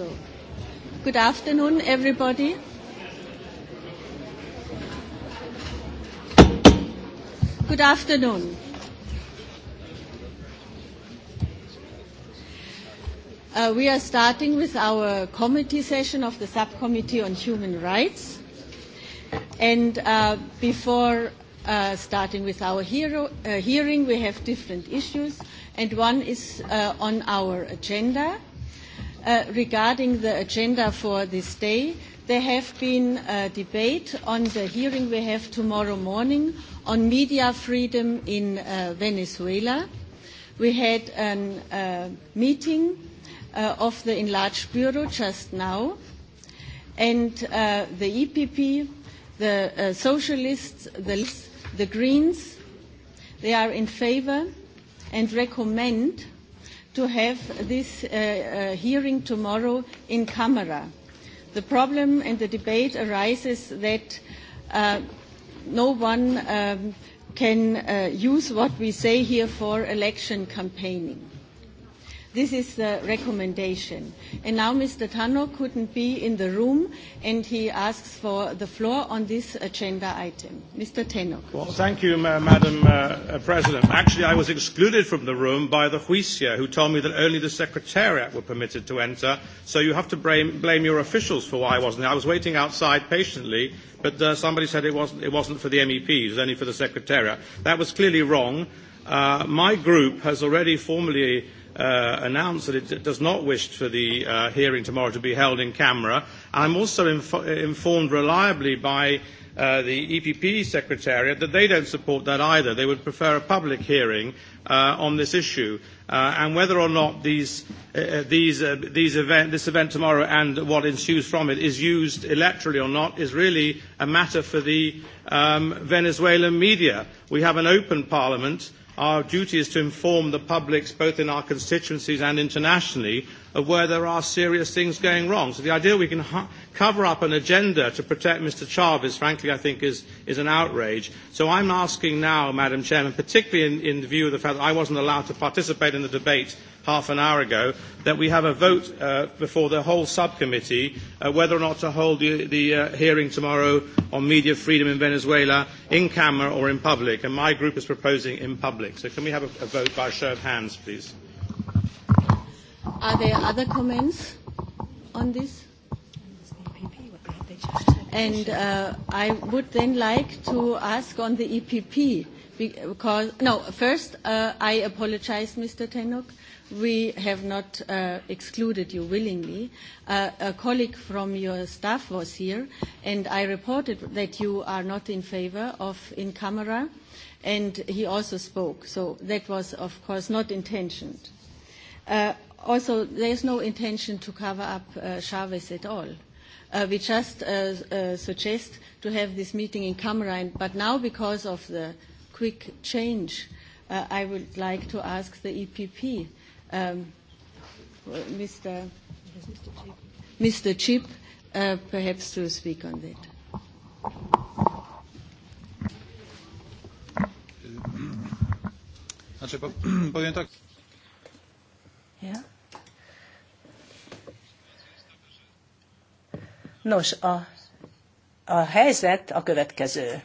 So, good afternoon, everybody. Good afternoon. Uh, we are starting with our committee session of the Subcommittee on Human Rights. And uh, before uh, starting with our hero, uh, hearing, we have different issues, and one is uh, on our agenda Uh, regarding the agenda for this day, there have been a debate on the hearing we have tomorrow morning on media freedom in uh, Venezuela. We had a uh, meeting uh, of the enlarged bureau just now, and uh, the EPP, the uh, socialists, the, the Greens, they are in favor and recommend to have this uh, uh, hearing tomorrow in camera. The problem and the debate arises that uh, no one um, can uh, use what we say here for election campaigning. This is the recommendation. And now Mr. Tannock couldn't be in the room, and he asks for the floor on this agenda item. Mr. Tannock. Well, thank you, Madam uh, uh, President. Actually, I was excluded from the room by the Huisia, who told me that only the Secretariat were permitted to enter. So you have to blame, blame your officials for why I wasn't there. I was waiting outside patiently, but uh, somebody said it wasn't, it wasn't for the MEPs, it was only for the Secretariat. That was clearly wrong. Uh, my group has already formally uh, announced that it does not wish for the uh, hearing tomorrow to be held in camera. I'm also informed reliably by uh, the EPP Secretariat that they don't support that either. They would prefer a public hearing uh, on this issue. Uh, and whether or not these, uh, uh, these, uh, these event, this event tomorrow and what ensues from it is used electorally or not is really a matter for the um, Venezuelan media. We have an open parliament our duty is to inform the publics both in our constituencies and internationally of where there are serious things going wrong. So the idea we can cover up an agenda to protect Mr. Chavez, frankly, I think is, is an outrage. So I'm asking now, Madam Chairman, particularly in, in view of the fact that I wasn't allowed to participate in the debate half an hour ago, that we have a vote uh, before the whole subcommittee uh, whether or not to hold the, the uh, hearing tomorrow on media freedom in Venezuela in camera or in public. And my group is proposing in public. So can we have a, a vote by a show of hands, please? Are there other comments on this? And uh, I would then like to ask on the EPP, because, no, first, uh, I apologize, Mr. Tenok. We have not uh, excluded you willingly. Uh, a colleague from your staff was here, and I reported that you are not in favor of in camera, and he also spoke. So that was, of course, not intentioned. Uh, also there is no intention to cover up uh, Chavez at all. Uh, we just uh, uh, suggest to have this meeting in Cameroon, but now because of the quick change, uh, I would like to ask the EPP, um, Mr. Mr. Chip, uh, perhaps to speak on that. Yeah. Nos, a, a helyzet a következő.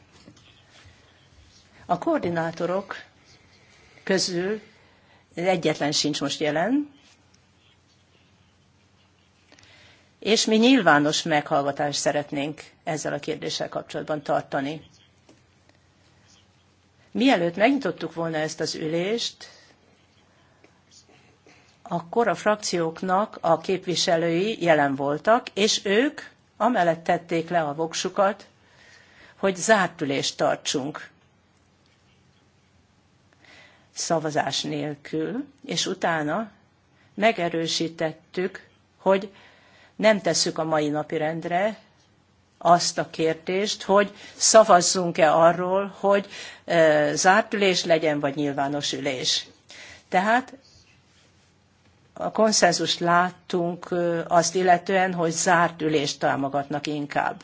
A koordinátorok közül egyetlen sincs most jelen, és mi nyilvános meghallgatást szeretnénk ezzel a kérdéssel kapcsolatban tartani. Mielőtt megnyitottuk volna ezt az ülést, akkor a frakcióknak a képviselői jelen voltak, és ők amellett tették le a voksukat, hogy zárt ülést tartsunk szavazás nélkül, és utána megerősítettük, hogy nem tesszük a mai napi rendre azt a kérdést, hogy szavazzunk-e arról, hogy e, zárt ülés legyen, vagy nyilvános ülés. Tehát a konszenzust láttunk azt illetően, hogy zárt ülést támogatnak inkább.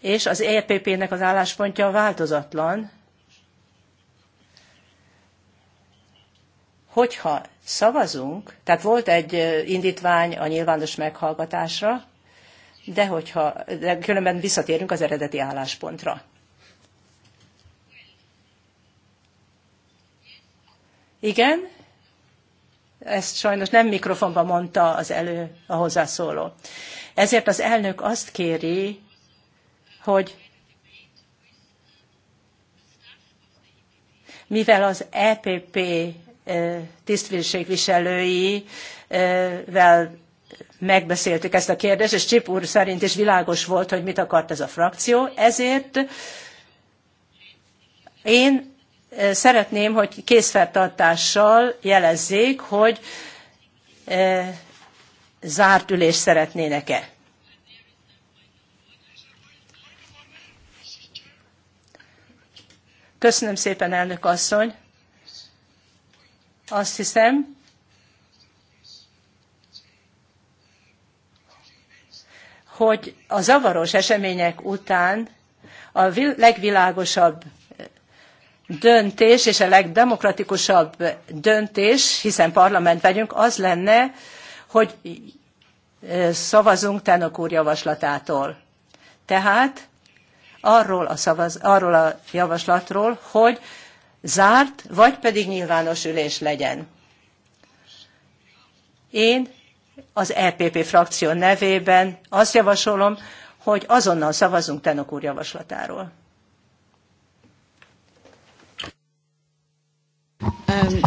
És az EPP-nek az álláspontja változatlan, hogyha szavazunk, tehát volt egy indítvány a nyilvános meghallgatásra, de hogyha de különben visszatérünk az eredeti álláspontra. Igen, ezt sajnos nem mikrofonban mondta az elő a hozzászóló. Ezért az elnök azt kéri, hogy mivel az EPP tisztviselőivel megbeszéltük ezt a kérdést, és Csip úr szerint is világos volt, hogy mit akart ez a frakció, ezért én szeretném, hogy készfeltartással jelezzék, hogy e, zárt ülést szeretnének-e. Köszönöm szépen, elnök asszony. Azt hiszem, hogy a zavaros események után a legvilágosabb döntés, és a legdemokratikusabb döntés, hiszen parlament vagyunk, az lenne, hogy szavazunk Tenok úr javaslatától. Tehát arról a, szavaz, arról a javaslatról, hogy zárt, vagy pedig nyilvános ülés legyen. Én az EPP frakció nevében azt javasolom, hogy azonnal szavazunk Tenok úr javaslatáról. Um,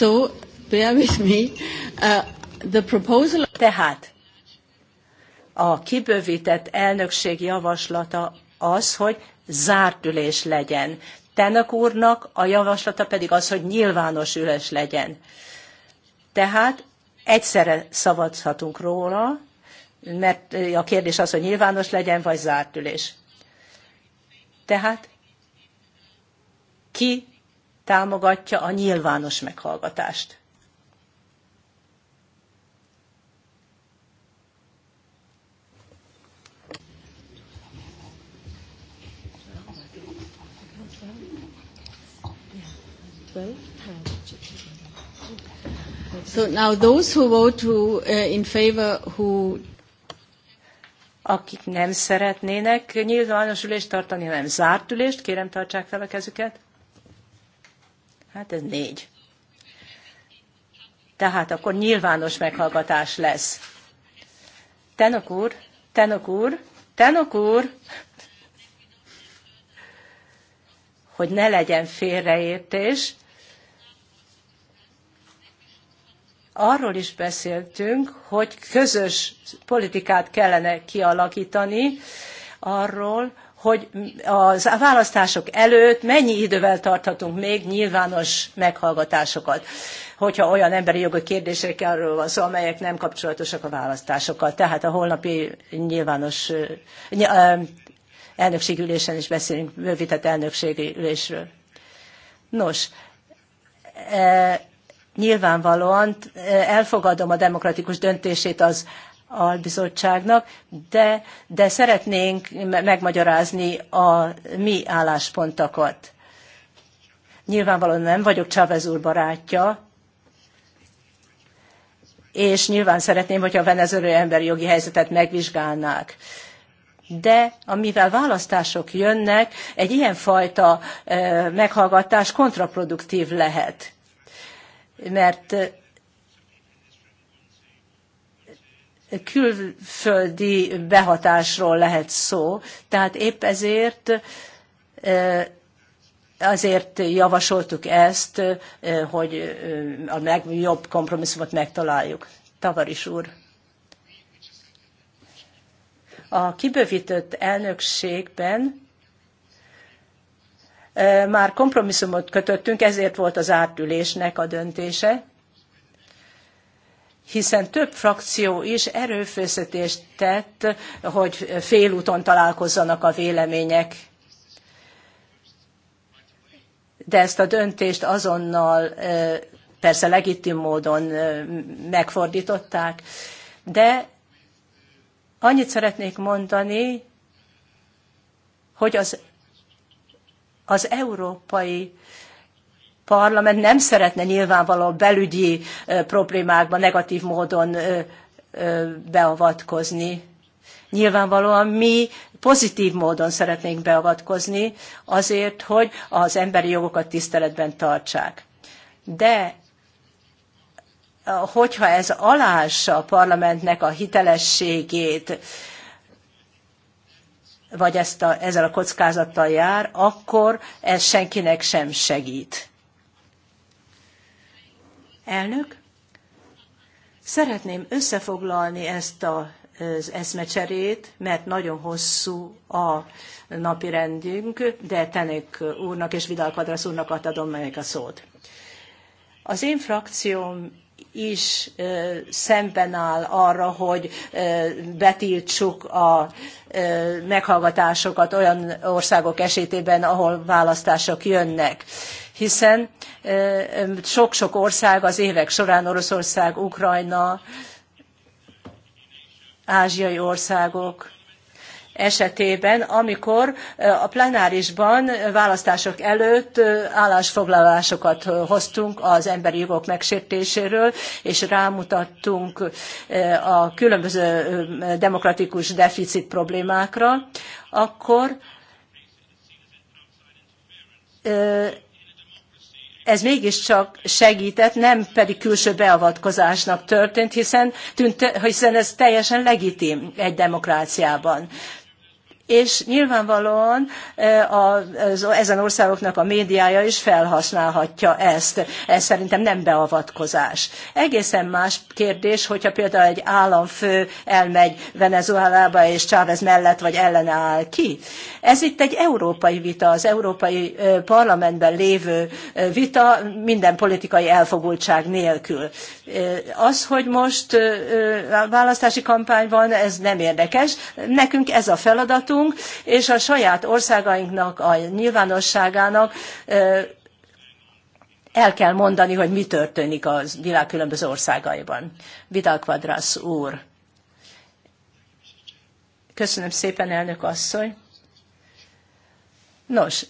uh, Tehát a kibővített elnökség javaslata az, hogy zárt ülés legyen. Tenek úrnak a javaslata pedig az, hogy nyilvános ülés legyen. Tehát egyszerre szavazhatunk róla, mert a kérdés az, hogy nyilvános legyen, vagy zárt ülés. Tehát ki támogatja a nyilvános meghallgatást. So now those who vote who, uh, in favor who akik nem szeretnének nyilvános ülést tartani, hanem zárt ülést, kérem tartsák fel a kezüket. Hát ez négy. Tehát akkor nyilvános meghallgatás lesz. Tenok úr, Tenok úr, Tenok úr, hogy ne legyen félreértés, arról is beszéltünk, hogy közös politikát kellene kialakítani, arról, hogy a választások előtt mennyi idővel tarthatunk még nyilvános meghallgatásokat, hogyha olyan emberi jogi kérdésekről van szó, amelyek nem kapcsolatosak a választásokkal. Tehát a holnapi nyilvános elnökségülésen is beszélünk, bővített ülésről. Nos, e, nyilvánvalóan e, elfogadom a demokratikus döntését az a bizottságnak, de, de szeretnénk megmagyarázni a mi álláspontokat. Nyilvánvalóan nem vagyok Chávez úr barátja, és nyilván szeretném, hogyha a venezuelai emberi jogi helyzetet megvizsgálnák. De amivel választások jönnek, egy ilyenfajta eh, meghallgatás kontraproduktív lehet. Mert külföldi behatásról lehet szó, tehát épp ezért azért javasoltuk ezt, hogy a legjobb kompromisszumot megtaláljuk. Tavaris úr. A kibővített elnökségben már kompromisszumot kötöttünk, ezért volt az átülésnek a döntése, hiszen több frakció is erőfeszítést tett, hogy félúton találkozzanak a vélemények. De ezt a döntést azonnal, persze legitim módon megfordították, de annyit szeretnék mondani, hogy az, az európai parlament nem szeretne nyilvánvaló belügyi problémákban negatív módon beavatkozni. Nyilvánvalóan mi pozitív módon szeretnénk beavatkozni azért, hogy az emberi jogokat tiszteletben tartsák. De hogyha ez alássa a parlamentnek a hitelességét, vagy ezt a, ezzel a kockázattal jár, akkor ez senkinek sem segít. Elnök, szeretném összefoglalni ezt a az eszmecserét, mert nagyon hosszú a napi rendünk, de Tenek úrnak és Vidal Kadrasz úrnak adom meg a szót. Az én frakcióm is szemben áll arra, hogy betiltsuk a meghallgatásokat olyan országok esetében, ahol választások jönnek hiszen sok-sok ország az évek során, Oroszország, Ukrajna, ázsiai országok, esetében, amikor a plenárisban választások előtt állásfoglalásokat hoztunk az emberi jogok megsértéséről, és rámutattunk a különböző demokratikus deficit problémákra, akkor ez mégiscsak segített, nem pedig külső beavatkozásnak történt, hiszen, tűnt, hiszen ez teljesen legitim egy demokráciában és nyilvánvalóan eh, az, ezen országoknak a médiája is felhasználhatja ezt. Ez szerintem nem beavatkozás. Egészen más kérdés, hogyha például egy államfő elmegy Venezuelába és Chávez mellett vagy ellene áll ki. Ez itt egy európai vita, az európai eh, parlamentben lévő eh, vita minden politikai elfogultság nélkül. Az, hogy most választási kampány van, ez nem érdekes. Nekünk ez a feladatunk, tudunk, és a saját országainknak, a nyilvánosságának el kell mondani, hogy mi történik a világ különböző országaiban. Vidal Quadras úr. Köszönöm szépen, elnök asszony. Nos,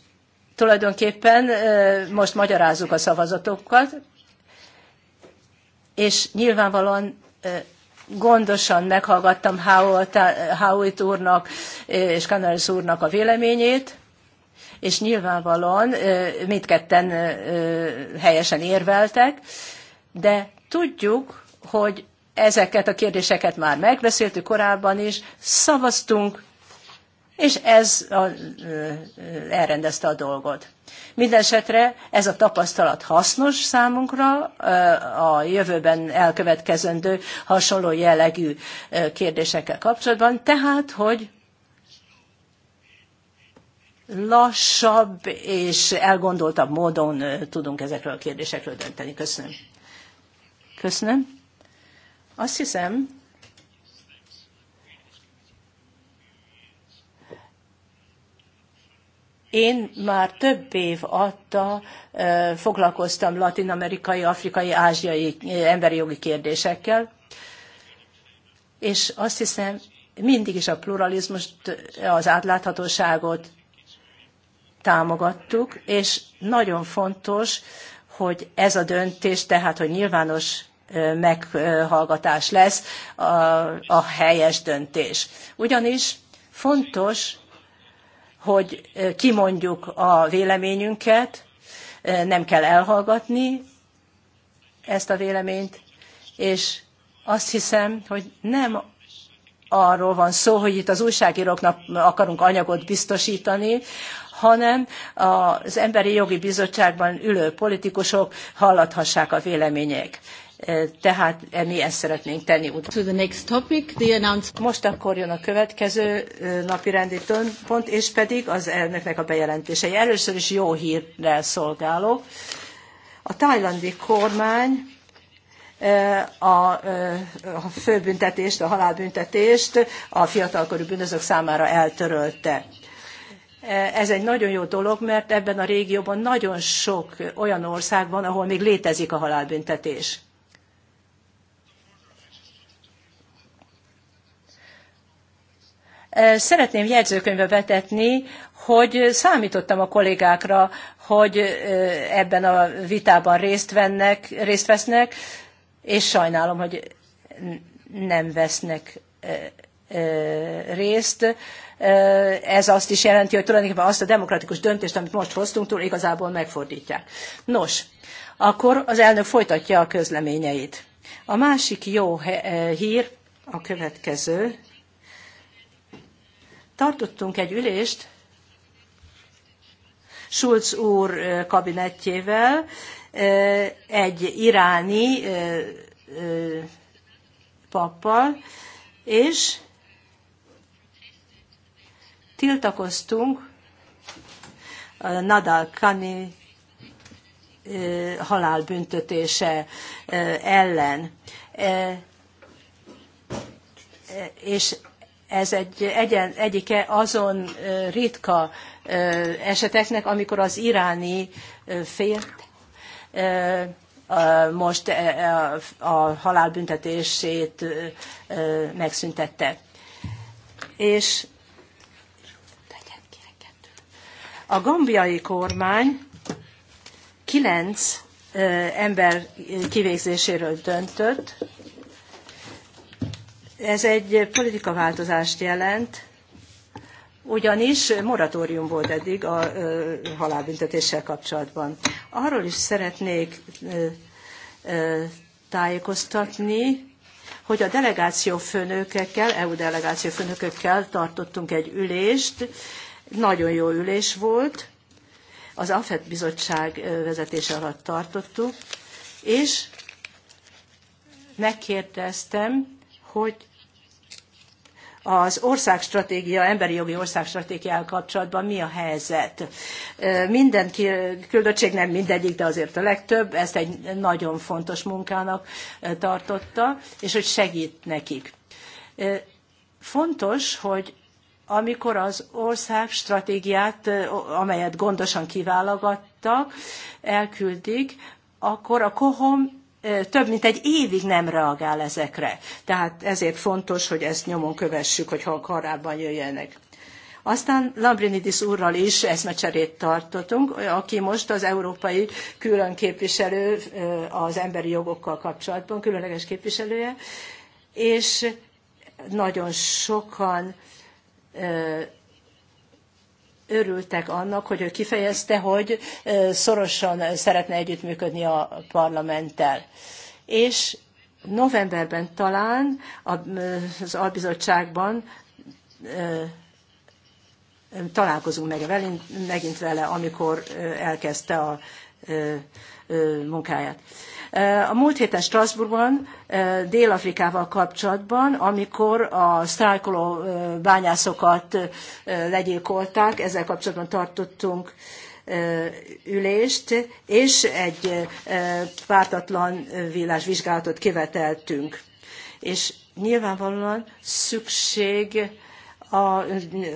tulajdonképpen most magyarázzuk a szavazatokat, és nyilvánvalóan gondosan meghallgattam Howitt úrnak és Canaris úrnak a véleményét, és nyilvánvalóan mindketten helyesen érveltek, de tudjuk, hogy ezeket a kérdéseket már megbeszéltük korábban is, szavaztunk, és ez a, elrendezte a dolgot. Mindenesetre ez a tapasztalat hasznos számunkra a jövőben elkövetkezendő hasonló jellegű kérdésekkel kapcsolatban, tehát hogy lassabb és elgondoltabb módon tudunk ezekről a kérdésekről dönteni. Köszönöm. Köszönöm. Azt hiszem, Én már több év adta foglalkoztam latin-amerikai, afrikai, ázsiai emberi jogi kérdésekkel, és azt hiszem, mindig is a pluralizmust, az átláthatóságot támogattuk, és nagyon fontos, hogy ez a döntés, tehát hogy nyilvános meghallgatás lesz a, a helyes döntés. Ugyanis fontos, hogy kimondjuk a véleményünket, nem kell elhallgatni ezt a véleményt, és azt hiszem, hogy nem arról van szó, hogy itt az újságíróknak akarunk anyagot biztosítani, hanem az Emberi Jogi Bizottságban ülő politikusok hallathassák a vélemények tehát mi ezt szeretnénk tenni. To the next topic, the announcement. Most akkor jön a következő napi rendi pont, és pedig az elnöknek a bejelentései. Először is jó hírrel szolgálok. A tájlandi kormány a főbüntetést, a halálbüntetést a fiatalkorú bűnözők számára eltörölte. Ez egy nagyon jó dolog, mert ebben a régióban nagyon sok olyan ország van, ahol még létezik a halálbüntetés. Szeretném jegyzőkönyvbe vetetni, hogy számítottam a kollégákra, hogy ebben a vitában részt, vennek, részt vesznek, és sajnálom, hogy nem vesznek részt. Ez azt is jelenti, hogy tulajdonképpen azt a demokratikus döntést, amit most hoztunk túl, igazából megfordítják. Nos, akkor az elnök folytatja a közleményeit. A másik jó hír a következő. Tartottunk egy ülést Schulz úr kabinettjével, egy iráni pappal, és tiltakoztunk a Nadal Kani halálbüntetése ellen. És ez egy, egyen, egyike azon ritka eseteknek, amikor az iráni félt most a halálbüntetését megszüntette. És a gambiai kormány kilenc ember kivégzéséről döntött, ez egy politikaváltozást jelent, ugyanis moratórium volt eddig a halálbüntetéssel kapcsolatban. Arról is szeretnék tájékoztatni, hogy a delegáció főnökekkel, EU delegáció főnökökkel tartottunk egy ülést, nagyon jó ülés volt, az AFET bizottság vezetése alatt tartottuk, és megkérdeztem, hogy az országstratégia, emberi jogi országstratégiával kapcsolatban mi a helyzet. Minden küldöttség, nem mindegyik, de azért a legtöbb, ezt egy nagyon fontos munkának tartotta, és hogy segít nekik. Fontos, hogy amikor az ország stratégiát, amelyet gondosan kiválogattak, elküldik, akkor a kohom több mint egy évig nem reagál ezekre. Tehát ezért fontos, hogy ezt nyomon kövessük, hogy korábban jöjjenek. Aztán Lambrinidis úrral is eszmecserét tartottunk, aki most az európai külön képviselő az emberi jogokkal kapcsolatban, különleges képviselője, és nagyon sokan örültek annak, hogy ő kifejezte, hogy szorosan szeretne együttműködni a parlamenttel. És novemberben talán az albizottságban találkozunk meg megint vele, amikor elkezdte a munkáját. A múlt héten Strasbourgban, Dél-Afrikával kapcsolatban, amikor a sztrájkoló bányászokat legyilkolták, ezzel kapcsolatban tartottunk ülést, és egy pártatlan vizsgálatot követeltünk. És nyilvánvalóan szükség a,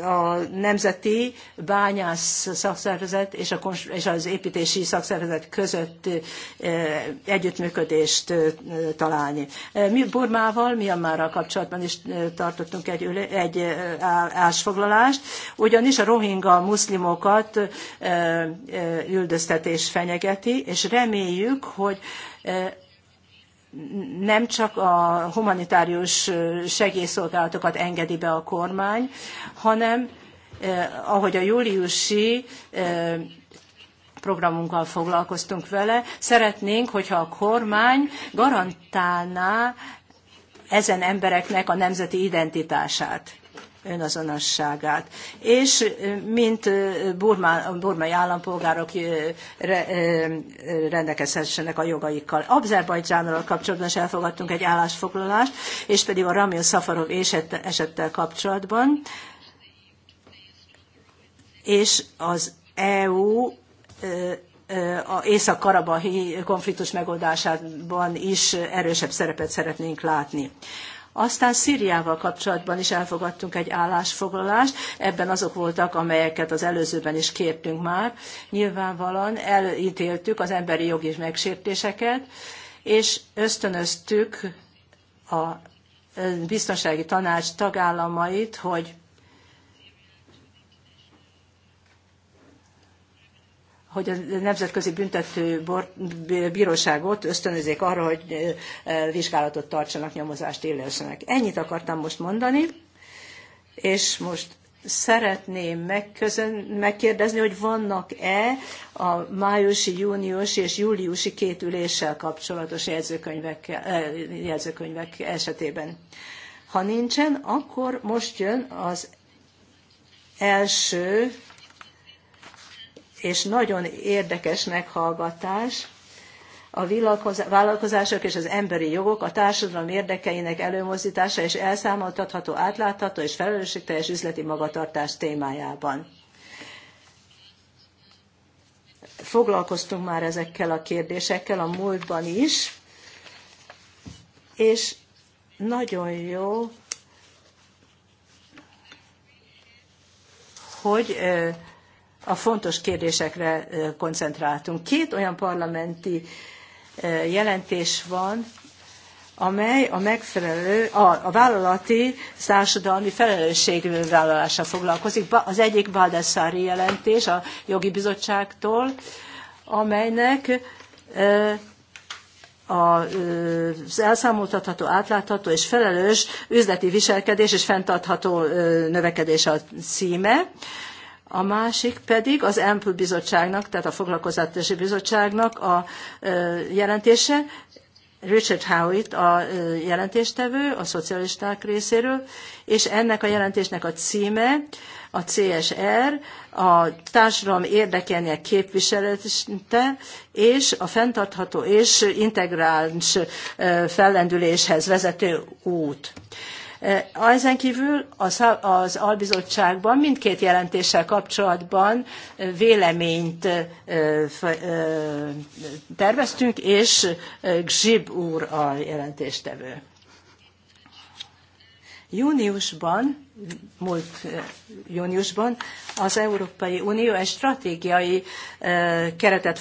a Nemzeti Bányász Szakszervezet és, a, és az építési szakszervezet között e, együttműködést e, találni. E, mi Burmával, Myanmarral kapcsolatban is tartottunk egy, egy állásfoglalást, ugyanis a rohinga muszlimokat üldöztetés fenyegeti, és reméljük, hogy nem csak a humanitárius segélyszolgálatokat engedi be a kormány, hanem ahogy a júliusi programunkkal foglalkoztunk vele, szeretnénk, hogyha a kormány garantálná ezen embereknek a nemzeti identitását önazonosságát. És mint Burma burmai állampolgárok rendelkezhessenek a jogaikkal. Azerbajdzsánról kapcsolatban is elfogadtunk egy állásfoglalást, és pedig a Ramil Szafarov esettel kapcsolatban. És az EU a Észak-Karabahi konfliktus megoldásában is erősebb szerepet szeretnénk látni. Aztán Szíriával kapcsolatban is elfogadtunk egy állásfoglalást, ebben azok voltak, amelyeket az előzőben is kértünk már. Nyilvánvalóan elítéltük az emberi jogi megsértéseket, és ösztönöztük a biztonsági tanács tagállamait, hogy hogy a Nemzetközi Büntető Bíróságot ösztönözzék arra, hogy vizsgálatot tartsanak, nyomozást illessenek. Ennyit akartam most mondani, és most szeretném megközön, megkérdezni, hogy vannak-e a májusi, júniusi és júliusi két üléssel kapcsolatos jegyzőkönyvek, jegyzőkönyvek esetében. Ha nincsen, akkor most jön az első és nagyon érdekes meghallgatás a vállalkozások és az emberi jogok a társadalom érdekeinek előmozdítása és elszámoltatható, átlátható és felelősségteljes üzleti magatartás témájában. Foglalkoztunk már ezekkel a kérdésekkel a múltban is, és nagyon jó, hogy a fontos kérdésekre koncentráltunk. Két olyan parlamenti jelentés van, amely a megfelelő, a, a vállalati társadalmi felelősségvállalással foglalkozik. Az egyik Baldessari jelentés a jogi bizottságtól, amelynek az elszámoltatható, átlátható és felelős üzleti viselkedés és fenntartható növekedés a címe. A másik pedig az EMP bizottságnak, tehát a foglalkoztatási bizottságnak a jelentése. Richard Howitt a jelentéstevő a szocialisták részéről, és ennek a jelentésnek a címe a CSR, a társadalom érdekelnek képviselete és a fenntartható és integráns fellendüléshez vezető út. Eh, ezen kívül az albizottságban mindkét jelentéssel kapcsolatban eh, véleményt eh, terveztünk, és Gzsib úr a jelentéstevő. Júniusban, múlt júniusban az Európai Unió egy stratégiai keretet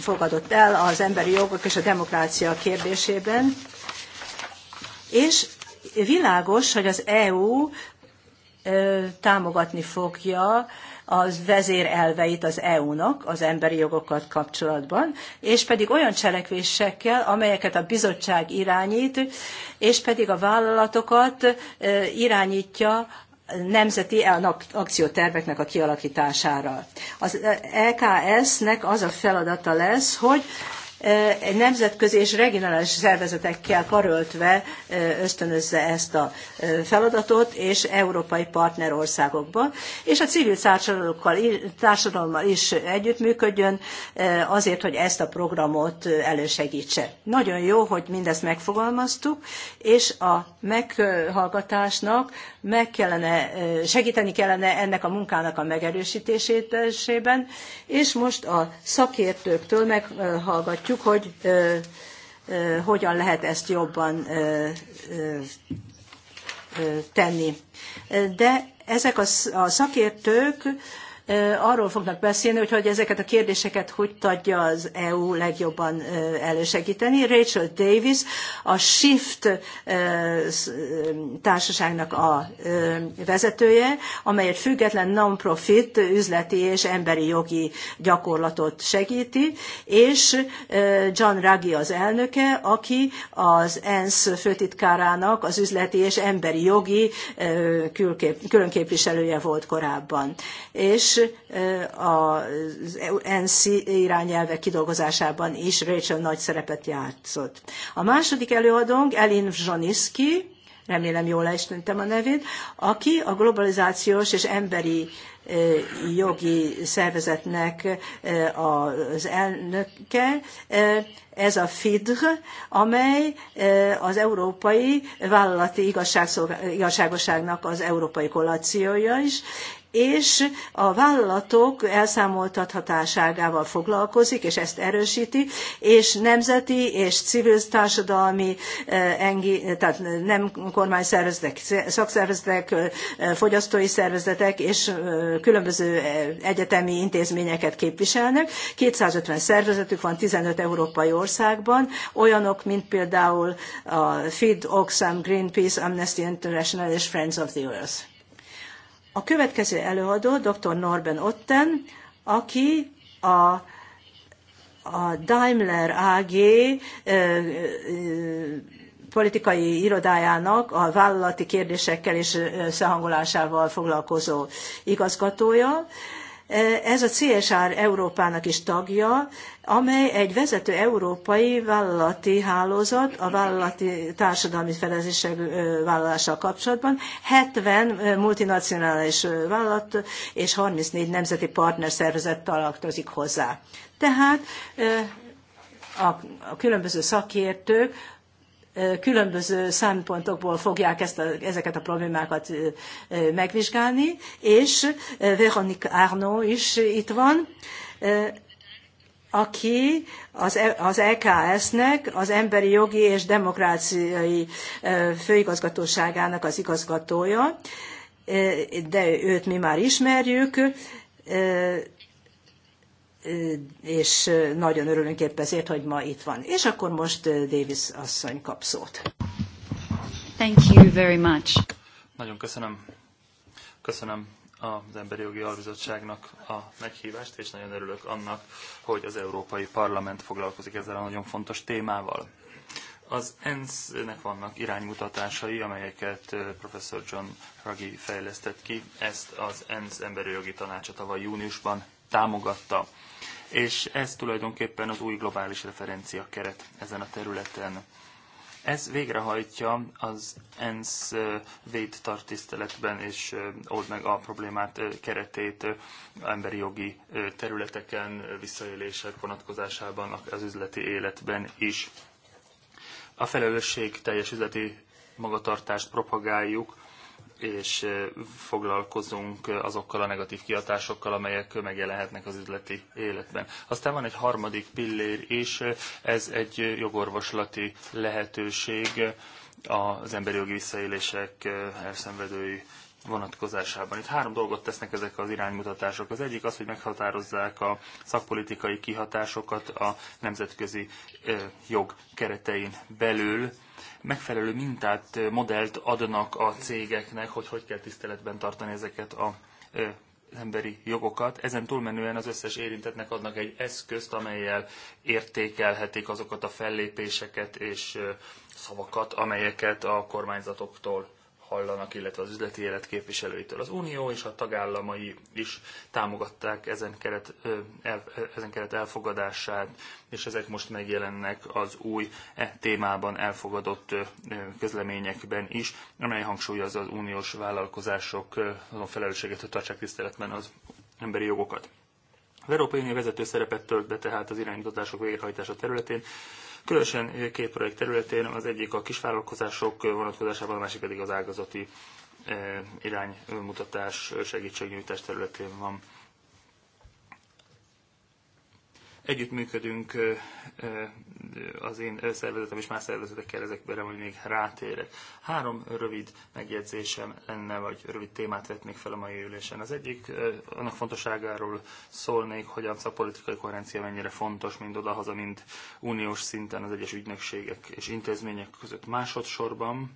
fogadott el az emberi jogok és a demokrácia kérdésében, és Világos, hogy az EU támogatni fogja az vezérelveit az EU-nak az emberi jogokat kapcsolatban, és pedig olyan cselekvésekkel, amelyeket a bizottság irányít, és pedig a vállalatokat irányítja nemzeti akcióterveknek a kialakítására. Az EKS-nek az a feladata lesz, hogy egy nemzetközi és regionális szervezetekkel karöltve ösztönözze ezt a feladatot, és európai partnerországokban, és a civil társadalommal is együttműködjön azért, hogy ezt a programot elősegítse. Nagyon jó, hogy mindezt megfogalmaztuk, és a meghallgatásnak meg kellene, segíteni kellene ennek a munkának a megerősítésében, és most a szakértőktől meghallgatjuk látjuk, hogy hogyan lehet ezt jobban tenni. De ezek a szakértők arról fognak beszélni, hogy, hogy ezeket a kérdéseket hogy tudja az EU legjobban elősegíteni. Rachel Davis, a Shift társaságnak a vezetője, amely egy független non-profit üzleti és emberi jogi gyakorlatot segíti, és John Ruggie az elnöke, aki az ENSZ főtitkárának az üzleti és emberi jogi különképviselője volt korábban. És Eh, az ENSZ irányelve kidolgozásában is Rachel nagy szerepet játszott. A második előadónk Elin Vzsaniszki, remélem jól ejtettem a nevét, aki a globalizációs és emberi eh, jogi szervezetnek eh, az elnöke, ez a FIDR, amely az európai vállalati igazságosságnak az európai kollációja is, és a vállalatok elszámoltathatáságával foglalkozik, és ezt erősíti, és nemzeti és civil társadalmi, eh, tehát nem kormányszervezetek, szakszervezetek, eh, fogyasztói szervezetek és eh, különböző egyetemi intézményeket képviselnek. 250 szervezetük van 15 európai országban, olyanok, mint például a FID, Oxfam, Greenpeace, Amnesty International és Friends of the Earth. A következő előadó dr. Norben Otten, aki a, a Daimler AG ö, ö, politikai irodájának a vállalati kérdésekkel és összehangolásával foglalkozó igazgatója. Ez a CSR Európának is tagja, amely egy vezető európai vállalati hálózat a vállalati társadalmi felelősség vállalással kapcsolatban. 70 multinacionális vállalat és 34 nemzeti partnerszervezet tartozik hozzá. Tehát a különböző szakértők különböző szempontokból fogják ezt a, ezeket a problémákat megvizsgálni, és Veronique Arnaud is itt van, aki az, e- az EKS-nek, az Emberi Jogi és Demokráciai Főigazgatóságának az igazgatója, de őt mi már ismerjük, és nagyon örülünk épp ezért, hogy ma itt van. És akkor most Davis asszony kap szót. Thank you very much. Nagyon köszönöm. Köszönöm az Emberi Jogi Albizottságnak a meghívást, és nagyon örülök annak, hogy az Európai Parlament foglalkozik ezzel a nagyon fontos témával. Az ENSZ-nek vannak iránymutatásai, amelyeket professzor John Ruggie fejlesztett ki. Ezt az ENSZ Emberi Jogi Tanácsa tavaly júniusban támogatta. És ez tulajdonképpen az új globális referencia keret ezen a területen. Ez végrehajtja az ENSZ véd tartiszteletben és old meg a problémát keretét emberi jogi területeken, visszaélések vonatkozásában, az üzleti életben is. A felelősség teljes üzleti magatartást propagáljuk, és foglalkozunk azokkal a negatív kiadásokkal, amelyek megjelenhetnek az üzleti életben. Aztán van egy harmadik pillér is, ez egy jogorvoslati lehetőség az emberi jogi visszaélések elszenvedői vonatkozásában. Itt három dolgot tesznek ezek az iránymutatások. Az egyik az, hogy meghatározzák a szakpolitikai kihatásokat a nemzetközi jog keretein belül. Megfelelő mintát, modellt adnak a cégeknek, hogy hogy kell tiszteletben tartani ezeket a emberi jogokat. Ezen túlmenően az összes érintetnek adnak egy eszközt, amelyel értékelhetik azokat a fellépéseket és szavakat, amelyeket a kormányzatoktól hallanak, illetve az üzleti élet képviselőitől. Az Unió és a tagállamai is támogatták ezen keret, el, ezen keret elfogadását, és ezek most megjelennek az új e témában elfogadott közleményekben is, amely hangsúlyozza az uniós vállalkozások azon felelősséget, hogy tartsák tiszteletben az emberi jogokat. Az Európai Unió vezető szerepet tölt be tehát az irányítások végrehajtása területén, Különösen két projekt területén az egyik a kisvállalkozások vonatkozásában, a másik pedig az ágazati eh, iránymutatás segítségnyújtás területén van. Együttműködünk az én szervezetem és más szervezetekkel, ezekben, hogy még rátérek. Három rövid megjegyzésem lenne, vagy rövid témát vetnék fel a mai ülésen. Az egyik annak fontosságáról szólnék, hogy a szakpolitikai koherencia mennyire fontos, mind odahaza, mind uniós szinten az egyes ügynökségek és intézmények között. Másodszorban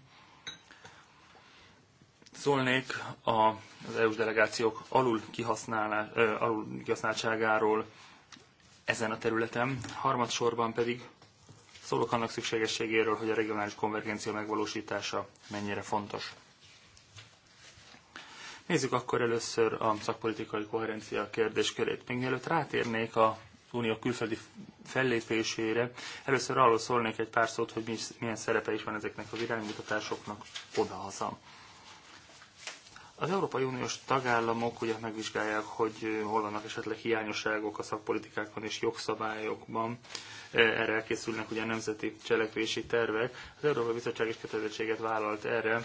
szólnék az EU-s delegációk alul, kihasználá, alul kihasználtságáról, ezen a területen. Harmadsorban pedig szólok annak szükségességéről, hogy a regionális konvergencia megvalósítása mennyire fontos. Nézzük akkor először a szakpolitikai koherencia kérdéskörét. Még mielőtt rátérnék a unió külföldi fellépésére, először arról szólnék egy pár szót, hogy milyen szerepe is van ezeknek az iránymutatásoknak odahaza. Az Európai Uniós tagállamok ugye megvizsgálják, hogy hol vannak esetleg hiányosságok a szakpolitikákban és jogszabályokban. E, erre elkészülnek ugye nemzeti cselekvési tervek. Az Európai Bizottság is kötelezettséget vállalt erre,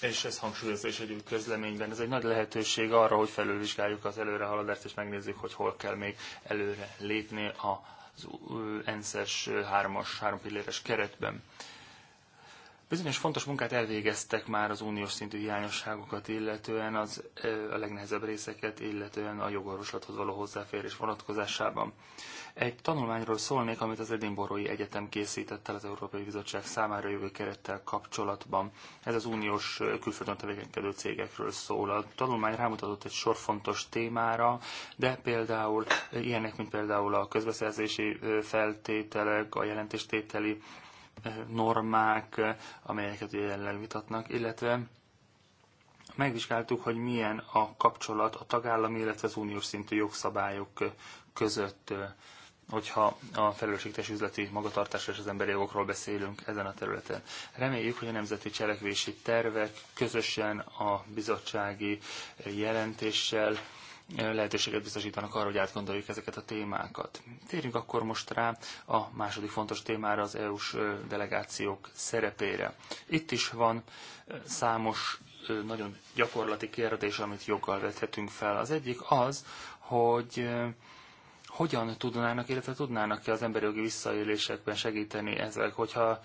és ez hangsúlyozza is egy közleményben. Ez egy nagy lehetőség arra, hogy felülvizsgáljuk az előrehaladást, és megnézzük, hogy hol kell még előre lépni az ENSZ-es 3 hárompilléres 3 pilléres keretben. Bizonyos fontos munkát elvégeztek már az uniós szintű hiányosságokat, illetően az, a legnehezebb részeket, illetően a jogorvoslathoz való hozzáférés vonatkozásában. Egy tanulmányról szólnék, amit az Edinborói Egyetem készített el az Európai Bizottság számára jövő kerettel kapcsolatban. Ez az uniós külföldön tevékenykedő cégekről szól. A tanulmány rámutatott egy sor fontos témára, de például ilyenek, mint például a közbeszerzési feltételek, a jelentéstételi normák, amelyeket jelenleg vitatnak, illetve megvizsgáltuk, hogy milyen a kapcsolat a tagállami, illetve az uniós szintű jogszabályok között, hogyha a felelősségteljes üzleti magatartásra és az emberi jogokról beszélünk ezen a területen. Reméljük, hogy a nemzeti cselekvési tervek közösen a bizottsági jelentéssel lehetőséget biztosítanak arra, hogy átgondoljuk ezeket a témákat. Térjünk akkor most rá a második fontos témára, az EU-s delegációk szerepére. Itt is van számos nagyon gyakorlati kérdés, amit joggal vethetünk fel. Az egyik az, hogy hogyan tudnának, illetve tudnának-e az emberi jogi visszaélésekben segíteni ezek, hogyha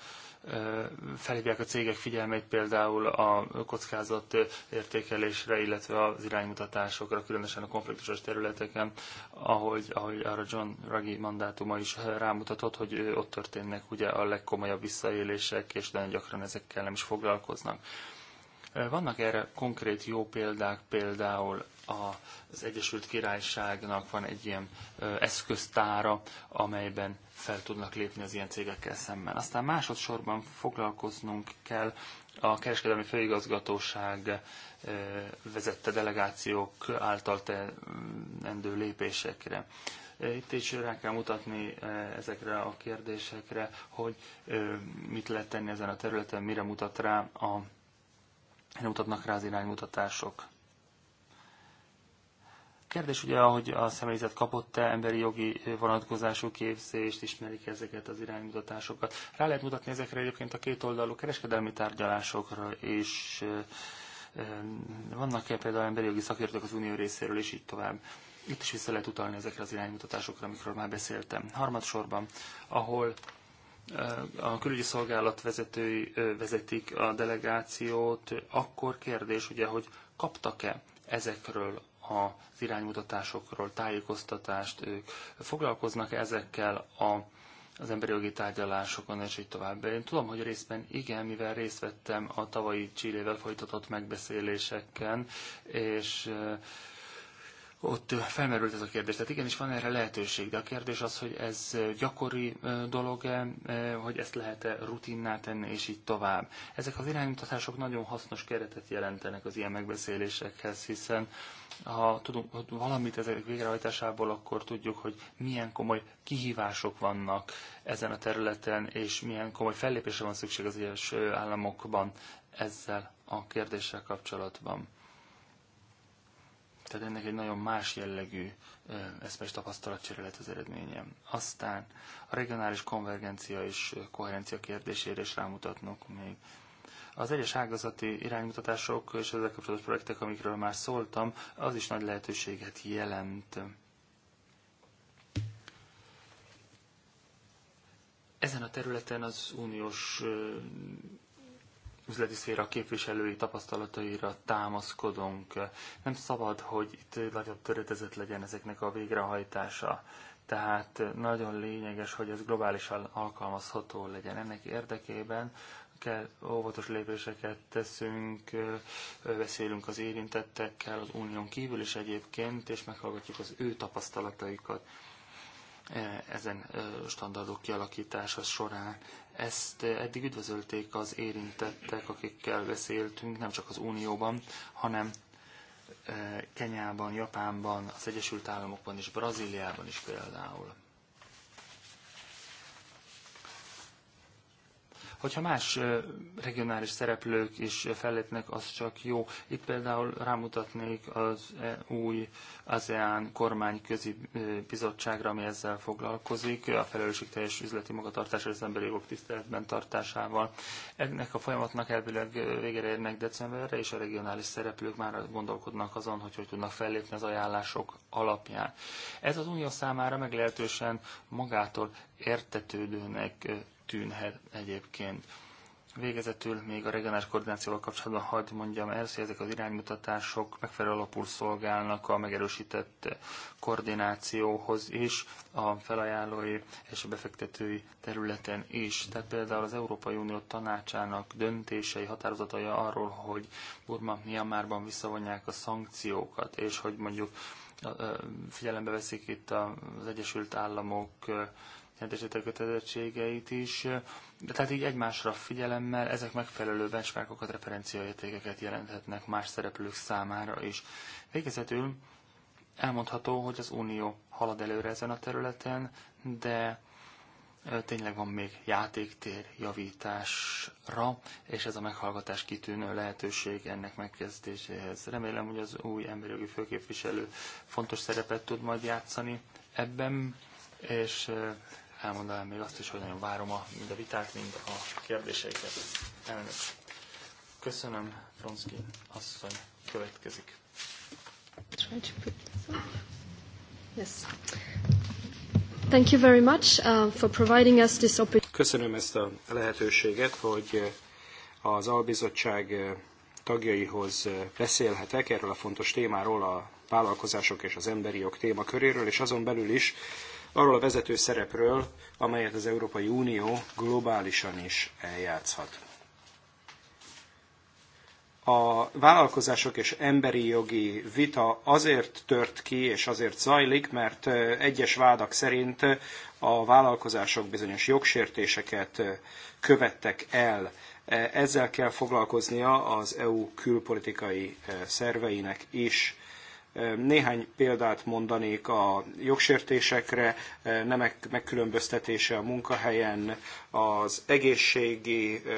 felhívják a cégek figyelmét például a kockázat értékelésre, illetve az iránymutatásokra, különösen a konfliktusos területeken, ahogy, ahogy arra John Ragi mandátuma is rámutatott, hogy ott történnek ugye a legkomolyabb visszaélések, és nagyon gyakran ezekkel nem is foglalkoznak vannak erre konkrét jó példák, például az Egyesült Királyságnak van egy ilyen eszköztára, amelyben fel tudnak lépni az ilyen cégekkel szemben. Aztán másodszorban foglalkoznunk kell a kereskedelmi főigazgatóság vezette delegációk által teendő lépésekre. Itt is rá kell mutatni ezekre a kérdésekre, hogy mit lehet tenni ezen a területen, mire mutat rá a mutatnak rá az iránymutatások. Kérdés ugye, ahogy a személyzet kapott-e emberi jogi vonatkozású képzést, ismerik ezeket az iránymutatásokat. Rá lehet mutatni ezekre egyébként a két oldalú kereskedelmi tárgyalásokra, és vannak-e például emberi jogi szakértők az unió részéről, és így tovább. Itt is vissza lehet utalni ezekre az iránymutatásokra, amikről már beszéltem. Harmadsorban, ahol a külügyi szolgálat vezetői vezetik a delegációt, akkor kérdés ugye, hogy kaptak-e ezekről az iránymutatásokról tájékoztatást, ők foglalkoznak -e ezekkel a, az emberi jogi tárgyalásokon, és így tovább. Én tudom, hogy részben igen, mivel részt vettem a tavalyi Csillével folytatott megbeszéléseken, és ott felmerült ez a kérdés. Tehát igenis van erre lehetőség, de a kérdés az, hogy ez gyakori dolog-e, hogy ezt lehet-e rutinná tenni, és így tovább. Ezek az iránymutatások nagyon hasznos keretet jelentenek az ilyen megbeszélésekhez, hiszen ha tudunk ha valamit ezek végrehajtásából, akkor tudjuk, hogy milyen komoly kihívások vannak ezen a területen, és milyen komoly fellépésre van szükség az egyes államokban ezzel a kérdéssel kapcsolatban. Tehát ennek egy nagyon más jellegű eszmes tapasztalatcsere lett az eredménye. Aztán a regionális konvergencia és koherencia kérdésére is rámutatnunk még. Az egyes ágazati iránymutatások és ezzel kapcsolatos projektek, amikről már szóltam, az is nagy lehetőséget jelent. Ezen a területen az uniós üzleti szféra képviselői tapasztalataira támaszkodunk. Nem szabad, hogy itt nagyobb töredezett legyen ezeknek a végrehajtása. Tehát nagyon lényeges, hogy ez globálisan alkalmazható legyen. Ennek érdekében kell, óvatos lépéseket teszünk, beszélünk az érintettekkel az unión kívül is egyébként, és meghallgatjuk az ő tapasztalataikat eh, ezen eh, standardok kialakítása során. Ezt eh, eddig üdvözölték az érintettek, akikkel beszéltünk, nem csak az Unióban, hanem eh, Kenyában, Japánban, az Egyesült Államokban és Brazíliában is például. Hogyha más regionális szereplők is fellépnek, az csak jó. Itt például rámutatnék az e új ASEAN kormányközi bizottságra, ami ezzel foglalkozik, a felelősségteljes üzleti magatartás az emberi jogok tiszteletben tartásával. Ennek a folyamatnak elvileg végére érnek decemberre, és a regionális szereplők már gondolkodnak azon, hogy hogy tudnak fellépni az ajánlások alapján. Ez az unió számára meglehetősen magától értetődőnek tűnhet egyébként. Végezetül még a regionális koordinációval kapcsolatban hadd mondjam el, hogy ezek az iránymutatások megfelelő alapul szolgálnak a megerősített koordinációhoz is, a felajánlói és a befektetői területen is. Tehát például az Európai Unió tanácsának döntései, határozatai arról, hogy Burma Myanmarban visszavonják a szankciókat, és hogy mondjuk figyelembe veszik itt az Egyesült Államok jelentésítő kötelezettségeit is. De tehát így egymásra figyelemmel ezek megfelelő benchmarkokat, referenciaértékeket jelenthetnek más szereplők számára is. Végezetül elmondható, hogy az Unió halad előre ezen a területen, de tényleg van még játéktér javításra, és ez a meghallgatás kitűnő lehetőség ennek megkezdéséhez. Remélem, hogy az új emberi jogi főképviselő fontos szerepet tud majd játszani ebben, és elmondanám még azt is, hogy nagyon várom a, mind a vitát, mind a kérdéseiket. Elnök. Köszönöm, Bronszki asszony. Következik. Yes. Thank you very much uh, for providing us this opportunity. Köszönöm ezt a lehetőséget, hogy uh, az albizottság uh, tagjaihoz uh, beszélhetek erről a fontos témáról, a vállalkozások és az emberi jog témaköréről, és azon belül is arról a vezető szerepről, amelyet az Európai Unió globálisan is eljátszhat. A vállalkozások és emberi jogi vita azért tört ki és azért zajlik, mert egyes vádak szerint a vállalkozások bizonyos jogsértéseket követtek el. Ezzel kell foglalkoznia az EU külpolitikai szerveinek is. Néhány példát mondanék a jogsértésekre, e, nemek megkülönböztetése a munkahelyen, az egészségi, e,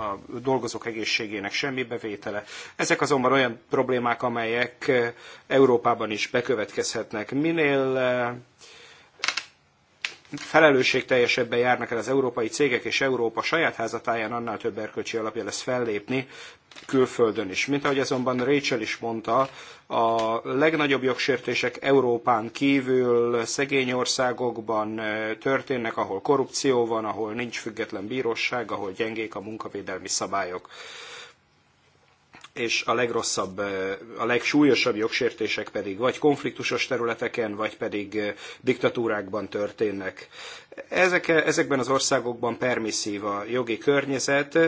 a dolgozók egészségének semmi bevétele. Ezek azonban olyan problémák, amelyek e, Európában is bekövetkezhetnek. Minél felelősségteljesebben járnak el az európai cégek, és Európa saját házatáján annál több erkölcsi alapja lesz fellépni külföldön is. Mint ahogy azonban Rachel is mondta, a legnagyobb jogsértések Európán kívül szegény országokban eh, történnek, ahol korrupció van, ahol nincs független bíróság, ahol gyengék a munkavédelmi szabályok és a legrosszabb, a legsúlyosabb jogsértések pedig vagy konfliktusos területeken, vagy pedig diktatúrákban történnek. Ezek, ezekben az országokban permisszív a jogi környezet,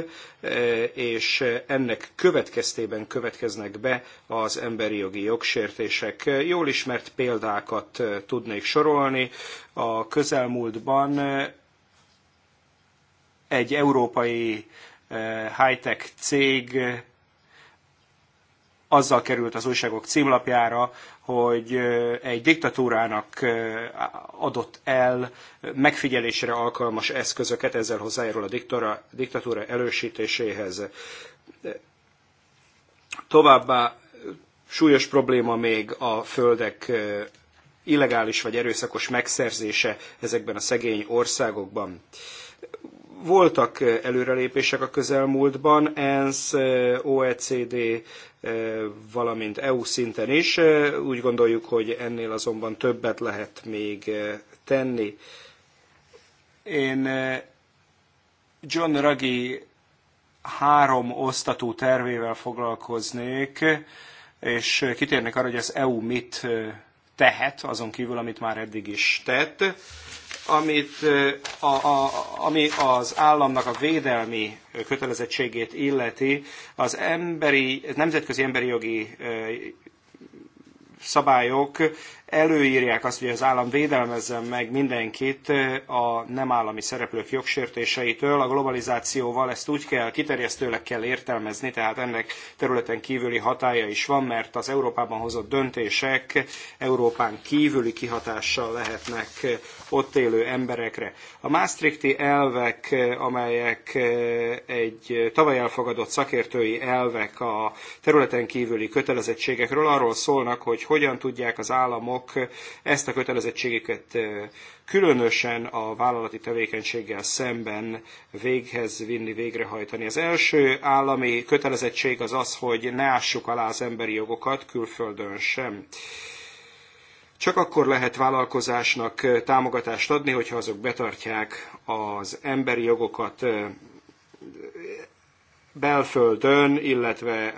és ennek következtében következnek be az emberi jogi jogsértések. Jól ismert példákat tudnék sorolni. A közelmúltban egy európai high-tech cég azzal került az újságok címlapjára, hogy egy diktatúrának adott el megfigyelésre alkalmas eszközöket, ezzel hozzájárul a diktatúra elősítéséhez. Továbbá súlyos probléma még a földek illegális vagy erőszakos megszerzése ezekben a szegény országokban. Voltak eh, előrelépések a közelmúltban, ENSZ, eh, OECD, eh, valamint EU szinten is. Úgy gondoljuk, hogy ennél azonban többet lehet még tenni. Én John Ruggie három osztatú tervével foglalkoznék, és kitérnék arra, hogy az EU mit tehet, azon kívül, amit már eddig is tett amit, a, a, ami az államnak a védelmi kötelezettségét illeti, az emberi, nemzetközi emberi jogi szabályok előírják azt, hogy az állam védelmezzen meg mindenkit a nem állami szereplők jogsértéseitől. A globalizációval ezt úgy kell, kiterjesztőleg kell értelmezni, tehát ennek területen kívüli hatája is van, mert az Európában hozott döntések Európán kívüli kihatással lehetnek ott élő emberekre. A Maastrichti elvek, amelyek eh, egy eh, tavaly elfogadott szakértői elvek a területen kívüli kötelezettségekről arról szólnak, hogy hogyan tudják az államok eh, ezt a kötelezettségeket különösen a vállalati tevékenységgel szemben véghez vinni, végrehajtani. Az első állami kötelezettség az az, hogy ne ássuk alá az emberi jogokat külföldön sem. Csak akkor lehet vállalkozásnak támogatást adni, hogyha azok betartják az emberi jogokat belföldön, illetve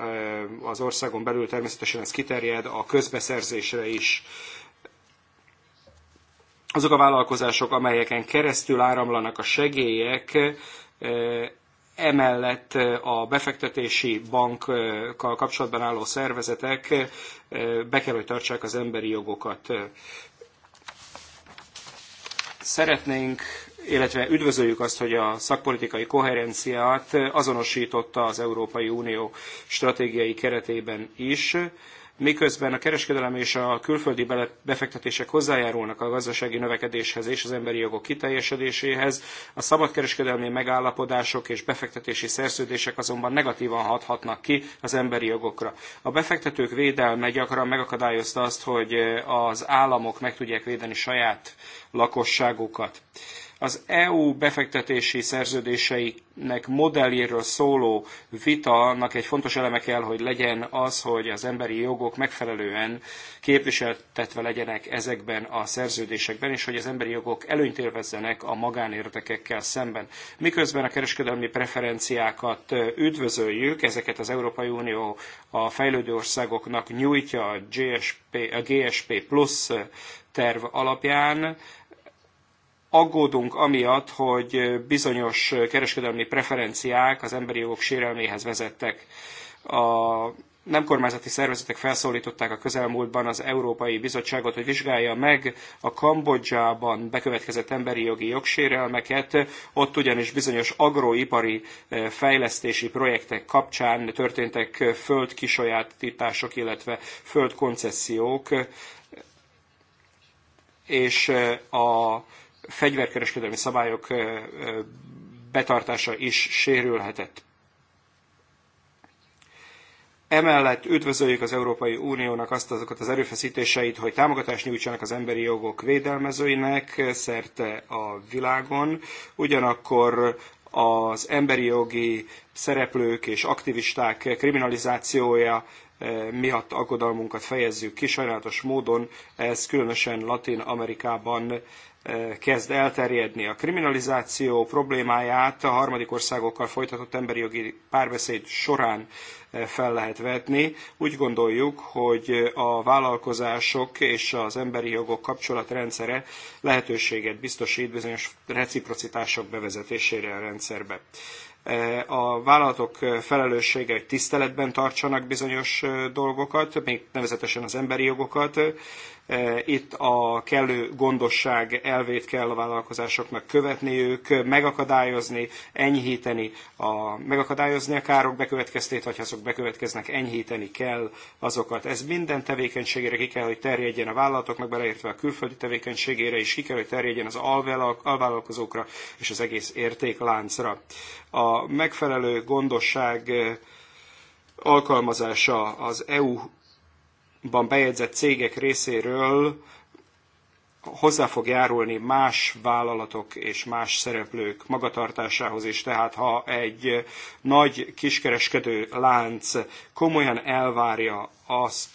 az országon belül természetesen ez kiterjed a közbeszerzésre is. Azok a vállalkozások, amelyeken keresztül áramlanak a segélyek, emellett a befektetési bankkal kapcsolatban álló szervezetek be kell, hogy tartsák az emberi jogokat. Szeretnénk illetve üdvözöljük azt, hogy a szakpolitikai koherenciát azonosította az Európai Unió stratégiai keretében is miközben a kereskedelem és a külföldi befektetések hozzájárulnak a gazdasági növekedéshez és az emberi jogok kiteljesedéséhez, a szabadkereskedelmi megállapodások és befektetési szerződések azonban negatívan hathatnak ki az emberi jogokra. A befektetők védelme gyakran megakadályozta azt, hogy az államok meg tudják védeni saját lakosságukat. Az EU befektetési szerződéseinek modelljéről szóló vitanak egy fontos eleme kell, hogy legyen az, hogy az emberi jogok megfelelően képviseltetve legyenek ezekben a szerződésekben, és hogy az emberi jogok előnyt élvezzenek a magánérdekekkel szemben. Miközben a kereskedelmi preferenciákat üdvözöljük, ezeket az Európai Unió a fejlődő országoknak nyújtja a GSP, a GSP Plus terv alapján, aggódunk amiatt, hogy bizonyos kereskedelmi preferenciák az emberi jogok sérelméhez vezettek. A nem kormányzati szervezetek felszólították a közelmúltban az Európai Bizottságot, hogy vizsgálja meg a Kambodzsában bekövetkezett emberi jogi jogsérelmeket, ott ugyanis bizonyos agroipari eh, fejlesztési projektek kapcsán történtek eh, földkisajátítások, illetve földkoncesziók, és eh, a fegyverkereskedelmi szabályok betartása is sérülhetett. Emellett üdvözöljük az Európai Uniónak azt azokat az erőfeszítéseit, hogy támogatást nyújtsanak az emberi jogok védelmezőinek szerte a világon, ugyanakkor az emberi jogi szereplők és aktivisták kriminalizációja miatt aggodalmunkat fejezzük ki. Sajnálatos módon ez különösen Latin Amerikában kezd elterjedni. A kriminalizáció problémáját a harmadik országokkal folytatott emberi jogi párbeszéd során fel lehet vetni. Úgy gondoljuk, hogy a vállalkozások és az emberi jogok kapcsolatrendszere lehetőséget biztosít bizonyos reciprocitások bevezetésére a rendszerbe a vállalatok felelőssége, hogy tiszteletben tartsanak bizonyos dolgokat, még nevezetesen az emberi jogokat, Eh, itt a kellő gondosság elvét kell a vállalkozásoknak követniük, megakadályozni, enyhíteni, a, megakadályozni a károk bekövetkeztét, vagy ha azok bekövetkeznek, enyhíteni kell azokat. Ez minden tevékenységére ki kell, hogy terjedjen a vállalatoknak, beleértve a külföldi tevékenységére is, ki kell, hogy terjedjen az alvállalkozókra és az egész értékláncra. A megfelelő gondosság eh, alkalmazása az EU ban bejegyzett cégek részéről hozzá fog járulni más vállalatok és más szereplők magatartásához is. Tehát ha egy nagy kiskereskedő lánc komolyan elvárja azt,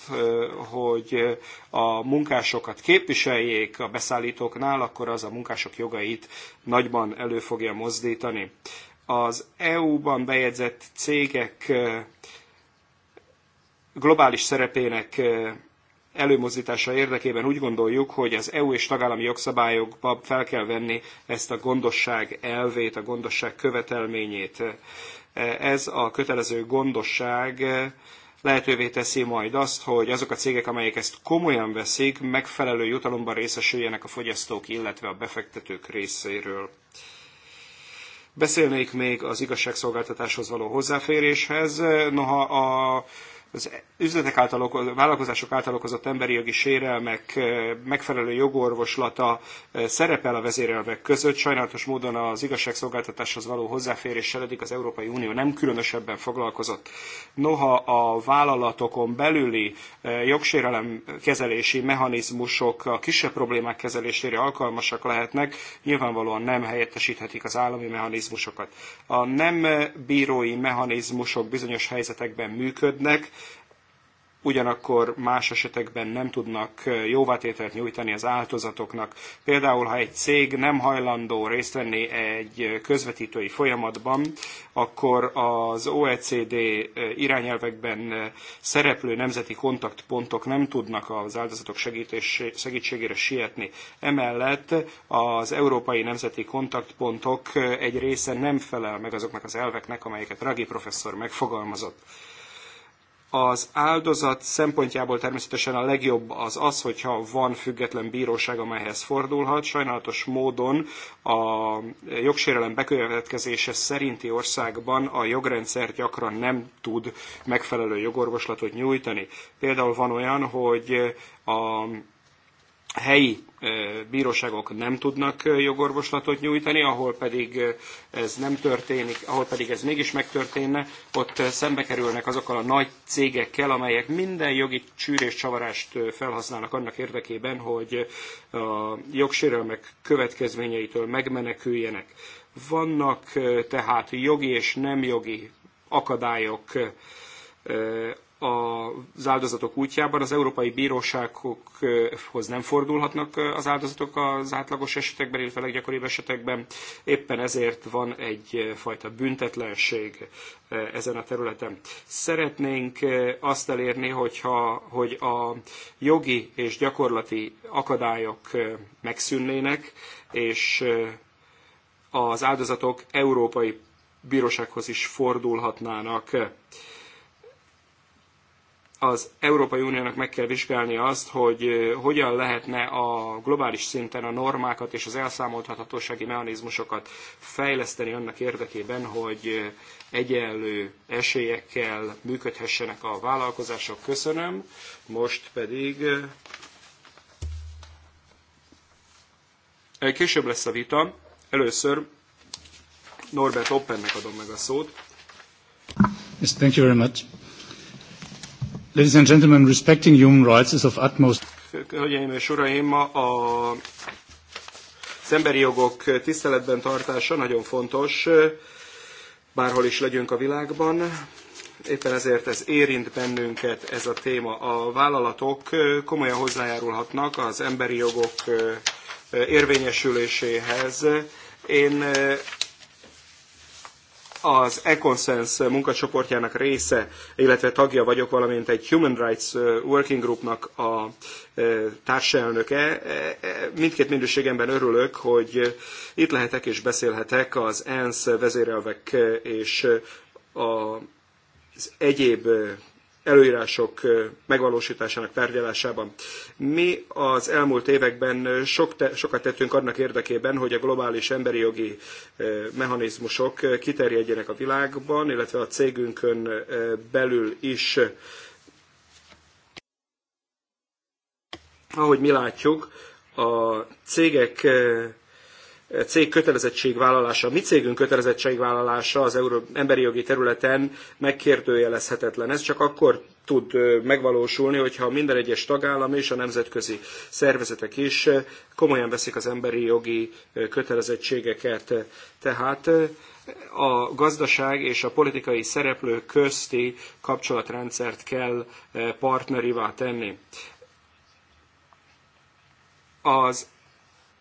hogy a munkásokat képviseljék a beszállítóknál, akkor az a munkások jogait nagyban elő fogja mozdítani. Az EU-ban bejegyzett cégek globális szerepének előmozdítása érdekében úgy gondoljuk, hogy az EU és tagállami jogszabályokba fel kell venni ezt a gondosság elvét, a gondosság követelményét. Ez a kötelező gondosság lehetővé teszi majd azt, hogy azok a cégek, amelyek ezt komolyan veszik, megfelelő jutalomban részesüljenek a fogyasztók, illetve a befektetők részéről. Beszélnék még az igazságszolgáltatáshoz való hozzáféréshez. Noha a az üzletek által, okoz, vállalkozások által okozott emberi jogi sérelmek megfelelő jogorvoslata szerepel a vezérelvek között. Sajnálatos módon az igazságszolgáltatáshoz való hozzáféréssel eddig az Európai Unió nem különösebben foglalkozott. Noha a vállalatokon belüli jogsérelem kezelési mechanizmusok a kisebb problémák kezelésére alkalmasak lehetnek, nyilvánvalóan nem helyettesíthetik az állami mechanizmusokat. A nem bírói mechanizmusok bizonyos helyzetekben működnek, ugyanakkor más esetekben nem tudnak jóvátételt nyújtani az áldozatoknak. Például, ha egy cég nem hajlandó részt venni egy közvetítői folyamatban, akkor az OECD irányelvekben szereplő nemzeti kontaktpontok nem tudnak az áldozatok segítségére sietni. Emellett az európai nemzeti kontaktpontok egy része nem felel meg azoknak az elveknek, amelyeket Ragi professzor megfogalmazott. Az áldozat szempontjából természetesen a legjobb az az, hogyha van független bíróság, amelyhez fordulhat. Sajnálatos módon a jogsérelem bekövetkezése szerinti országban a jogrendszer gyakran nem tud megfelelő jogorvoslatot nyújtani. Például van olyan, hogy a helyi bíróságok nem tudnak jogorvoslatot nyújtani, ahol pedig ez nem történik, ahol pedig ez mégis megtörténne, ott szembe kerülnek azokkal a nagy cégekkel, amelyek minden jogi csűrés csavarást felhasználnak annak érdekében, hogy a jogsérelmek következményeitől megmeneküljenek. Vannak tehát jogi és nem jogi akadályok az áldozatok útjában. Az európai bíróságokhoz nem fordulhatnak az áldozatok az átlagos esetekben, illetve leggyakoribb esetekben. Éppen ezért van egyfajta büntetlenség ezen a területen. Szeretnénk azt elérni, hogyha, hogy a jogi és gyakorlati akadályok megszűnnének, és az áldozatok európai bírósághoz is fordulhatnának az Európai Uniónak meg kell vizsgálnia azt, hogy hogyan lehetne a globális szinten a normákat és az elszámoltathatósági mechanizmusokat fejleszteni annak érdekében, hogy egyenlő esélyekkel működhessenek a vállalkozások. Köszönöm. Most pedig később lesz a vita. Először Norbert Oppennek adom meg a szót. Yes, thank you very much. Ladies and gentlemen, respecting human rights is of utmost... Hölgyeim és uraim, a az emberi jogok tiszteletben tartása nagyon fontos, bárhol is legyünk a világban. Éppen ezért ez érint bennünket ez a téma. A vállalatok komolyan hozzájárulhatnak az emberi jogok érvényesüléséhez. Én az Econsens munkacsoportjának része, illetve tagja vagyok, valamint egy Human Rights Working Groupnak a társelnöke. E, e, mindkét minőségemben örülök, hogy itt lehetek és beszélhetek az ENSZ vezérelvek és az egyéb előírások megvalósításának tárgyalásában. Mi az elmúlt években sok te, sokat tettünk annak érdekében, hogy a globális emberi jogi mechanizmusok kiterjedjenek a világban, illetve a cégünkön belül is. Ahogy mi látjuk, a cégek cég kötelezettségvállalása, a mi cégünk kötelezettségvállalása az Euró emberi jogi területen megkérdőjelezhetetlen. Ez csak akkor tud megvalósulni, hogyha minden egyes tagállam és a nemzetközi szervezetek is komolyan veszik az emberi jogi kötelezettségeket. Tehát a gazdaság és a politikai szereplők közti kapcsolatrendszert kell partnerivá tenni. Az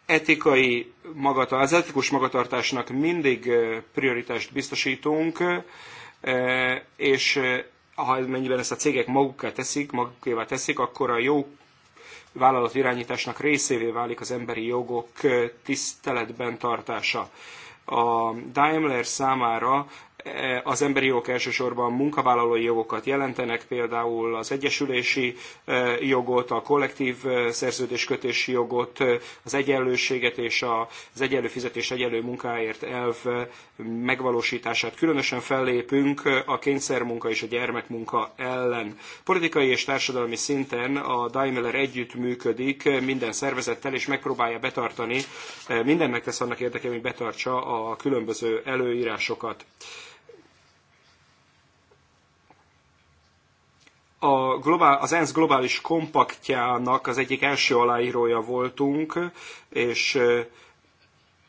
etikai magatartás, az etikus magatartásnak mindig prioritást biztosítunk, és ha mennyiben ezt a cégek magukkal teszik, magukévá teszik, akkor a jó vállalat irányításnak részévé válik az emberi jogok tiszteletben tartása. A Daimler számára Eh, az emberi jogok elsősorban munkavállalói jogokat jelentenek, például az egyesülési eh, jogot, a kollektív eh, szerződéskötési jogot, az egyenlőséget és az egyenlő fizetés egyenlő munkáért elv megvalósítását. Különösen fellépünk a kényszermunka és a gyermekmunka ellen. Politikai és társadalmi szinten a Daimler együttműködik minden szervezettel, és megpróbálja betartani, mindent megtesz annak érdekében, hogy betartsa a különböző előírásokat. a globál, az ENSZ globális kompaktjának az egyik első aláírója voltunk, és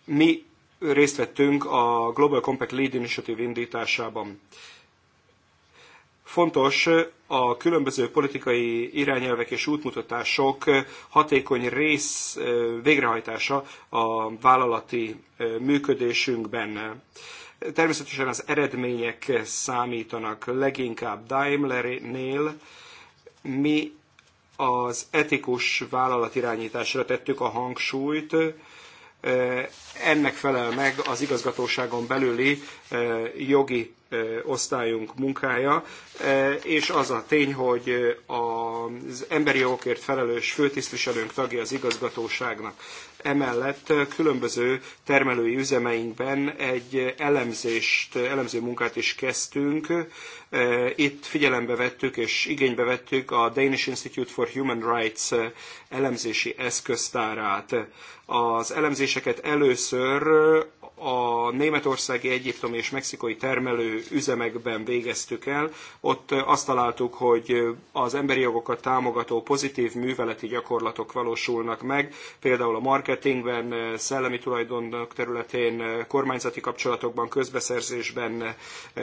mi részt vettünk a Global Compact Lead Initiative indításában. Fontos a különböző politikai irányelvek és útmutatások hatékony rész végrehajtása a vállalati működésünkben. Természetesen az eredmények számítanak leginkább Daimler-nél. Mi az etikus vállalatirányításra tettük a hangsúlyt, ennek felel meg az igazgatóságon belüli eh, jogi osztályunk munkája, és az a tény, hogy az emberi jogokért felelős főtisztviselőnk tagja az igazgatóságnak. Emellett különböző termelői üzemeinkben egy elemzést, elemző munkát is kezdtünk. Itt figyelembe vettük és igénybe vettük a Danish Institute for Human Rights elemzési eszköztárát. Az elemzéseket először a németországi, egyiptomi és mexikai termelő üzemekben végeztük el. Ott azt találtuk, hogy az emberi jogokat támogató pozitív műveleti gyakorlatok valósulnak meg, például a marketingben, szellemi tulajdonok területén, kormányzati kapcsolatokban, közbeszerzésben,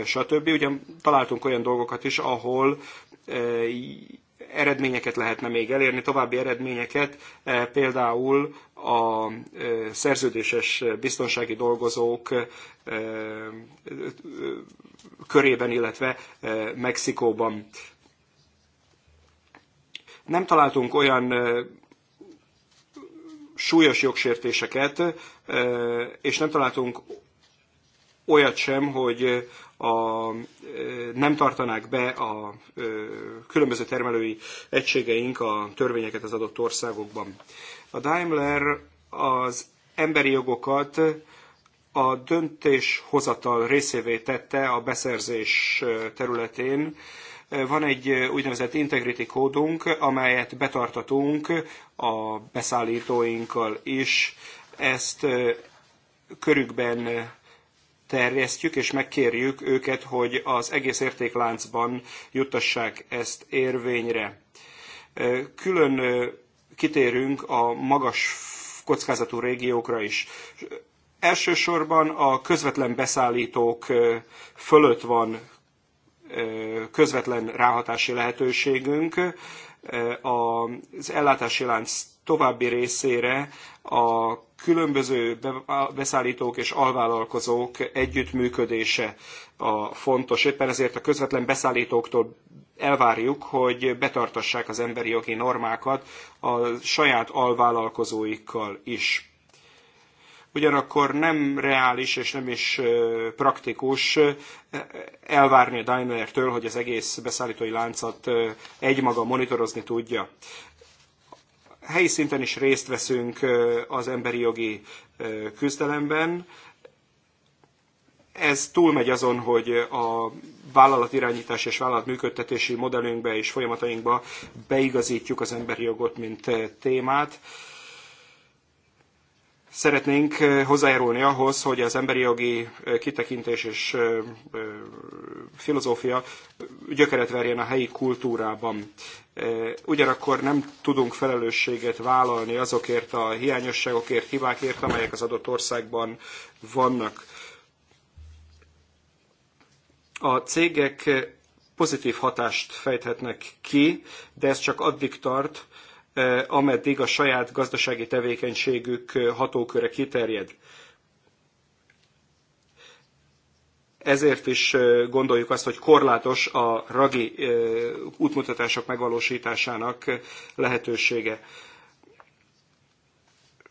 stb. Ugyan találtunk olyan dolgokat is, ahol eredményeket lehetne még elérni, további eredményeket, e, például a e, szerződéses biztonsági dolgozók e, körében, illetve Mexikóban. Nem találtunk olyan súlyos jogsértéseket, és nem találtunk olyat sem, hogy a, nem tartanák be a különböző termelői egységeink a törvényeket az adott országokban. A Daimler az emberi jogokat a döntéshozatal részévé tette a beszerzés területén. Van egy úgynevezett integrity kódunk, amelyet betartatunk a beszállítóinkkal is. Ezt körükben terjesztjük, és megkérjük őket, hogy az egész értékláncban juttassák ezt érvényre. Külön kitérünk a magas kockázatú régiókra is. Elsősorban a közvetlen beszállítók fölött van közvetlen ráhatási lehetőségünk. Eh, az ellátási lánc további részére a különböző beszállítók és alvállalkozók együttműködése a fontos. Éppen ezért a közvetlen beszállítóktól elvárjuk, hogy betartassák az emberi jogi normákat a saját alvállalkozóikkal is ugyanakkor nem reális és nem is praktikus elvárni a Daimler-től, hogy az egész beszállítói láncot egymaga monitorozni tudja. Helyi szinten is részt veszünk az emberi jogi küzdelemben. Ez túlmegy azon, hogy a vállalatirányítás és vállalatműködtetési modellünkbe és folyamatainkba beigazítjuk az emberi jogot, mint témát szeretnénk eh, hozzájárulni ahhoz, hogy az emberi jogi eh, kitekintés és eh, filozófia gyökeret verjen a helyi kultúrában. Ugyanakkor nem tudunk felelősséget vállalni azokért a hiányosságokért, hibákért, amelyek az adott országban vannak. A cégek pozitív hatást fejthetnek ki, de ez csak addig tart, Eh, ameddig a saját gazdasági tevékenységük eh, hatóköre kiterjed. Ezért is eh, gondoljuk azt, hogy korlátos a ragi útmutatások megvalósításának lehetősége.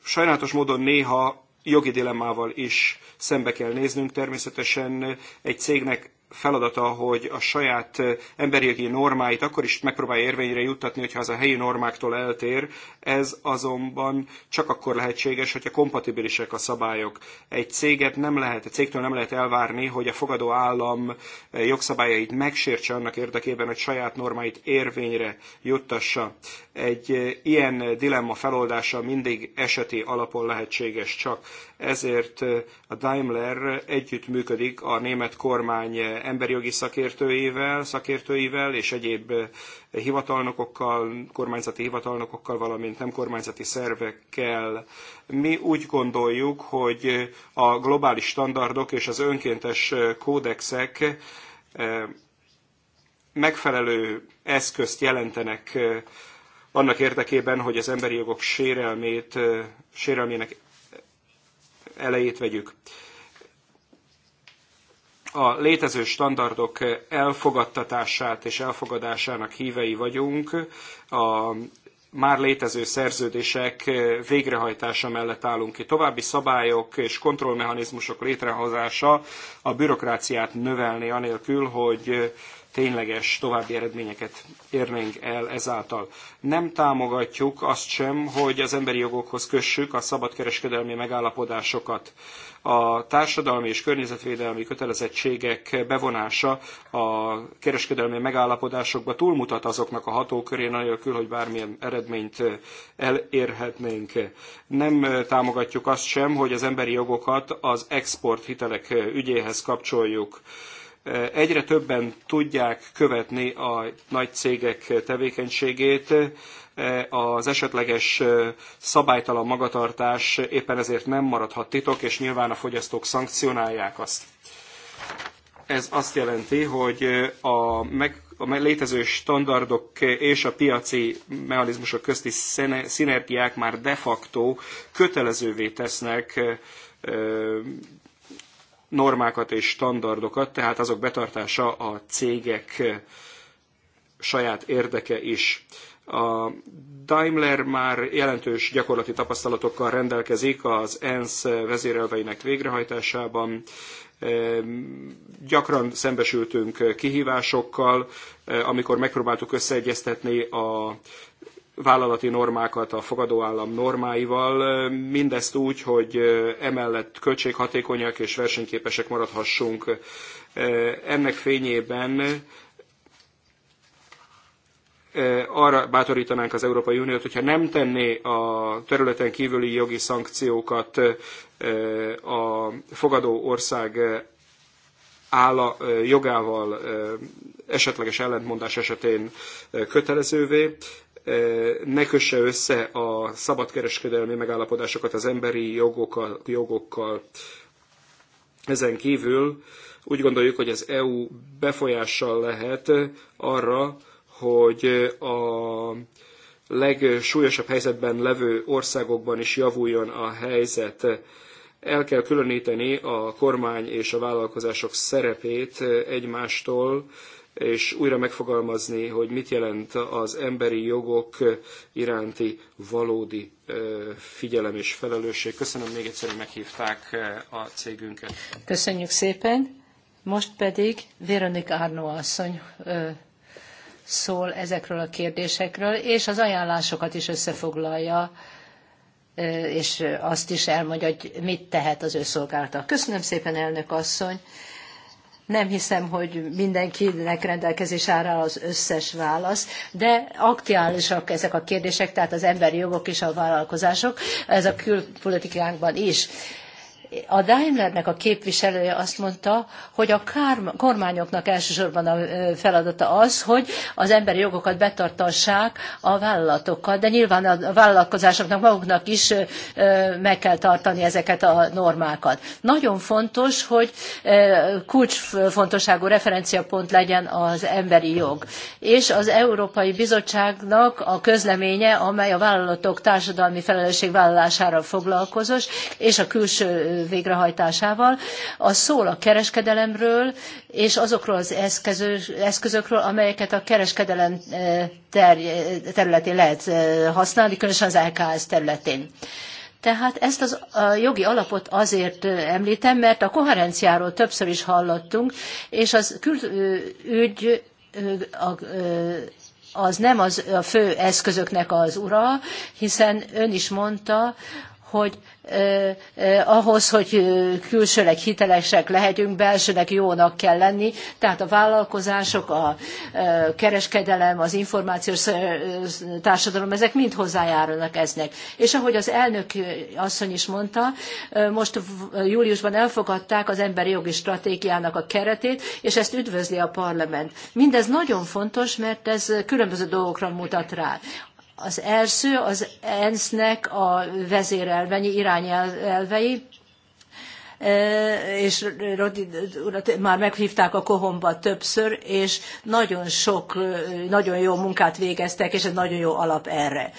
Sajnálatos módon néha jogi dilemmával is szembe kell néznünk. Természetesen egy cégnek feladata, hogy a saját emberi jogi normáit akkor is megpróbálja érvényre juttatni, hogyha az a helyi normáktól eltér. Ez azonban csak akkor lehetséges, hogyha kompatibilisek a szabályok. Egy céget nem lehet, a cégtől nem lehet elvárni, hogy a fogadó állam jogszabályait megsértse annak érdekében, hogy saját normáit érvényre juttassa. Egy ilyen dilemma feloldása mindig eseti alapon lehetséges csak ezért a Daimler együttműködik a német kormány emberi jogi szakértőivel, szakértőivel és egyéb hivatalnokokkal, kormányzati hivatalnokokkal, valamint nem kormányzati szervekkel. Mi úgy gondoljuk, hogy a globális standardok és az önkéntes kódexek megfelelő eszközt jelentenek annak érdekében, hogy az emberi jogok sérelmét, sérelmének elejét vegyük. A létező standardok elfogadtatását és elfogadásának hívei vagyunk. A már létező szerződések végrehajtása mellett állunk ki. További szabályok és kontrollmechanizmusok létrehozása a bürokráciát növelni, anélkül, hogy tényleges további eredményeket érnénk el ezáltal. Nem támogatjuk azt sem, hogy az emberi jogokhoz kössük a szabadkereskedelmi megállapodásokat. A társadalmi és környezetvédelmi kötelezettségek bevonása a kereskedelmi megállapodásokba túlmutat azoknak a hatókörén, anélkül, hogy bármilyen eredményt elérhetnénk. Nem támogatjuk azt sem, hogy az emberi jogokat az exporthitelek ügyéhez kapcsoljuk. Egyre többen tudják követni a nagy cégek tevékenységét, az esetleges szabálytalan magatartás éppen ezért nem maradhat titok, és nyilván a fogyasztók szankcionálják azt. Ez azt jelenti, hogy a, meg, a létező standardok és a piaci mechanizmusok közti szinergiák már de facto kötelezővé tesznek normákat és standardokat, tehát azok betartása a cégek eh, saját érdeke is. A Daimler már jelentős gyakorlati tapasztalatokkal rendelkezik az ENSZ vezérelveinek végrehajtásában. Eh, gyakran szembesültünk kihívásokkal, eh, amikor megpróbáltuk összeegyeztetni a vállalati normákat a fogadóállam normáival, mindezt úgy, hogy emellett költséghatékonyak és versenyképesek maradhassunk. Ennek fényében arra bátorítanánk az Európai Uniót, hogyha nem tenné a területen kívüli jogi szankciókat a fogadó ország álla, jogával esetleges ellentmondás esetén kötelezővé, ne kösse össze a szabadkereskedelmi megállapodásokat az emberi jogokkal, jogokkal. Ezen kívül úgy gondoljuk, hogy az EU befolyással lehet arra, hogy a legsúlyosabb helyzetben levő országokban is javuljon a helyzet. El kell különíteni a kormány és a vállalkozások szerepét egymástól, és újra megfogalmazni, hogy mit jelent az emberi jogok iránti valódi figyelem és felelősség. Köszönöm még egyszer, hogy meghívták a cégünket. Köszönjük szépen. Most pedig Veronik Árnó asszony szól ezekről a kérdésekről, és az ajánlásokat is összefoglalja, és azt is elmondja, hogy mit tehet az ő szolgálata. Köszönöm szépen, elnök asszony! Nem hiszem, hogy mindenkinek rendelkezés áll az összes válasz, de aktuálisak ezek a kérdések, tehát az emberi jogok és a vállalkozások, ez a külpolitikánkban is. A Daimlernek a képviselője azt mondta, hogy a kormányoknak elsősorban a feladata az, hogy az emberi jogokat betartassák a vállalatokkal, de nyilván a vállalkozásoknak maguknak is meg kell tartani ezeket a normákat. Nagyon fontos, hogy kulcsfontosságú referenciapont legyen az emberi jog. És az Európai Bizottságnak a közleménye, amely a vállalatok társadalmi felelősségvállalására foglalkozos, és a külső végrehajtásával. Az szól a kereskedelemről és azokról az eszközökről, amelyeket a kereskedelem eh, területén lehet eh, használni, különösen az LKS területén. Tehát ezt az, a jogi alapot azért eh, említem, mert a koherenciáról többször is hallottunk, és az ügy az nem az, a fő eszközöknek az ura, hiszen ön is mondta, hogy eh, eh, ahhoz, hogy külsőleg hitelesek legyünk belsőnek jónak kell lenni. Tehát a vállalkozások, a eh, kereskedelem, az információs társadalom, ezek mind hozzájárulnak eznek. És ahogy az elnök asszony is mondta, eh, most júliusban elfogadták az emberi jogi stratégiának a keretét, és ezt üdvözli a parlament. Mindez nagyon fontos, mert ez különböző dolgokra mutat rá. Az első az ENSZ-nek a vezérelvei, irányelvei, és Rodi urat már meghívták a kohomba többször, és nagyon sok, nagyon jó munkát végeztek, és ez nagyon jó alap erre.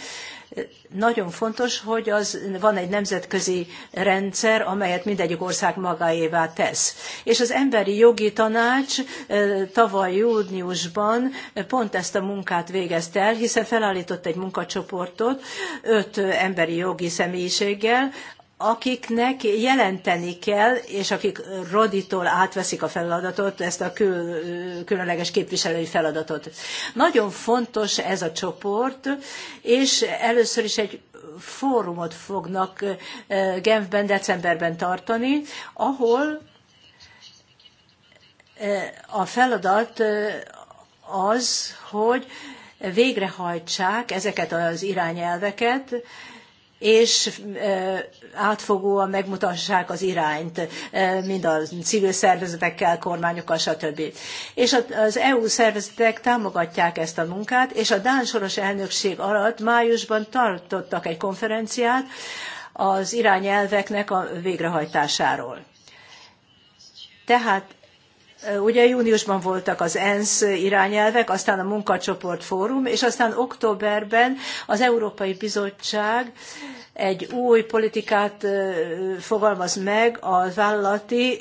Nagyon fontos, hogy az van egy nemzetközi rendszer, amelyet mindegyik ország magáévá tesz. És az emberi jogi tanács eh, tavaly júniusban pont ezt a munkát végezte el, hiszen felállított egy munkacsoportot öt emberi jogi személyiséggel, akiknek jelenteni kell, és akik Roditól átveszik a feladatot, ezt a kül, különleges képviselői feladatot. Nagyon fontos ez a csoport, és először is egy fórumot fognak Genfben decemberben tartani, ahol a feladat az, hogy végrehajtsák ezeket az irányelveket, és átfogóan megmutassák az irányt, mind a civil szervezetekkel, kormányokkal, stb. És az EU szervezetek támogatják ezt a munkát, és a Dán soros elnökség alatt májusban tartottak egy konferenciát az irányelveknek a végrehajtásáról. Tehát Ugye júniusban voltak az ENSZ irányelvek, aztán a munkacsoport fórum, és aztán októberben az Európai Bizottság egy új politikát fogalmaz meg a vállalati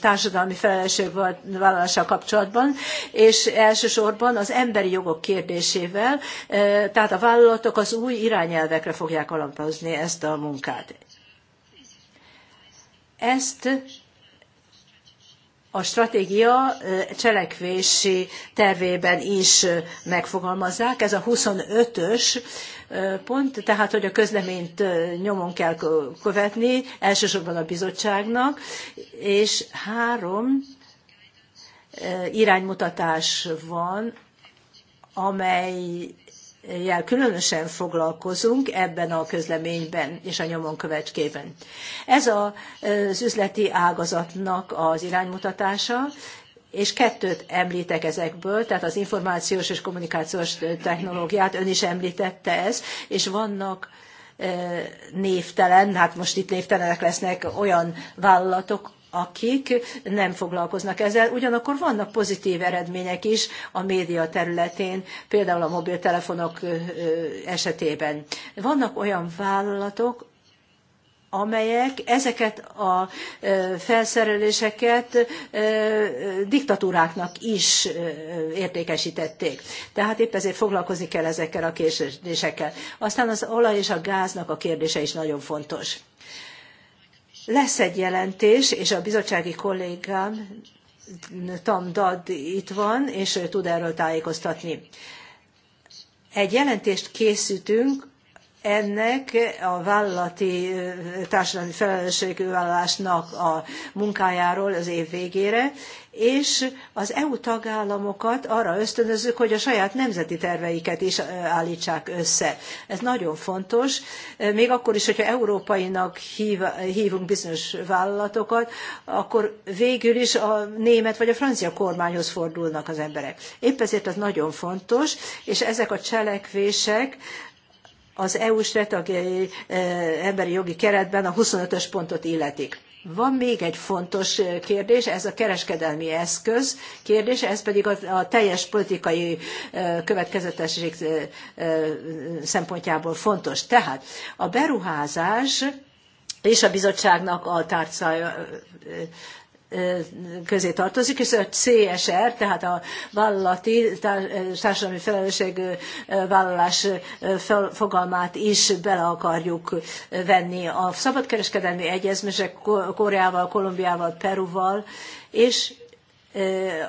társadalmi felelősségvállalással kapcsolatban, és elsősorban az emberi jogok kérdésével, tehát a vállalatok az új irányelvekre fogják alapozni ezt a munkát. Ezt a stratégia cselekvési tervében is megfogalmazzák. Ez a 25-ös pont, tehát hogy a közleményt nyomon kell követni, elsősorban a bizottságnak, és három iránymutatás van, amely jel különösen foglalkozunk ebben a közleményben és a nyomon követkében. Ez az üzleti ágazatnak az iránymutatása, és kettőt említek ezekből, tehát az információs és kommunikációs technológiát ön is említette ez, és vannak e, névtelen, hát most itt névtelenek lesznek olyan vállalatok, akik nem foglalkoznak ezzel. Ugyanakkor vannak pozitív eredmények is a média területén, például a mobiltelefonok esetében. Vannak olyan vállalatok, amelyek ezeket a felszereléseket diktatúráknak is értékesítették. Tehát épp ezért foglalkozni kell ezekkel a kérdésekkel. Aztán az olaj és a gáznak a kérdése is nagyon fontos. Lesz egy jelentés, és a bizottsági kollégám Tam Dad itt van, és ő tud erről tájékoztatni. Egy jelentést készítünk ennek a vállalati társadalmi felelősségvállalásnak a munkájáról az év végére, és az EU tagállamokat arra ösztönözzük, hogy a saját nemzeti terveiket is állítsák össze. Ez nagyon fontos, még akkor is, hogyha európainak hív, hívunk bizonyos vállalatokat, akkor végül is a német vagy a francia kormányhoz fordulnak az emberek. Épp ezért ez nagyon fontos, és ezek a cselekvések az EU stratégiai e, emberi jogi keretben a 25-ös pontot illetik. Van még egy fontos e, kérdés, ez a kereskedelmi eszköz kérdése, ez pedig a, teljes politikai e, következetesség szempontjából fontos. Tehát a beruházás és a bizottságnak a tárcája közé tartozik, és a CSR, tehát a vállalati társadalmi felelősség vállalás fogalmát is bele akarjuk venni a szabadkereskedelmi egyezmények Koreával, Kolumbiával, Peruval, és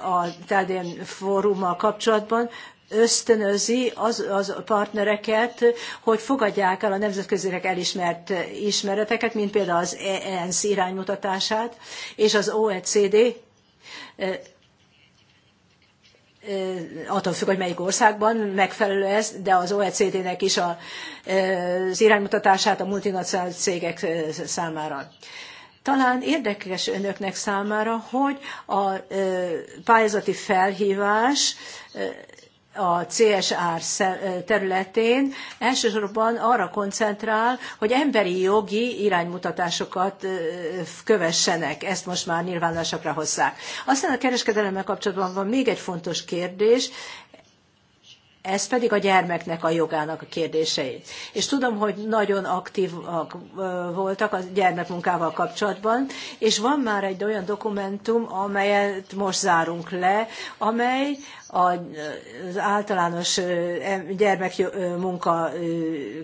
a Tádén fórummal kapcsolatban, ösztönözi az, az partnereket, hogy fogadják el a nemzetközileg elismert ismereteket, mint például az ENSZ iránymutatását, és az OECD e, e, attól függ, hogy melyik országban megfelelő ez, de az OECD-nek is a, e, az iránymutatását a multinacionális cégek számára. Talán érdekes önöknek számára, hogy a pályázati felhívás a CSR területén elsősorban arra koncentrál, hogy emberi jogi iránymutatásokat kövessenek. Ezt most már nyilvánosakra hozzák. Aztán a kereskedelemmel kapcsolatban van még egy fontos kérdés, ez pedig a gyermeknek a jogának a kérdései. És tudom, hogy nagyon aktívak voltak a gyermekmunkával kapcsolatban, és van már egy olyan dokumentum, amelyet most zárunk le, amely az általános gyermekmunka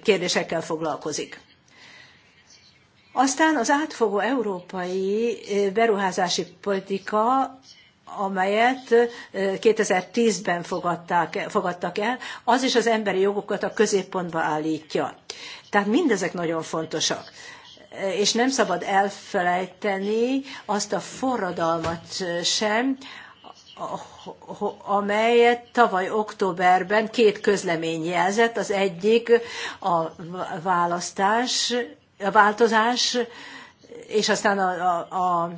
kérdésekkel foglalkozik. Aztán az átfogó európai beruházási politika amelyet 2010-ben fogadták, fogadtak el, az is az emberi jogokat a középpontba állítja. Tehát mindezek nagyon fontosak. És nem szabad elfelejteni azt a forradalmat sem, amelyet tavaly októberben két közlemény jelzett. Az egyik a választás, a változás, és aztán a, a, a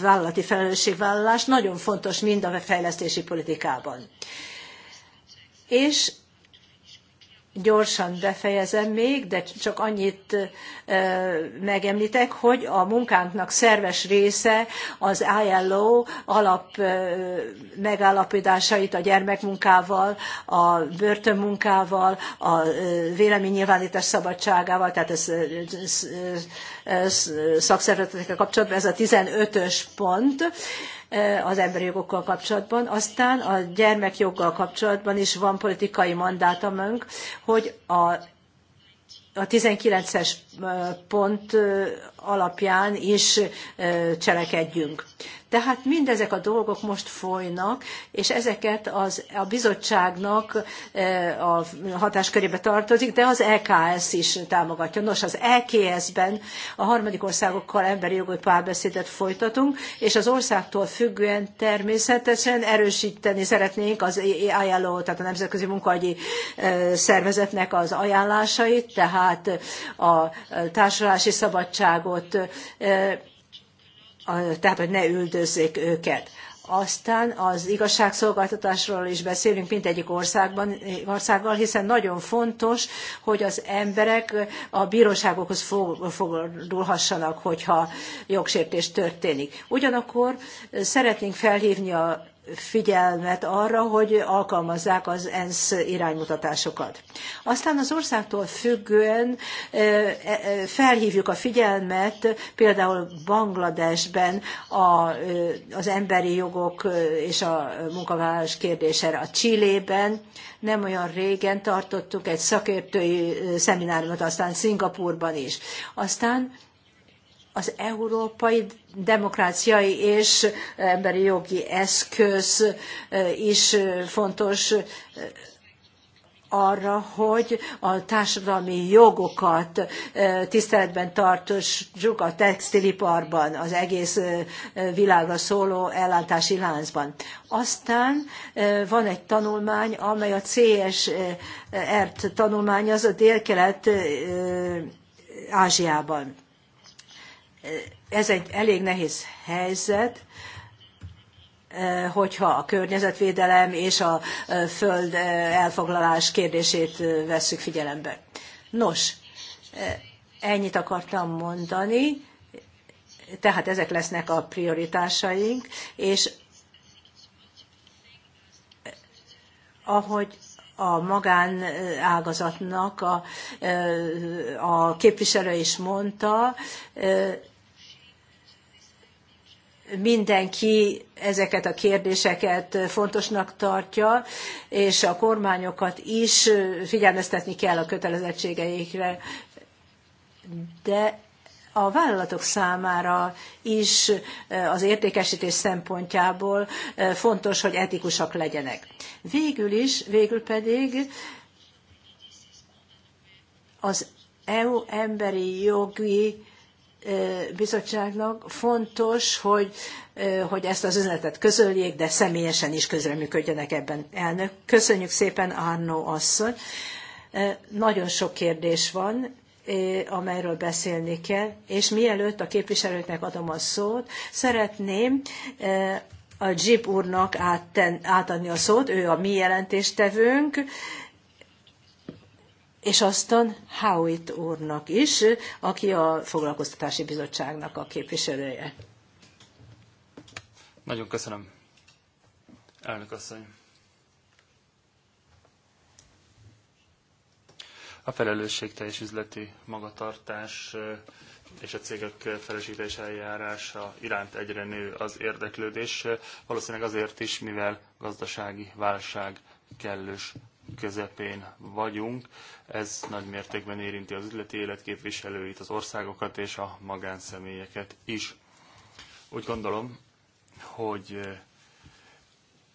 vállalati felelősségvállalás nagyon fontos mind a fejlesztési politikában. És gyorsan befejezem még, de csak annyit megemlítek, hogy a munkánknak szerves része az ILO alap megállapodásait a gyermekmunkával, a börtönmunkával, a véleménynyilvánítás szabadságával, tehát ez, ez, ez szakszervezetekkel kapcsolatban ez a 15-ös pont, Eh, az emberi jogokkal kapcsolatban. Aztán a gyermekjoggal kapcsolatban is van politikai mandátumunk, hogy a a 19-es eh, pont eh, alapján is cselekedjünk. Tehát mindezek a dolgok most folynak, és ezeket az, a bizottságnak e, a hatáskörébe tartozik, de az EKS is támogatja. Nos, az EKS-ben a harmadik országokkal emberi jogi párbeszédet folytatunk, és az országtól függően természetesen erősíteni szeretnénk az ILO, tehát a Nemzetközi Munkahogyi e, Szervezetnek az ajánlásait, tehát a e, társadalási szabadságot tehát hogy ne üldözzék őket. Aztán az igazságszolgáltatásról is beszélünk mindegyik országban, országgal, hiszen nagyon fontos, hogy az emberek a bíróságokhoz fordulhassanak, hogyha jogsértés történik. Ugyanakkor szeretnénk felhívni a figyelmet arra, hogy alkalmazzák az ENSZ iránymutatásokat. Aztán az országtól függően e, e, felhívjuk a figyelmet például Bangladesben a, az emberi jogok és a munkavállalás kérdésére. A Csillében nem olyan régen tartottuk egy szakértői szemináriumot, aztán Szingapurban is. Aztán az európai demokráciai és eh, emberi jogi eszköz eh, is eh, fontos arra, hogy a társadalmi jogokat tiszteletben tartsuk a textiliparban, az egész világra szóló ellátási láncban. Aztán van egy tanulmány, amely a CSR-t tanulmányozza a délkelet Ázsiában ez egy elég nehéz helyzet, eh, hogyha a környezetvédelem és a eh, föld eh, elfoglalás kérdését vesszük figyelembe. Nos, ennyit akartam mondani, tehát ezek lesznek a prioritásaink, és ahogy a magánágazatnak a, a képviselő is mondta, mindenki ezeket a kérdéseket fontosnak tartja, és a kormányokat is figyelmeztetni kell a kötelezettségeikre. De a vállalatok számára is eh, az értékesítés szempontjából eh, fontos, hogy etikusak legyenek. Végül is, végül pedig az EU emberi jogi bizottságnak fontos, hogy, hogy ezt az üzenetet közöljék, de személyesen is közreműködjenek ebben. Elnök, köszönjük szépen, Arno asszony. Nagyon sok kérdés van, amelyről beszélni kell, és mielőtt a képviselőknek adom a szót, szeretném a Jeep úrnak átadni a szót, ő a mi jelentéstevőnk, és aztán Howitt úrnak is, aki a Foglalkoztatási Bizottságnak a képviselője. Nagyon köszönöm, elnök asszony. A teljes üzleti magatartás és a cégek felesítés eljárása iránt egyre nő az érdeklődés, valószínűleg azért is, mivel gazdasági válság kellős közepén vagyunk. Ez nagy mértékben érinti az üzleti életképviselőit, képviselőit, az országokat és a magánszemélyeket is. Úgy gondolom, hogy eh,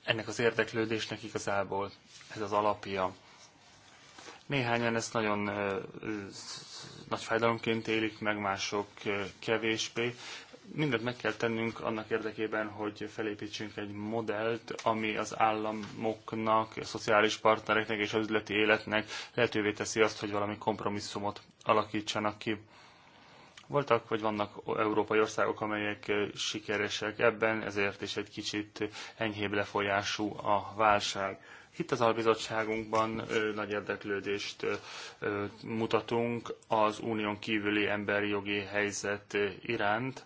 ennek az érdeklődésnek igazából ez az alapja. Néhányan ezt nagyon ö, eh, ö, nagy fájdalomként élik meg, mások ö, eh, kevésbé mindent meg kell tennünk annak érdekében, hogy felépítsünk egy modellt, ami az államoknak, a szociális partnereknek és az üzleti életnek lehetővé teszi azt, hogy valami kompromisszumot alakítsanak ki. Voltak vagy vannak európai országok, amelyek sikeresek ebben, ezért is egy kicsit enyhébb lefolyású a válság. Itt az albizottságunkban nagy érdeklődést mutatunk az unión kívüli emberi jogi helyzet iránt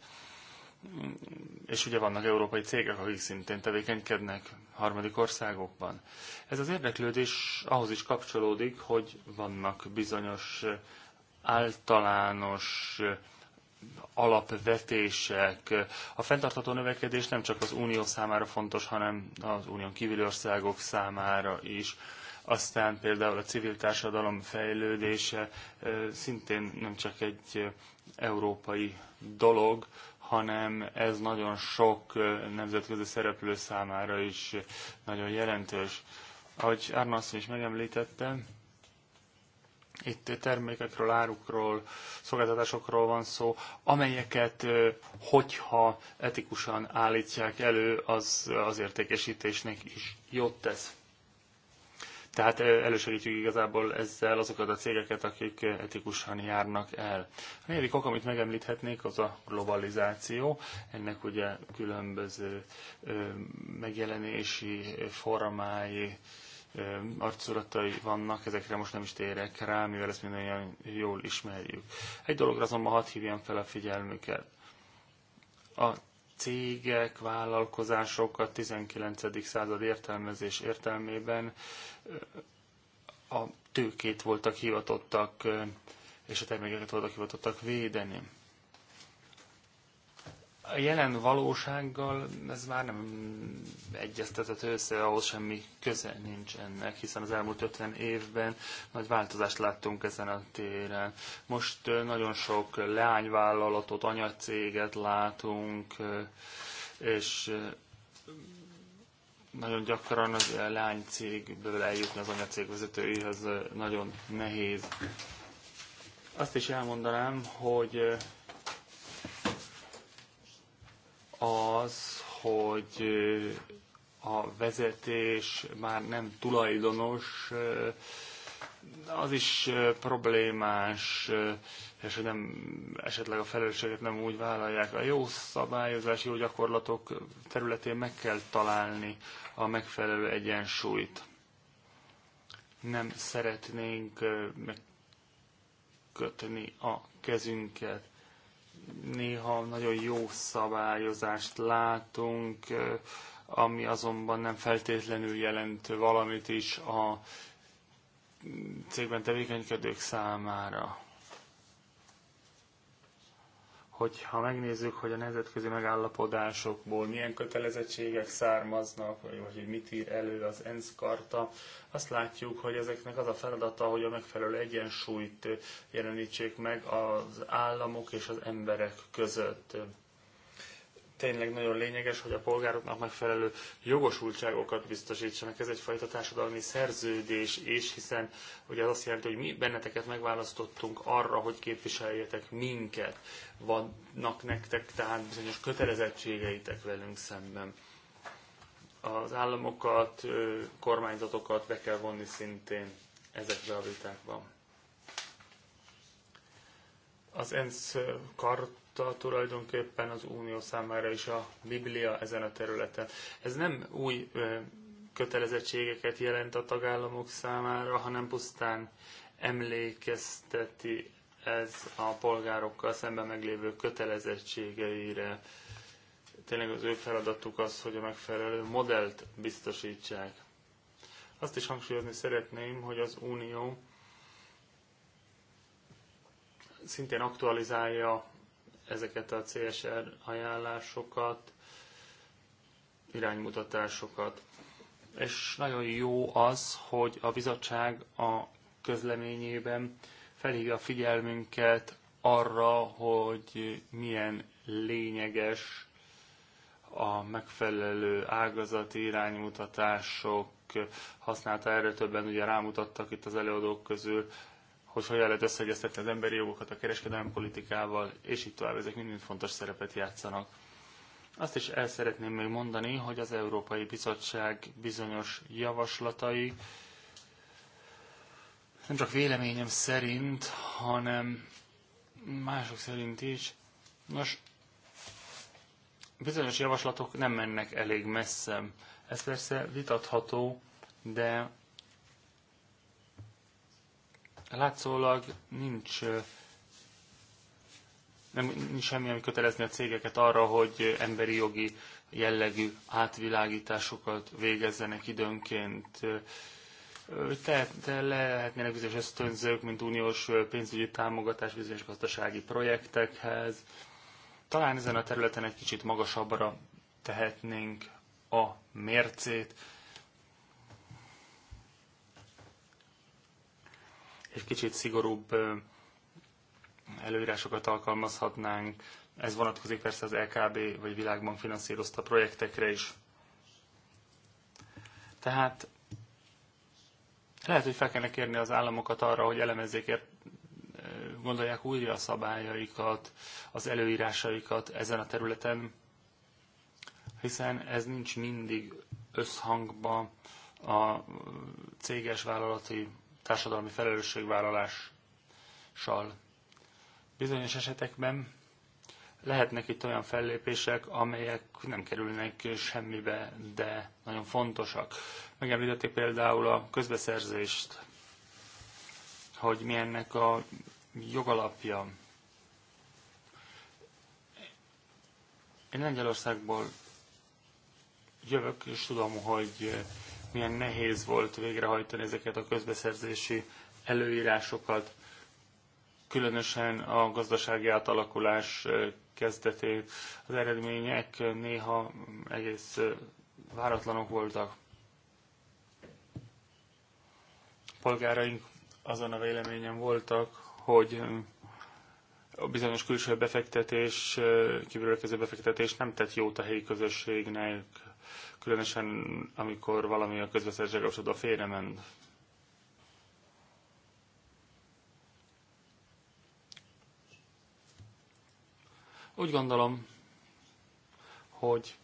és ugye vannak európai cégek, akik szintén tevékenykednek harmadik országokban. Ez az érdeklődés ahhoz is kapcsolódik, hogy vannak bizonyos általános alapvetések. A fenntartható növekedés nem csak az unió számára fontos, hanem az unión kívüli országok számára is. Aztán például a civil társadalom fejlődése szintén nem csak egy európai dolog, hanem ez nagyon sok nemzetközi szereplő számára is nagyon jelentős. Ahogy Árnasz is megemlítette, itt termékekről, árukról, szolgáltatásokról van szó, amelyeket, hogyha etikusan állítják elő, az az értékesítésnek is jót tesz. Tehát elősegítjük igazából ezzel azokat a cégeket, akik etikusan járnak el. A negyedik ok, amit megemlíthetnék, az a globalizáció. Ennek ugye különböző megjelenési formái, arculatai vannak, ezekre most nem is térek rá, mivel ezt mindannyian jól ismerjük. Egy dologra azonban hadd hívjam fel a figyelmüket. A cégek, vállalkozások a 19. század értelmezés értelmében a tőkét voltak hivatottak, és a termékeket voltak hivatottak védeni a jelen valósággal ez már nem egyeztetett össze, ahhoz semmi köze nincs ennek, hiszen az elmúlt 50 évben nagy változást láttunk ezen a téren. Most nagyon sok leányvállalatot, anyacéget látunk, és nagyon gyakran az leánycégből eljutni az anyacég vezetőihez nagyon nehéz. Azt is elmondanám, hogy az, hogy a vezetés már nem tulajdonos, az is problémás, és hogy nem, esetleg a felelősséget nem úgy vállalják. A jó szabályozás, jó gyakorlatok területén meg kell találni a megfelelő egyensúlyt. Nem szeretnénk megkötni a kezünket néha nagyon jó szabályozást látunk, ami azonban nem feltétlenül jelent valamit is a mm, cégben tevékenykedők számára hogyha megnézzük, hogy a nemzetközi megállapodásokból milyen kötelezettségek származnak, vagy hogy mit ír elő az ENSZ karta, azt látjuk, hogy ezeknek az a feladata, hogy a megfelelő egyensúlyt jelenítsék meg az államok és az emberek között tényleg nagyon lényeges, hogy a polgároknak megfelelő jogosultságokat biztosítsanak. Ez egyfajta társadalmi szerződés is, hiszen ugye az azt jelenti, hogy mi benneteket megválasztottunk arra, hogy képviseljetek minket. Vannak nektek tehát bizonyos kötelezettségeitek velünk szemben. Az államokat, kormányzatokat be kell vonni szintén ezekbe a vitákban. Az ENSZ kart megváltotta tulajdonképpen az Unió számára is a Biblia ezen a területen. Ez nem új kötelezettségeket jelent a tagállamok számára, hanem pusztán emlékezteti ez a polgárokkal szemben meglévő kötelezettségeire. Tényleg az ő feladatuk az, hogy a megfelelő modellt biztosítsák. Azt is hangsúlyozni szeretném, hogy az Unió szintén aktualizálja ezeket a CSR ajánlásokat, iránymutatásokat. És nagyon jó az, hogy a bizottság a közleményében felhívja a figyelmünket arra, hogy milyen lényeges a megfelelő ágazati iránymutatások használta, erre többen ugye rámutattak itt az előadók közül, hogy hogyan lehet összeegyeztetni az emberi jogokat a kereskedelmi politikával, és így tovább, ezek mind, mind fontos szerepet játszanak. Azt is el szeretném még mondani, hogy az Európai Bizottság bizonyos javaslatai nem csak véleményem szerint, hanem mások szerint is. Nos, bizonyos javaslatok nem mennek elég messze. Ez persze vitatható, de Hát látszólag nincs, nem, nincs semmi, ami kötelezni a cégeket arra, hogy emberi jogi jellegű átvilágításokat végezzenek időnként. Te, te lehetnének bizonyos ösztönzők, mint uniós pénzügyi támogatás bizonyos gazdasági projektekhez. Talán ezen a területen egy kicsit magasabbra tehetnénk a mércét, egy kicsit szigorúbb előírásokat alkalmazhatnánk. Ez vonatkozik persze az LKB e vagy világban finanszírozta projektekre is. Tehát lehet, hogy fel kellene kérni az államokat arra, hogy elemezzék ért, gondolják újra a szabályaikat, az előírásaikat ezen a területen, hiszen ez nincs mindig összhangban a céges vállalati társadalmi felelősségvállalással. Bizonyos esetekben lehetnek itt olyan fellépések, amelyek nem kerülnek semmibe, de nagyon fontosak. Megemlítették például a közbeszerzést, hogy milyennek a jogalapja. Én Lengyelországból jövök, és tudom, hogy milyen nehéz volt végrehajtani ezeket a közbeszerzési előírásokat, különösen a gazdasági átalakulás kezdetén. Az eredmények néha egész váratlanok voltak. polgáraink azon a véleményen voltak, hogy a bizonyos külső befektetés, kívülről befektetés nem tett jót a helyi közösségnek különösen amikor valami a kapcsolatba félre ment. Úgy gondolom, hogy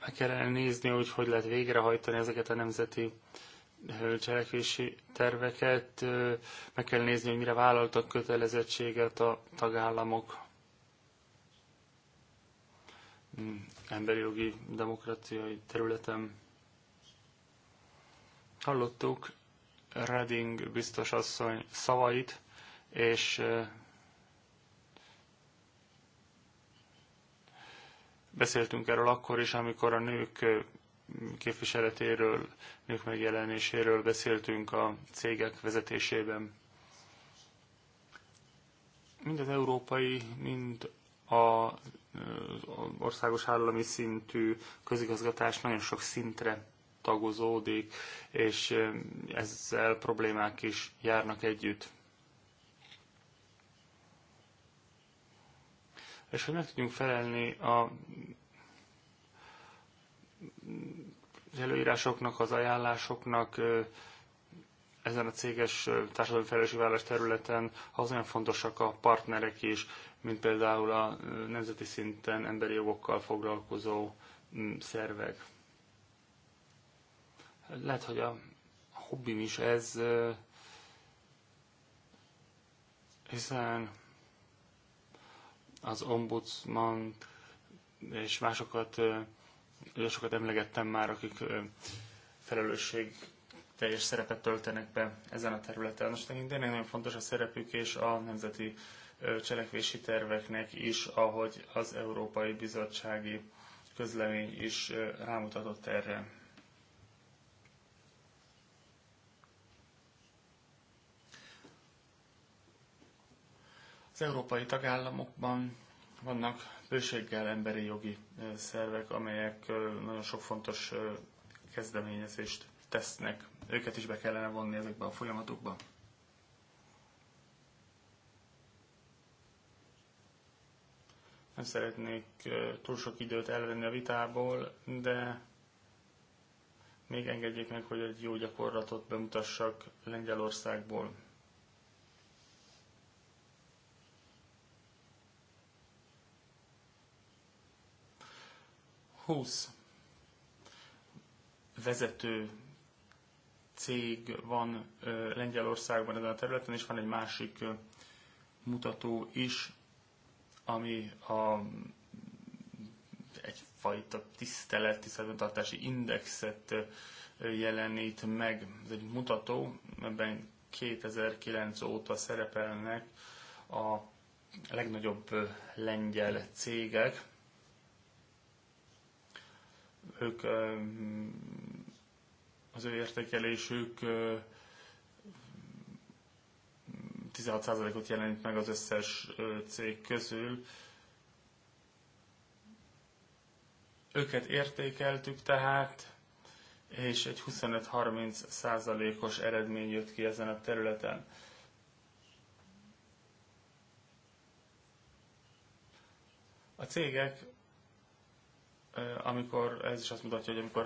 meg kellene nézni, hogy hogy lehet végrehajtani ezeket a nemzeti eh, cselekvési terveket, eh, meg kell nézni, hogy mire vállaltak kötelezettséget a tagállamok hmm emberi jogi demokráciai területen. Hallottuk Reding biztos asszony szavait, és beszéltünk erről akkor is, amikor a nők képviseletéről, nők megjelenéséről beszéltünk a cégek vezetésében. Mind az európai, mind az országos állami szintű közigazgatás nagyon sok szintre tagozódik, és ezzel problémák is járnak együtt. És hogy meg tudjunk felelni a előírásoknak, az ajánlásoknak ezen a céges társadalmi felelősségvállalás területen, az olyan fontosak a partnerek is mint például a nemzeti szinten emberi jogokkal foglalkozó mm, szervek. Lehet, hogy a hobbim is ez, hiszen az ombudsman és másokat, sokat emlegettem már, akik felelősség teljes szerepet töltenek be ezen a területen. Most tényleg nagyon fontos a szerepük és a nemzeti cselekvési terveknek is, ahogy az Európai Bizottsági közlemény is rámutatott erre. Az európai tagállamokban vannak bőséggel emberi jogi szervek, amelyek nagyon sok fontos kezdeményezést tesznek. Őket is be kellene vonni ezekbe a folyamatokba. Nem szeretnék túl sok időt elvenni a vitából, de még engedjék meg, hogy egy jó gyakorlatot bemutassak Lengyelországból. Húsz vezető cég van Lengyelországban ezen a területen, és van egy másik mutató is, ami a egyfajta tisztelet, tiszteletartási indexet jelenít meg. Ez egy mutató, ebben 2009 óta szerepelnek a legnagyobb lengyel cégek. Ők az ő értékelésük 16%-ot jelenít meg az összes cég közül. Őket értékeltük tehát, és egy 25-30 os eredmény jött ki ezen a területen. A cégek, amikor, ez is azt mutatja, hogy amikor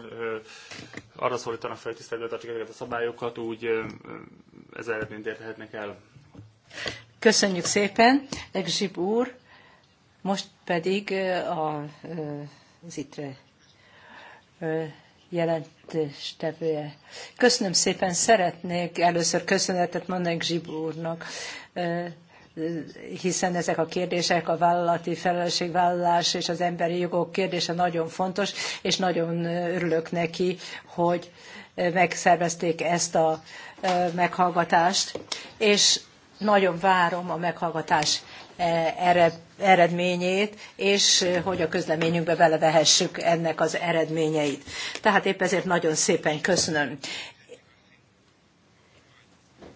arra szólítanak fel, hogy tiszteletben tartják ezeket a szabályokat, úgy ez eredményt érhetnek el. Köszönjük szépen, Legzsib úr. Most pedig a, az ittre jelentéstevője. Köszönöm szépen, szeretnék először köszönetet mondani Zsib úrnak hiszen ezek a kérdések, a vállalati felelősségvállalás és az emberi jogok kérdése nagyon fontos, és nagyon örülök neki, hogy megszervezték ezt a meghallgatást. És nagyon várom a meghallgatás e, eredményét, és e, hogy a közleményünkbe belevehessük ennek az eredményeit. Tehát épp ezért nagyon szépen köszönöm.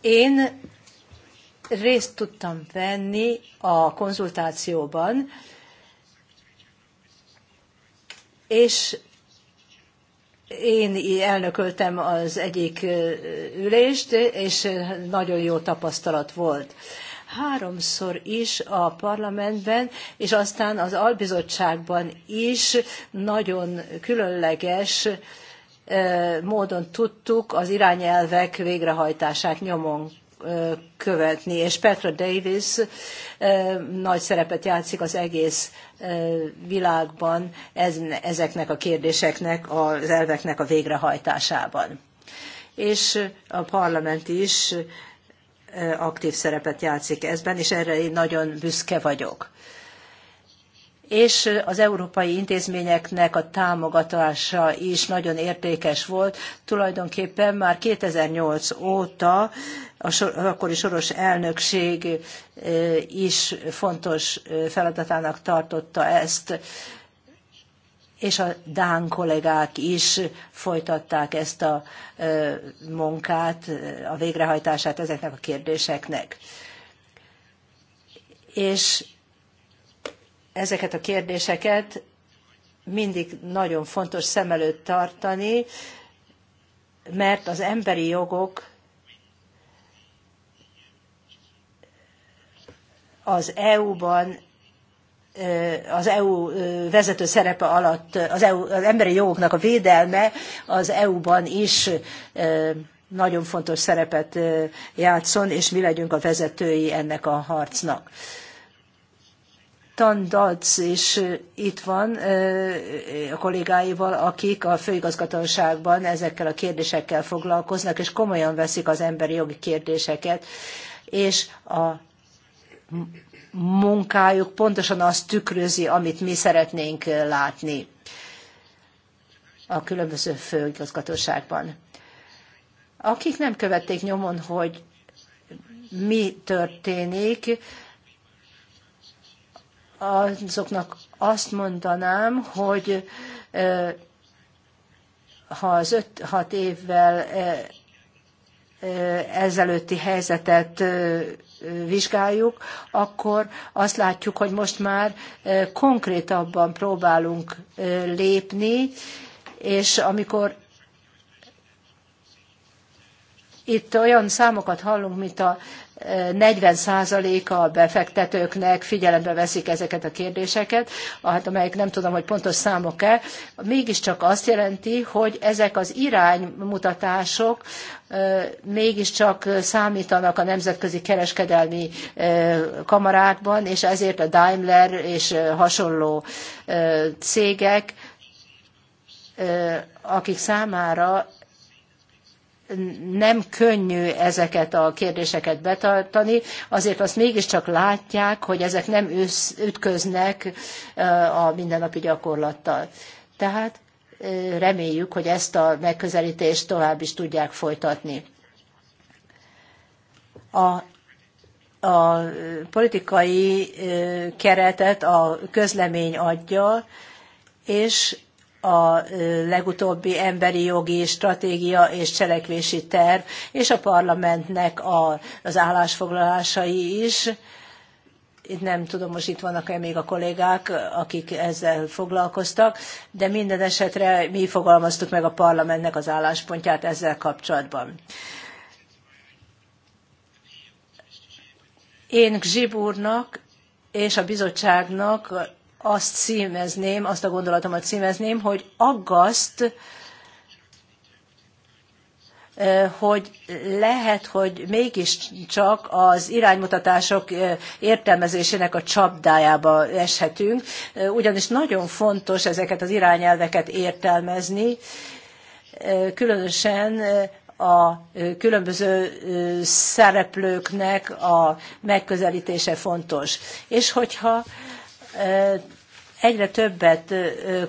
Én részt tudtam venni a konzultációban, és én elnököltem az egyik ülést, és nagyon jó tapasztalat volt háromszor is a parlamentben, és aztán az albizottságban is nagyon különleges módon tudtuk az irányelvek végrehajtását nyomon követni, és Petra Davis nagy szerepet játszik az egész világban ezeknek a kérdéseknek, az elveknek a végrehajtásában. És a parlament is aktív szerepet játszik ezben, és erre én nagyon büszke vagyok és az európai intézményeknek a támogatása is nagyon értékes volt. Tulajdonképpen már 2008 óta a akkori soros elnökség is fontos feladatának tartotta ezt, és a Dán kollégák is folytatták ezt a munkát, a végrehajtását ezeknek a kérdéseknek. És ezeket a kérdéseket mindig nagyon fontos szem előtt tartani, mert az emberi jogok az EU-ban az EU vezető szerepe alatt az, EU, az emberi jogoknak a védelme az EU-ban is nagyon fontos szerepet játszon, és mi legyünk a vezetői ennek a harcnak. Tan Dac is itt van a kollégáival, akik a főigazgatóságban ezekkel a kérdésekkel foglalkoznak, és komolyan veszik az emberi jogi kérdéseket, és a munkájuk pontosan azt tükrözi, amit mi szeretnénk látni a különböző főigazgatóságban. Akik nem követték nyomon, hogy mi történik, azoknak azt mondanám, hogy ha az 5-6 évvel ezelőtti helyzetet vizsgáljuk, akkor azt látjuk, hogy most már konkrétabban próbálunk lépni, és amikor itt olyan számokat hallunk, mint a 40%-a befektetőknek figyelembe veszik ezeket a kérdéseket, hát amelyek nem tudom, hogy pontos számok-e, mégiscsak azt jelenti, hogy ezek az iránymutatások mégiscsak számítanak a nemzetközi kereskedelmi kamarákban, és ezért a Daimler és hasonló cégek, akik számára nem könnyű ezeket a kérdéseket betartani, azért azt mégiscsak látják, hogy ezek nem ütköznek a mindennapi gyakorlattal. Tehát reméljük, hogy ezt a megközelítést tovább is tudják folytatni. A a politikai keretet a közlemény adja, és a legutóbbi emberi jogi stratégia és cselekvési terv, és a parlamentnek a, az állásfoglalásai is. Itt nem tudom, most itt vannak-e még a kollégák, akik ezzel foglalkoztak, de minden esetre mi fogalmaztuk meg a parlamentnek az álláspontját ezzel kapcsolatban. Én Gzsib úrnak és a bizottságnak azt címezném, azt a gondolatomat címezném, hogy aggaszt, hogy lehet, hogy mégiscsak az iránymutatások értelmezésének a csapdájába eshetünk, ugyanis nagyon fontos ezeket az irányelveket értelmezni, különösen a különböző szereplőknek a megközelítése fontos. És hogyha egyre többet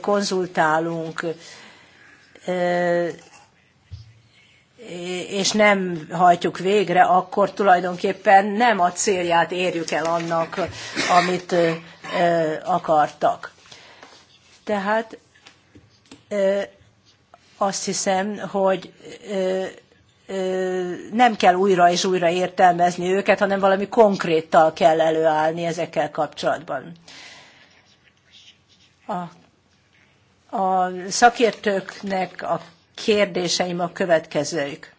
konzultálunk, és nem hajtjuk végre, akkor tulajdonképpen nem a célját érjük el annak, amit akartak. Tehát azt hiszem, hogy nem kell újra és újra értelmezni őket, hanem valami konkréttal kell előállni ezekkel kapcsolatban. A, a szakértőknek a kérdéseim a következők.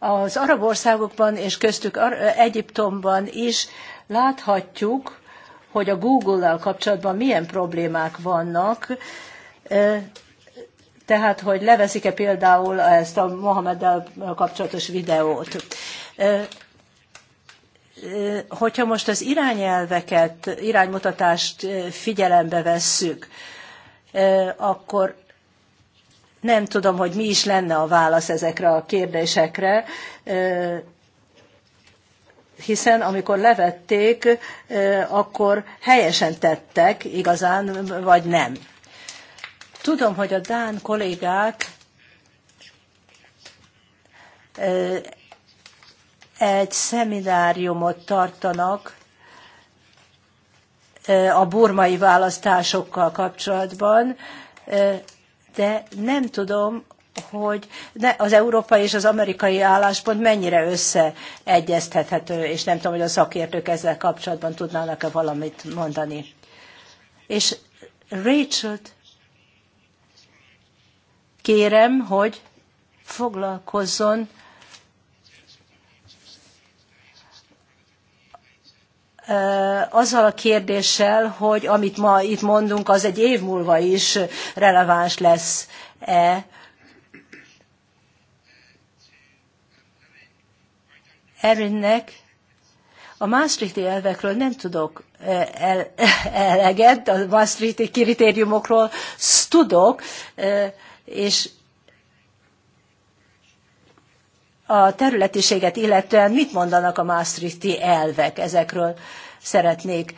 az arab országokban és köztük Egyiptomban is láthatjuk, hogy a Google-lal kapcsolatban milyen problémák vannak, tehát hogy leveszik-e például ezt a Mohameddel kapcsolatos videót. Hogyha most az irányelveket, iránymutatást figyelembe vesszük, akkor nem tudom, hogy mi is lenne a válasz ezekre a kérdésekre, hiszen amikor levették, akkor helyesen tettek igazán, vagy nem. Tudom, hogy a Dán kollégák egy szemináriumot tartanak a burmai választásokkal kapcsolatban, de nem tudom, hogy ne, az európai és az amerikai álláspont mennyire összeegyeztethető, és nem tudom, hogy a szakértők ezzel kapcsolatban tudnának-e valamit mondani. És rachel kérem, hogy foglalkozzon azzal a kérdéssel, hogy amit ma itt mondunk, az egy év múlva is releváns lesz-e. Erinnek a Maastrichti elvekről nem tudok eleget, a Maastrichti kritériumokról tudok, és a területiséget illetően mit mondanak a Maastrichti elvek? Ezekről szeretnék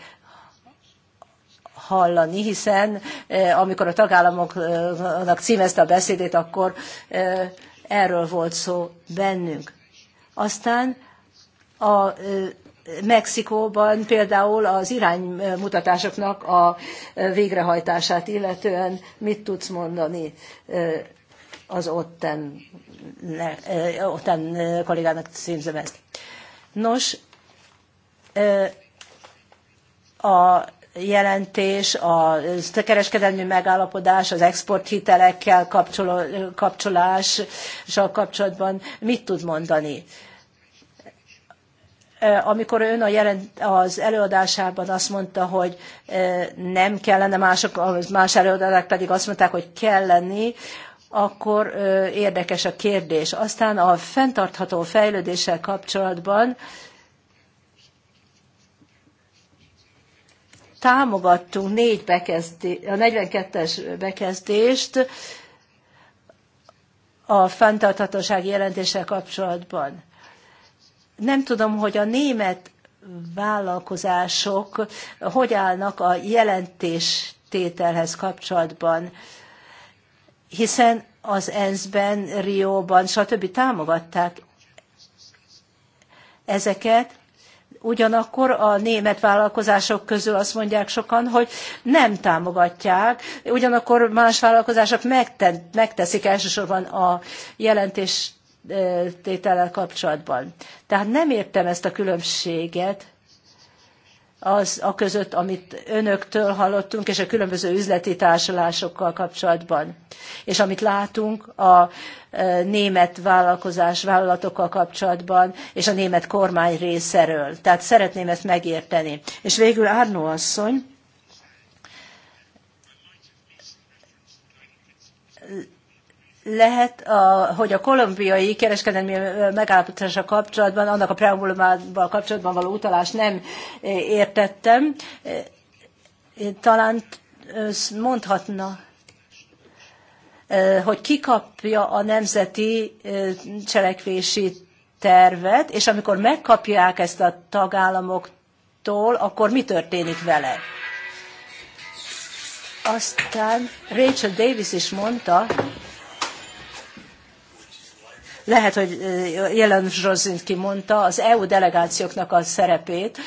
hallani, hiszen eh, amikor a tagállamoknak címezte a beszédét, akkor eh, erről volt szó bennünk. Aztán a eh, Mexikóban például az iránymutatásoknak a végrehajtását illetően mit tudsz mondani eh, az otten, eh, otten eh, kollégának címzem ezt. Nos, a jelentés, a kereskedelmi megállapodás, az exporthitelekkel kapcsolás, kapcsolatban mit tud mondani? amikor ön a jelent, az előadásában azt mondta, hogy nem kellene, mások, más előadások pedig azt mondták, hogy kell lenni, akkor érdekes a kérdés. Aztán a fenntartható fejlődéssel kapcsolatban támogattunk négy bekezdé, a 42-es bekezdést a fenntarthatósági jelentéssel kapcsolatban. Nem tudom, hogy a német vállalkozások hogy állnak a jelentéstételhez kapcsolatban, hiszen az ENSZ-ben, Rióban, stb. támogatták ezeket, ugyanakkor a német vállalkozások közül azt mondják sokan, hogy nem támogatják, ugyanakkor más vállalkozások megteszik elsősorban a jelentés tétellel kapcsolatban. Tehát nem értem ezt a különbséget az a között, amit önöktől hallottunk, és a különböző üzleti társulásokkal kapcsolatban, és amit látunk a e, német vállalkozás vállalatokkal kapcsolatban, és a német kormány részéről. Tehát szeretném ezt megérteni. És végül Árnó asszony, lehet, a, hogy a kolumbiai kereskedelmi megállapodása kapcsolatban, annak a preambulumával kapcsolatban való utalást nem értettem. Talán mondhatna, hogy kikapja a nemzeti cselekvési tervet, és amikor megkapják ezt a tagállamoktól, akkor mi történik vele? Aztán Rachel Davis is mondta, lehet, hogy Jelen Zsozinski mondta az EU delegációknak a szerepét.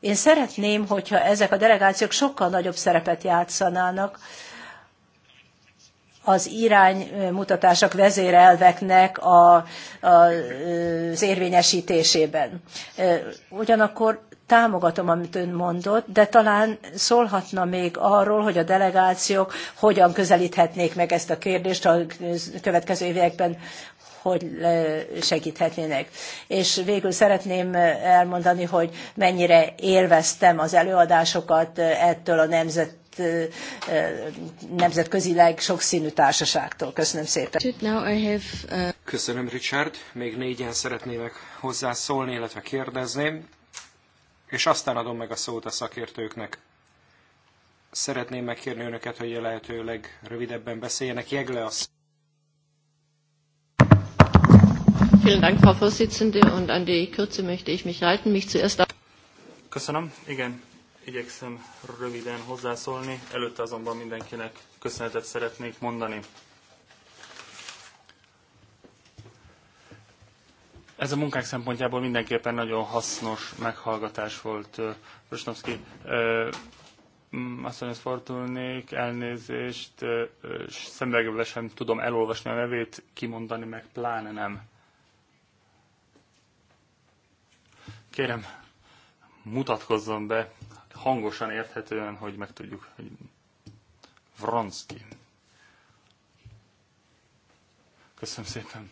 Én szeretném, hogyha ezek a delegációk sokkal nagyobb szerepet játszanának az iránymutatások vezérelveknek a, a, az érvényesítésében. Ugyanakkor támogatom, amit ön mondott, de talán szólhatna még arról, hogy a delegációk hogyan közelíthetnék meg ezt a kérdést a következő években, hogy segíthetnének. És végül szeretném elmondani, hogy mennyire élveztem az előadásokat ettől a nemzet nemzetközileg sokszínű társaságtól. Köszönöm szépen. Uh, Köszönöm, Richard. Még négyen szeretnének hozzászólni, illetve kérdezni és aztán adom meg a szót a szakértőknek. Szeretném megkérni önöket, hogy a lehető legrövidebben beszéljenek. Jegle az. Vielen Dank, Frau Vorsitzende, und an die Kürze möchte ich mich halten. Mich zuerst Köszönöm. Igen, igyekszem röviden hozzászólni. Előtte azonban mindenkinek köszönetet szeretnék mondani. Ez a munkák szempontjából mindenképpen nagyon hasznos meghallgatás volt, Rosnovszki. Asszonyhoz fordulnék, elnézést, szemüvegéből sem tudom elolvasni a nevét, kimondani meg pláne nem. Kérem, mutatkozzon be hangosan, érthetően, hogy megtudjuk, hogy Vronsky. Köszönöm szépen.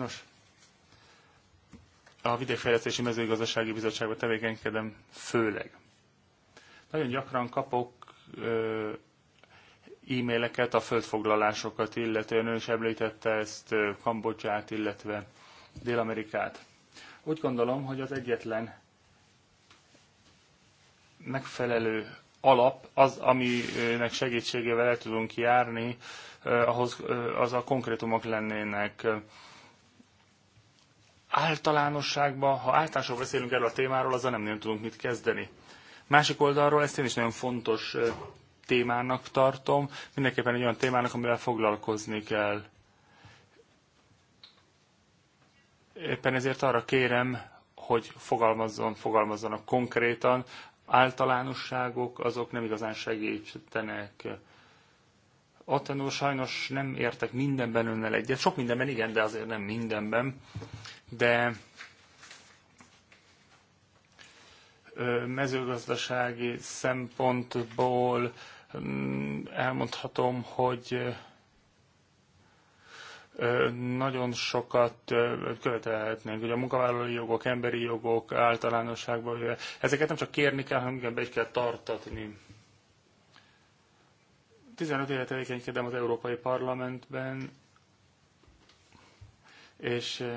Nos, a Vidékfejlesztési Mezőgazdasági Bizottságban tevékenykedem főleg. Nagyon gyakran kapok e-maileket a földfoglalásokat, illetően ön is említette ezt Kambodzsát, illetve Dél-Amerikát. Úgy gondolom, hogy az egyetlen megfelelő alap, az, aminek segítségével el tudunk járni, ahhoz az a konkrétumok lennének általánosságban, ha általánosan beszélünk erről a témáról, azzal nem nagyon tudunk mit kezdeni. Másik oldalról ezt én is nagyon fontos témának tartom, mindenképpen egy olyan témának, amivel foglalkozni kell. Éppen ezért arra kérem, hogy fogalmazzon, fogalmazzanak konkrétan, általánosságok azok nem igazán segítenek. Attenó sajnos nem értek mindenben önnel egyet, sok mindenben igen, de azért nem mindenben de mezőgazdasági szempontból mm, elmondhatom, hogy nagyon sokat követelhetnénk, hogy a munkavállalói jogok, emberi jogok általánosságban, ezeket nem csak kérni kell, hanem igen, be is kell tartatni. 15 éve tevékenykedem az Európai Parlamentben, és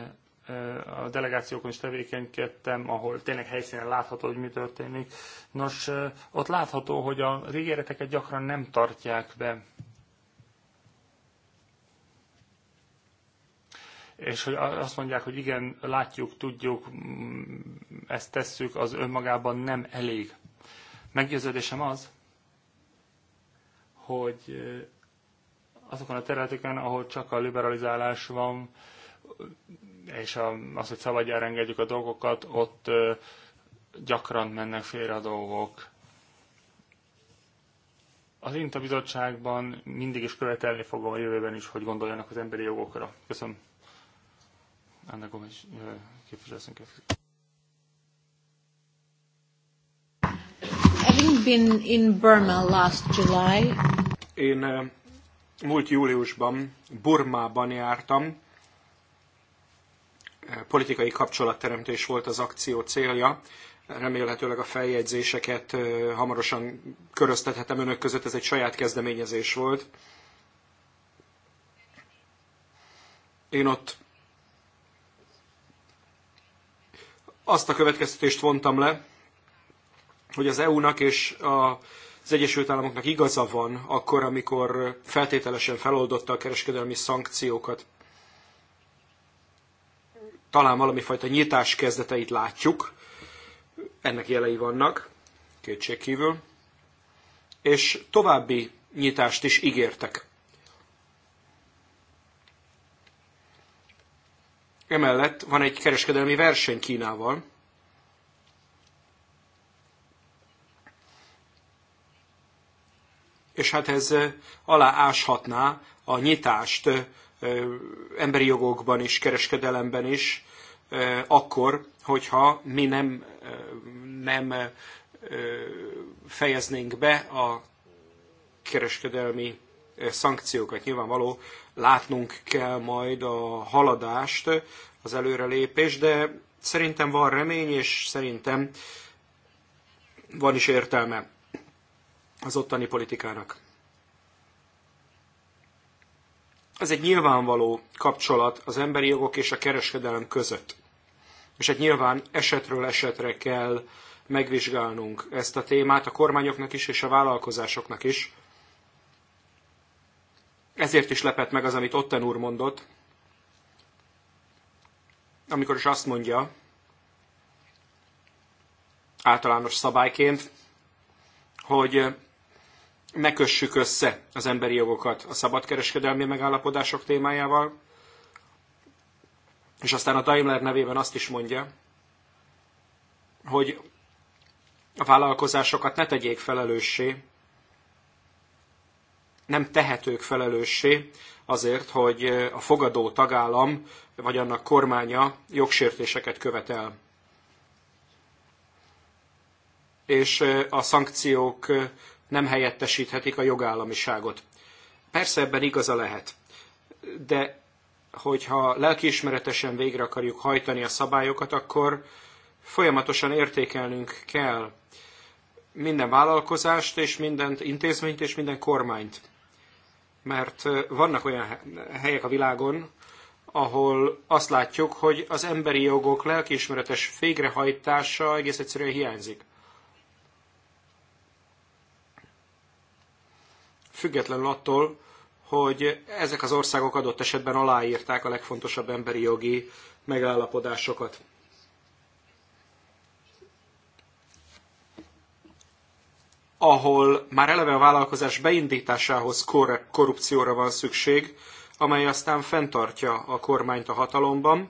a delegációkon is tevékenykedtem, ahol tényleg helyszínen látható, hogy mi történik. Nos, ott látható, hogy a ígéreteket gyakran nem tartják be. És hogy azt mondják, hogy igen, látjuk, tudjuk, mm, ezt tesszük, az önmagában nem elég. Meggyőződésem az, hogy azokon a területeken, ahol csak a liberalizálás van, és az, hogy szabadjára engedjük a dolgokat, ott gyakran mennek félre a dolgok. Az INTA bizottságban mindig is követelni fogom a jövőben is, hogy gondoljanak az emberi jogokra. Köszönöm. Anna Gomes képviselőszünk. Having been in Burma last July, én múlt júliusban Burmában jártam, politikai kapcsolatteremtés volt az akció célja. Remélhetőleg a feljegyzéseket hamarosan köröztethetem önök között, ez egy saját kezdeményezés volt. Én ott azt a következtetést vontam le, hogy az EU-nak és a az Egyesült Államoknak igaza van akkor, amikor feltételesen feloldotta a kereskedelmi szankciókat talán valami fajta nyitás kezdeteit látjuk, ennek jelei vannak, kétségkívül, és további nyitást is ígértek. Emellett van egy kereskedelmi verseny Kínával, és hát ez eh, alááshatná a nyitást eh, emberi jogokban is, kereskedelemben is, akkor, hogyha mi nem, nem fejeznénk be a kereskedelmi szankciókat. Nyilvánvaló, látnunk kell majd a haladást, az előrelépést, de szerintem van remény, és szerintem van is értelme az ottani politikának. Ez egy nyilvánvaló kapcsolat az emberi jogok és a kereskedelem között. És hát nyilván esetről esetre kell megvizsgálnunk ezt a témát a kormányoknak is és a vállalkozásoknak is. Ezért is lepett meg az, amit Otten úr mondott, amikor is azt mondja, általános szabályként, hogy ne kössük össze az emberi jogokat a szabadkereskedelmi megállapodások témájával, és aztán a Daimler nevében azt is mondja, hogy a vállalkozásokat ne tegyék felelőssé, nem tehetők felelőssé azért, hogy a fogadó tagállam vagy annak kormánya jogsértéseket követel. És a szankciók nem helyettesíthetik a jogállamiságot. Persze ebben igaza lehet, de hogyha lelkiismeretesen végre akarjuk hajtani a szabályokat, akkor folyamatosan értékelnünk kell minden vállalkozást, és minden intézményt, és minden kormányt. Mert vannak olyan helyek a világon, ahol azt látjuk, hogy az emberi jogok lelkiismeretes végrehajtása egész egyszerűen hiányzik. függetlenül attól, hogy ezek az országok adott esetben aláírták a legfontosabb emberi jogi megállapodásokat. ahol már eleve a vállalkozás beindításához korrupcióra van szükség, amely aztán fenntartja a kormányt a hatalomban.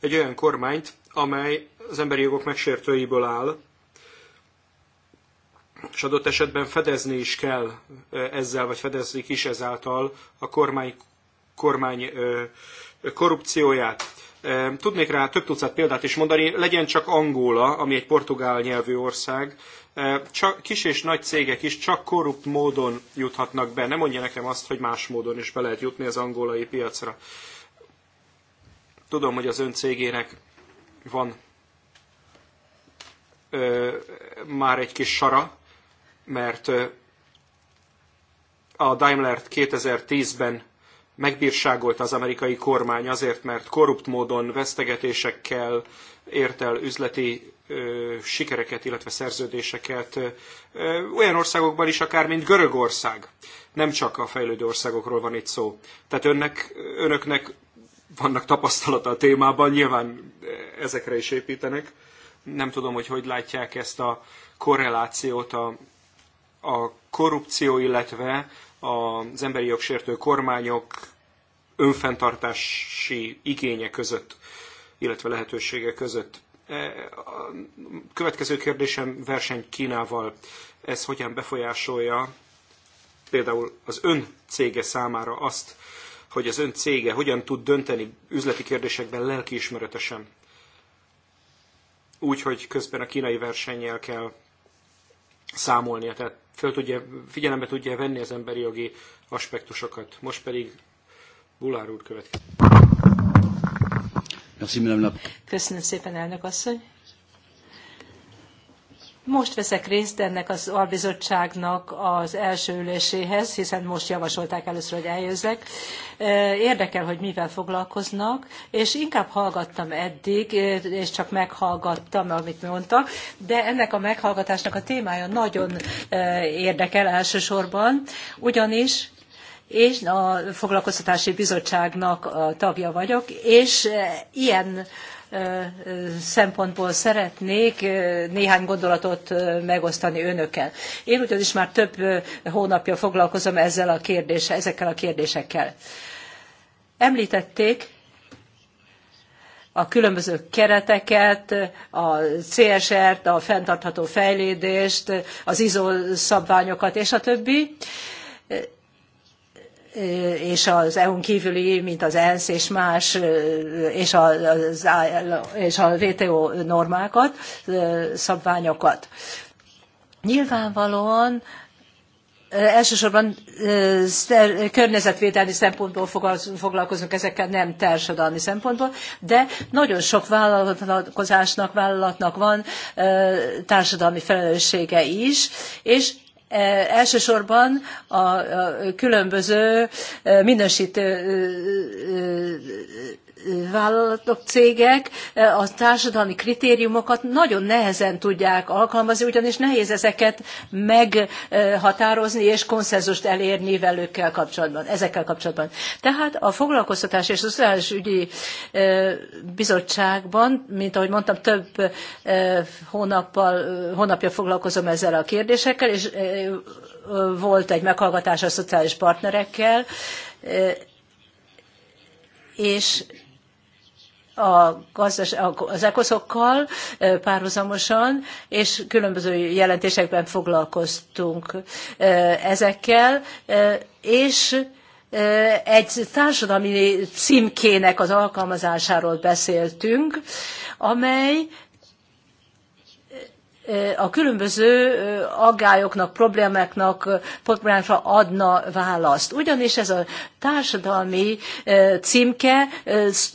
Egy olyan kormányt, amely az emberi jogok megsértőiből áll, és adott esetben fedezni is kell ezzel, vagy fedezni is ezáltal a kormány, kormány korrupcióját. Tudnék rá több tucat példát is mondani, legyen csak Angola, ami egy portugál nyelvű ország, csak kis és nagy cégek is csak korrupt módon juthatnak be. Nem mondja nekem azt, hogy más módon is be lehet jutni az angolai piacra. Tudom, hogy az ön cégének van ö, már egy kis sara, mert a daimler 2010-ben megbírságolta az amerikai kormány azért, mert korrupt módon vesztegetésekkel ért el üzleti ö, sikereket, illetve szerződéseket ö, olyan országokban is, akár mint Görögország. Nem csak a fejlődő országokról van itt szó. Tehát önnek, önöknek vannak tapasztalata a témában, nyilván ezekre is építenek. Nem tudom, hogy hogy látják ezt a korrelációt a a korrupció, illetve az emberi jogsértő kormányok önfenntartási igénye között, illetve lehetősége között. E, a következő kérdésem verseny Kínával. Ez hogyan befolyásolja például az ön cége számára azt, hogy az ön cége hogyan tud dönteni üzleti kérdésekben lelkiismeretesen? Úgy, hogy közben a kínai versennyel kell számolnia, tehát föl tudja, figyelembe tudja venni az emberi jogi aspektusokat. Most pedig Bulár úr következik. Köszönöm szépen, elnök asszony. Most veszek részt ennek az albizottságnak az első üléséhez, hiszen most javasolták először, hogy eljözzek. Érdekel, hogy mivel foglalkoznak, és inkább hallgattam eddig, és csak meghallgattam, amit mondtak, de ennek a meghallgatásnak a témája nagyon érdekel elsősorban, ugyanis és a foglalkoztatási bizottságnak a tagja vagyok, és ilyen szempontból szeretnék néhány gondolatot megosztani önökkel. Én ugyanis már több hónapja foglalkozom ezzel a kérdéssel, ezekkel a kérdésekkel. Említették, a különböző kereteket, a CSR-t, a fenntartható fejlődést, az ISO szabványokat és a többi és az EU-n kívüli, mint az ENSZ és más, és, az, és a WTO normákat, szabványokat. Nyilvánvalóan elsősorban környezetvédelmi szempontból foglalkozunk ezekkel, nem társadalmi szempontból, de nagyon sok vállalkozásnak, vállalatnak van társadalmi felelőssége is, és Elsősorban a különböző minősítő vállalatok, cégek eh, a társadalmi kritériumokat nagyon nehezen tudják alkalmazni, ugyanis nehéz ezeket meghatározni és konszenzust elérni velükkel kapcsolatban, ezekkel kapcsolatban. Tehát a foglalkoztatás és szociális ügyi eh, bizottságban, mint ahogy mondtam, több eh, hónappal, hónapja foglalkozom ezzel a kérdésekkel, és volt egy meghallgatás a szociális partnerekkel, és a gazdas, az ekoszokkal párhuzamosan, és különböző jelentésekben foglalkoztunk ezekkel, és egy társadalmi címkének az alkalmazásáról beszéltünk, amely a különböző aggályoknak, problémáknak, problémákra adna választ. Ugyanis ez a társadalmi címke,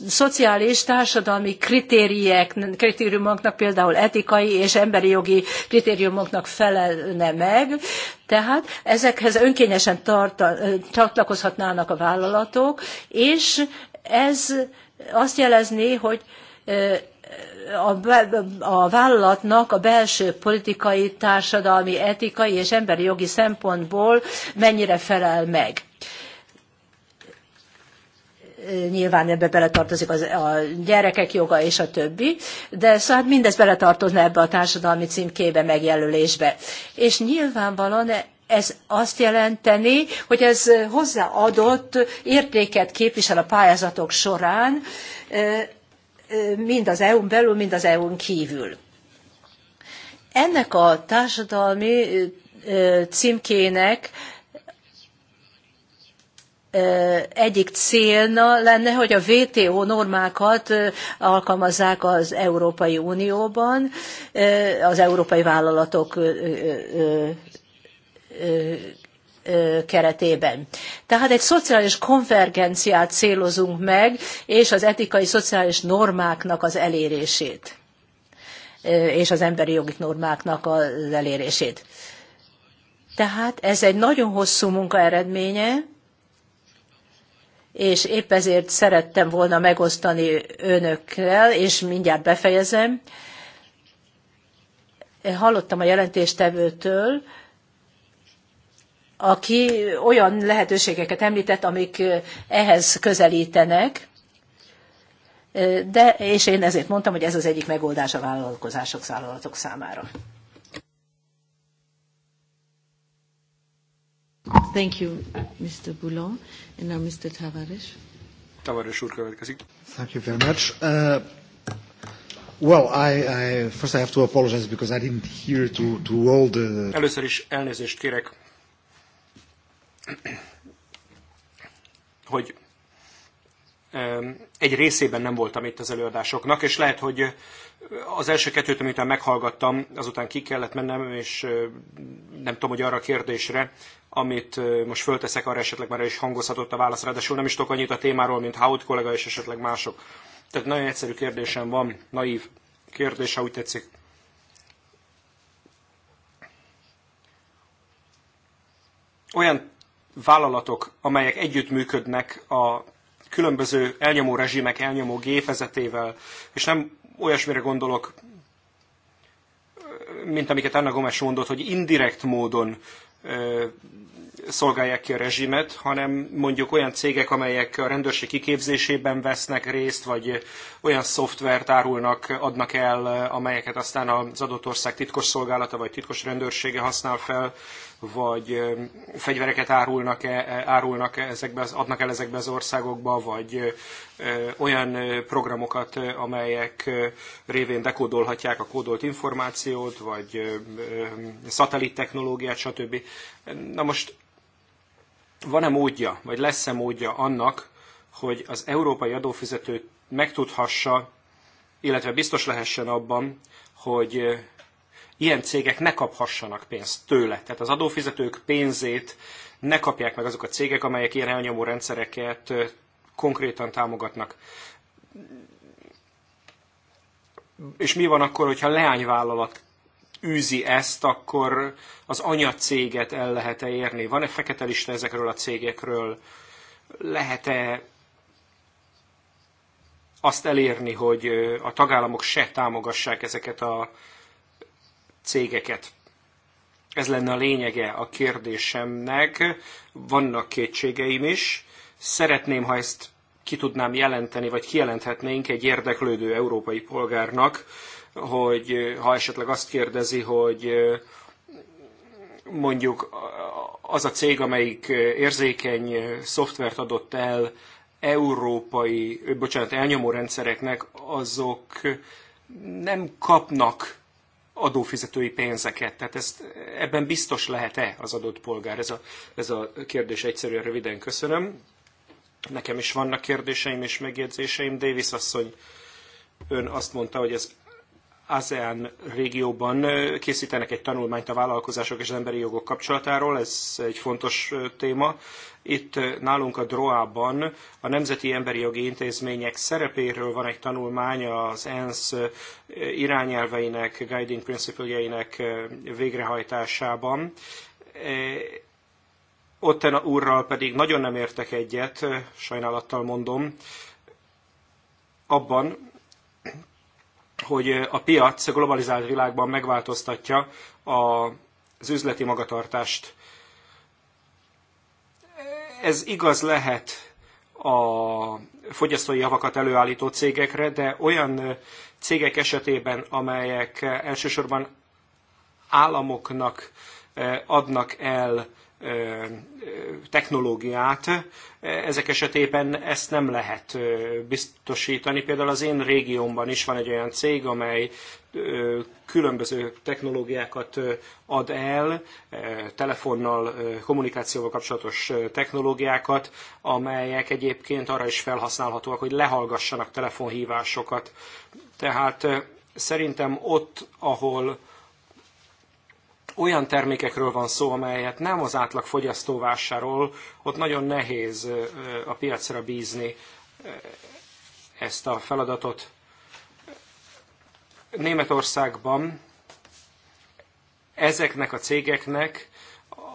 szociális társadalmi kritériek, kritériumoknak, például etikai és emberi jogi kritériumoknak felelne meg, tehát ezekhez önkényesen tarta, csatlakozhatnának a vállalatok, és ez azt jelezné, hogy a, a vállalatnak a belső politikai, társadalmi, etikai és emberi jogi szempontból mennyire felel meg nyilván ebbe beletartozik az, a gyerekek joga és a többi, de szóval hát mindez beletartozna ebbe a társadalmi címkébe, megjelölésbe. És nyilvánvalóan ez azt jelenteni, hogy ez hozzáadott értéket képvisel a pályázatok során, mind az EU-n belül, mind az EU-n kívül. Ennek a társadalmi címkének egyik célna lenne, hogy a WTO normákat alkalmazzák az Európai Unióban, az európai vállalatok keretében. Tehát egy szociális konvergenciát célozunk meg, és az etikai szociális normáknak az elérését és az emberi jogi normáknak az elérését. Tehát ez egy nagyon hosszú munka eredménye, és épp ezért szerettem volna megosztani önökkel, és mindjárt befejezem. Hallottam a jelentéstevőtől, aki olyan lehetőségeket említett, amik ehhez közelítenek, de, és én ezért mondtam, hogy ez az egyik megoldás a vállalkozások, vállalatok számára. Thank you, Mr. Boulon. And now Mr. Tavares. Tavares úr következik. Thank you very much. Uh, well, I, I, first I have to apologize because I didn't hear to, to all the... Először is elnézést kérek hogy egy részében nem voltam itt az előadásoknak, és lehet, hogy az első kettőt, amit meghallgattam, azután ki kellett mennem, és nem tudom, hogy arra a kérdésre, amit most fölteszek, arra esetleg már is hangozhatott a válasz, ráadásul nem is tudok annyit a témáról, mint Haut kollega és esetleg mások. Tehát nagyon egyszerű kérdésem van, naív kérdés, ha úgy tetszik. Olyan vállalatok, amelyek együttműködnek a különböző elnyomó rezsimek elnyomó gépezetével, és nem olyasmire gondolok, mint amiket Anna Gomes mondott, hogy indirekt módon szolgálják ki a rezsimet, hanem mondjuk olyan cégek, amelyek a rendőrség kiképzésében vesznek részt, vagy olyan szoftvert árulnak, adnak el, amelyeket aztán az adott ország titkos szolgálata vagy titkos rendőrsége használ fel vagy fegyvereket árulnak, -e, árulnak -e ezekbe, adnak el ezekbe az országokba, vagy olyan programokat, amelyek révén dekódolhatják a kódolt információt, vagy szatellit technológiát, stb. Na most van-e módja, vagy lesz-e módja annak, hogy az európai adófizető megtudhassa, illetve biztos lehessen abban, hogy ilyen cégek ne kaphassanak pénzt tőle. Tehát az adófizetők pénzét ne kapják meg azok a cégek, amelyek ilyen elnyomó rendszereket konkrétan támogatnak. És mi van akkor, hogyha leányvállalat űzi ezt, akkor az anyacéget el lehet-e érni? Van-e fekete lista ezekről a cégekről? Lehet-e azt elérni, hogy a tagállamok se támogassák ezeket a cégeket. Ez lenne a lényege a kérdésemnek. Vannak kétségeim is. Szeretném, ha ezt ki tudnám jelenteni, vagy kijelenthetnénk egy érdeklődő európai polgárnak, hogy ha esetleg azt kérdezi, hogy mondjuk az a cég, amelyik érzékeny szoftvert adott el európai, bocsánat, elnyomó rendszereknek, azok nem kapnak adófizetői pénzeket. Tehát ezt, ebben biztos lehet-e az adott polgár? Ez a, ez a kérdés egyszerűen röviden köszönöm. Nekem is vannak kérdéseim és megjegyzéseim. Davis asszony, ön azt mondta, hogy ez ASEAN régióban készítenek egy tanulmányt a vállalkozások és az emberi jogok kapcsolatáról, ez egy fontos téma. Itt nálunk a DROA-ban a Nemzeti Emberi Jogi Intézmények szerepéről van egy tanulmány az ENSZ irányelveinek, guiding principle-jeinek végrehajtásában. Otten úrral pedig nagyon nem értek egyet, sajnálattal mondom, abban, hogy a piac a globalizált világban megváltoztatja az üzleti magatartást. Ez igaz lehet a fogyasztói javakat előállító cégekre, de olyan cégek esetében, amelyek elsősorban államoknak adnak el technológiát, ezek esetében ezt nem lehet biztosítani. Például az én régiómban is van egy olyan cég, amely különböző technológiákat ad el, telefonnal, kommunikációval kapcsolatos technológiákat, amelyek egyébként arra is felhasználhatóak, hogy lehallgassanak telefonhívásokat. Tehát szerintem ott, ahol olyan termékekről van szó, amelyet nem az átlag fogyasztó vásárol, ott nagyon nehéz a piacra bízni ezt a feladatot. Németországban ezeknek a cégeknek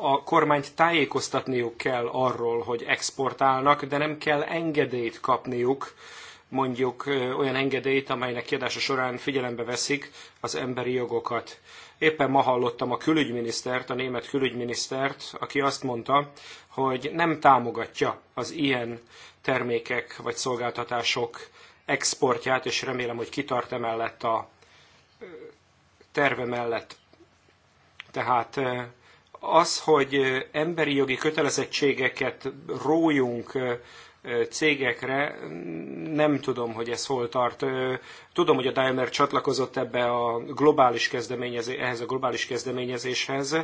a kormányt tájékoztatniuk kell arról, hogy exportálnak, de nem kell engedélyt kapniuk, mondjuk olyan engedélyt, amelynek kiadása során figyelembe veszik az emberi jogokat. Éppen ma hallottam a külügyminisztert, a német külügyminisztert, aki azt mondta, hogy nem támogatja az ilyen termékek vagy szolgáltatások exportját, és remélem, hogy kitart emellett a terve mellett. Tehát az, hogy emberi jogi kötelezettségeket rójunk cégekre. Nem tudom, hogy ez hol tart. Tudom, hogy a Daimler csatlakozott ebbe a globális kezdeményezéshez ehhez a globális kezdeményezéshez.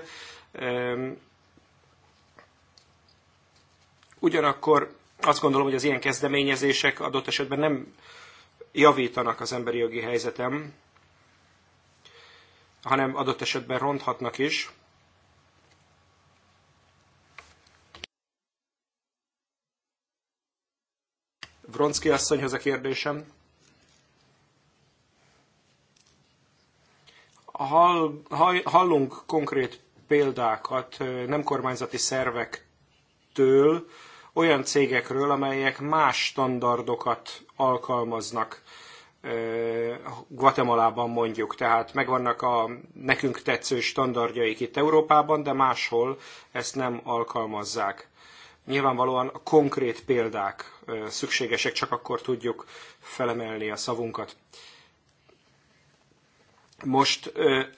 Ugyanakkor azt gondolom, hogy az ilyen kezdeményezések adott esetben nem javítanak az emberi jogi helyzetem, hanem adott esetben ronthatnak is. Vronszki asszonyhoz a kérdésem. Hall, hallunk konkrét példákat nem kormányzati szervektől, olyan cégekről, amelyek más standardokat alkalmaznak Guatemalában mondjuk. Tehát megvannak a nekünk tetsző standardjaik itt Európában, de máshol ezt nem alkalmazzák. Nyilvánvalóan a konkrét példák szükségesek, csak akkor tudjuk felemelni a szavunkat. Most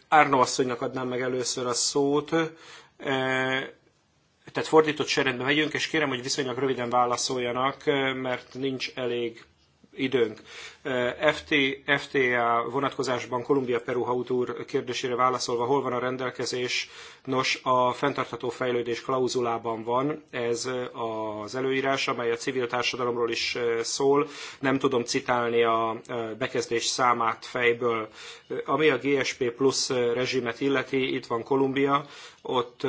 Árnó asszonynak adnám meg először a szót, tehát fordított sorrendben megyünk, és kérem, hogy viszonylag röviden válaszoljanak, mert nincs elég időnk. Eh, FT, FTA vonatkozásban Kolumbia Peru Hautúr kérdésére válaszolva, hol van a rendelkezés? Nos, a fenntartható fejlődés klauzulában van ez eh, az előírás, amely a civil társadalomról is eh, szól. Nem tudom citálni a bekezdés számát fejből. Ami a GSP plusz rezsimet illeti, itt van Kolumbia, ott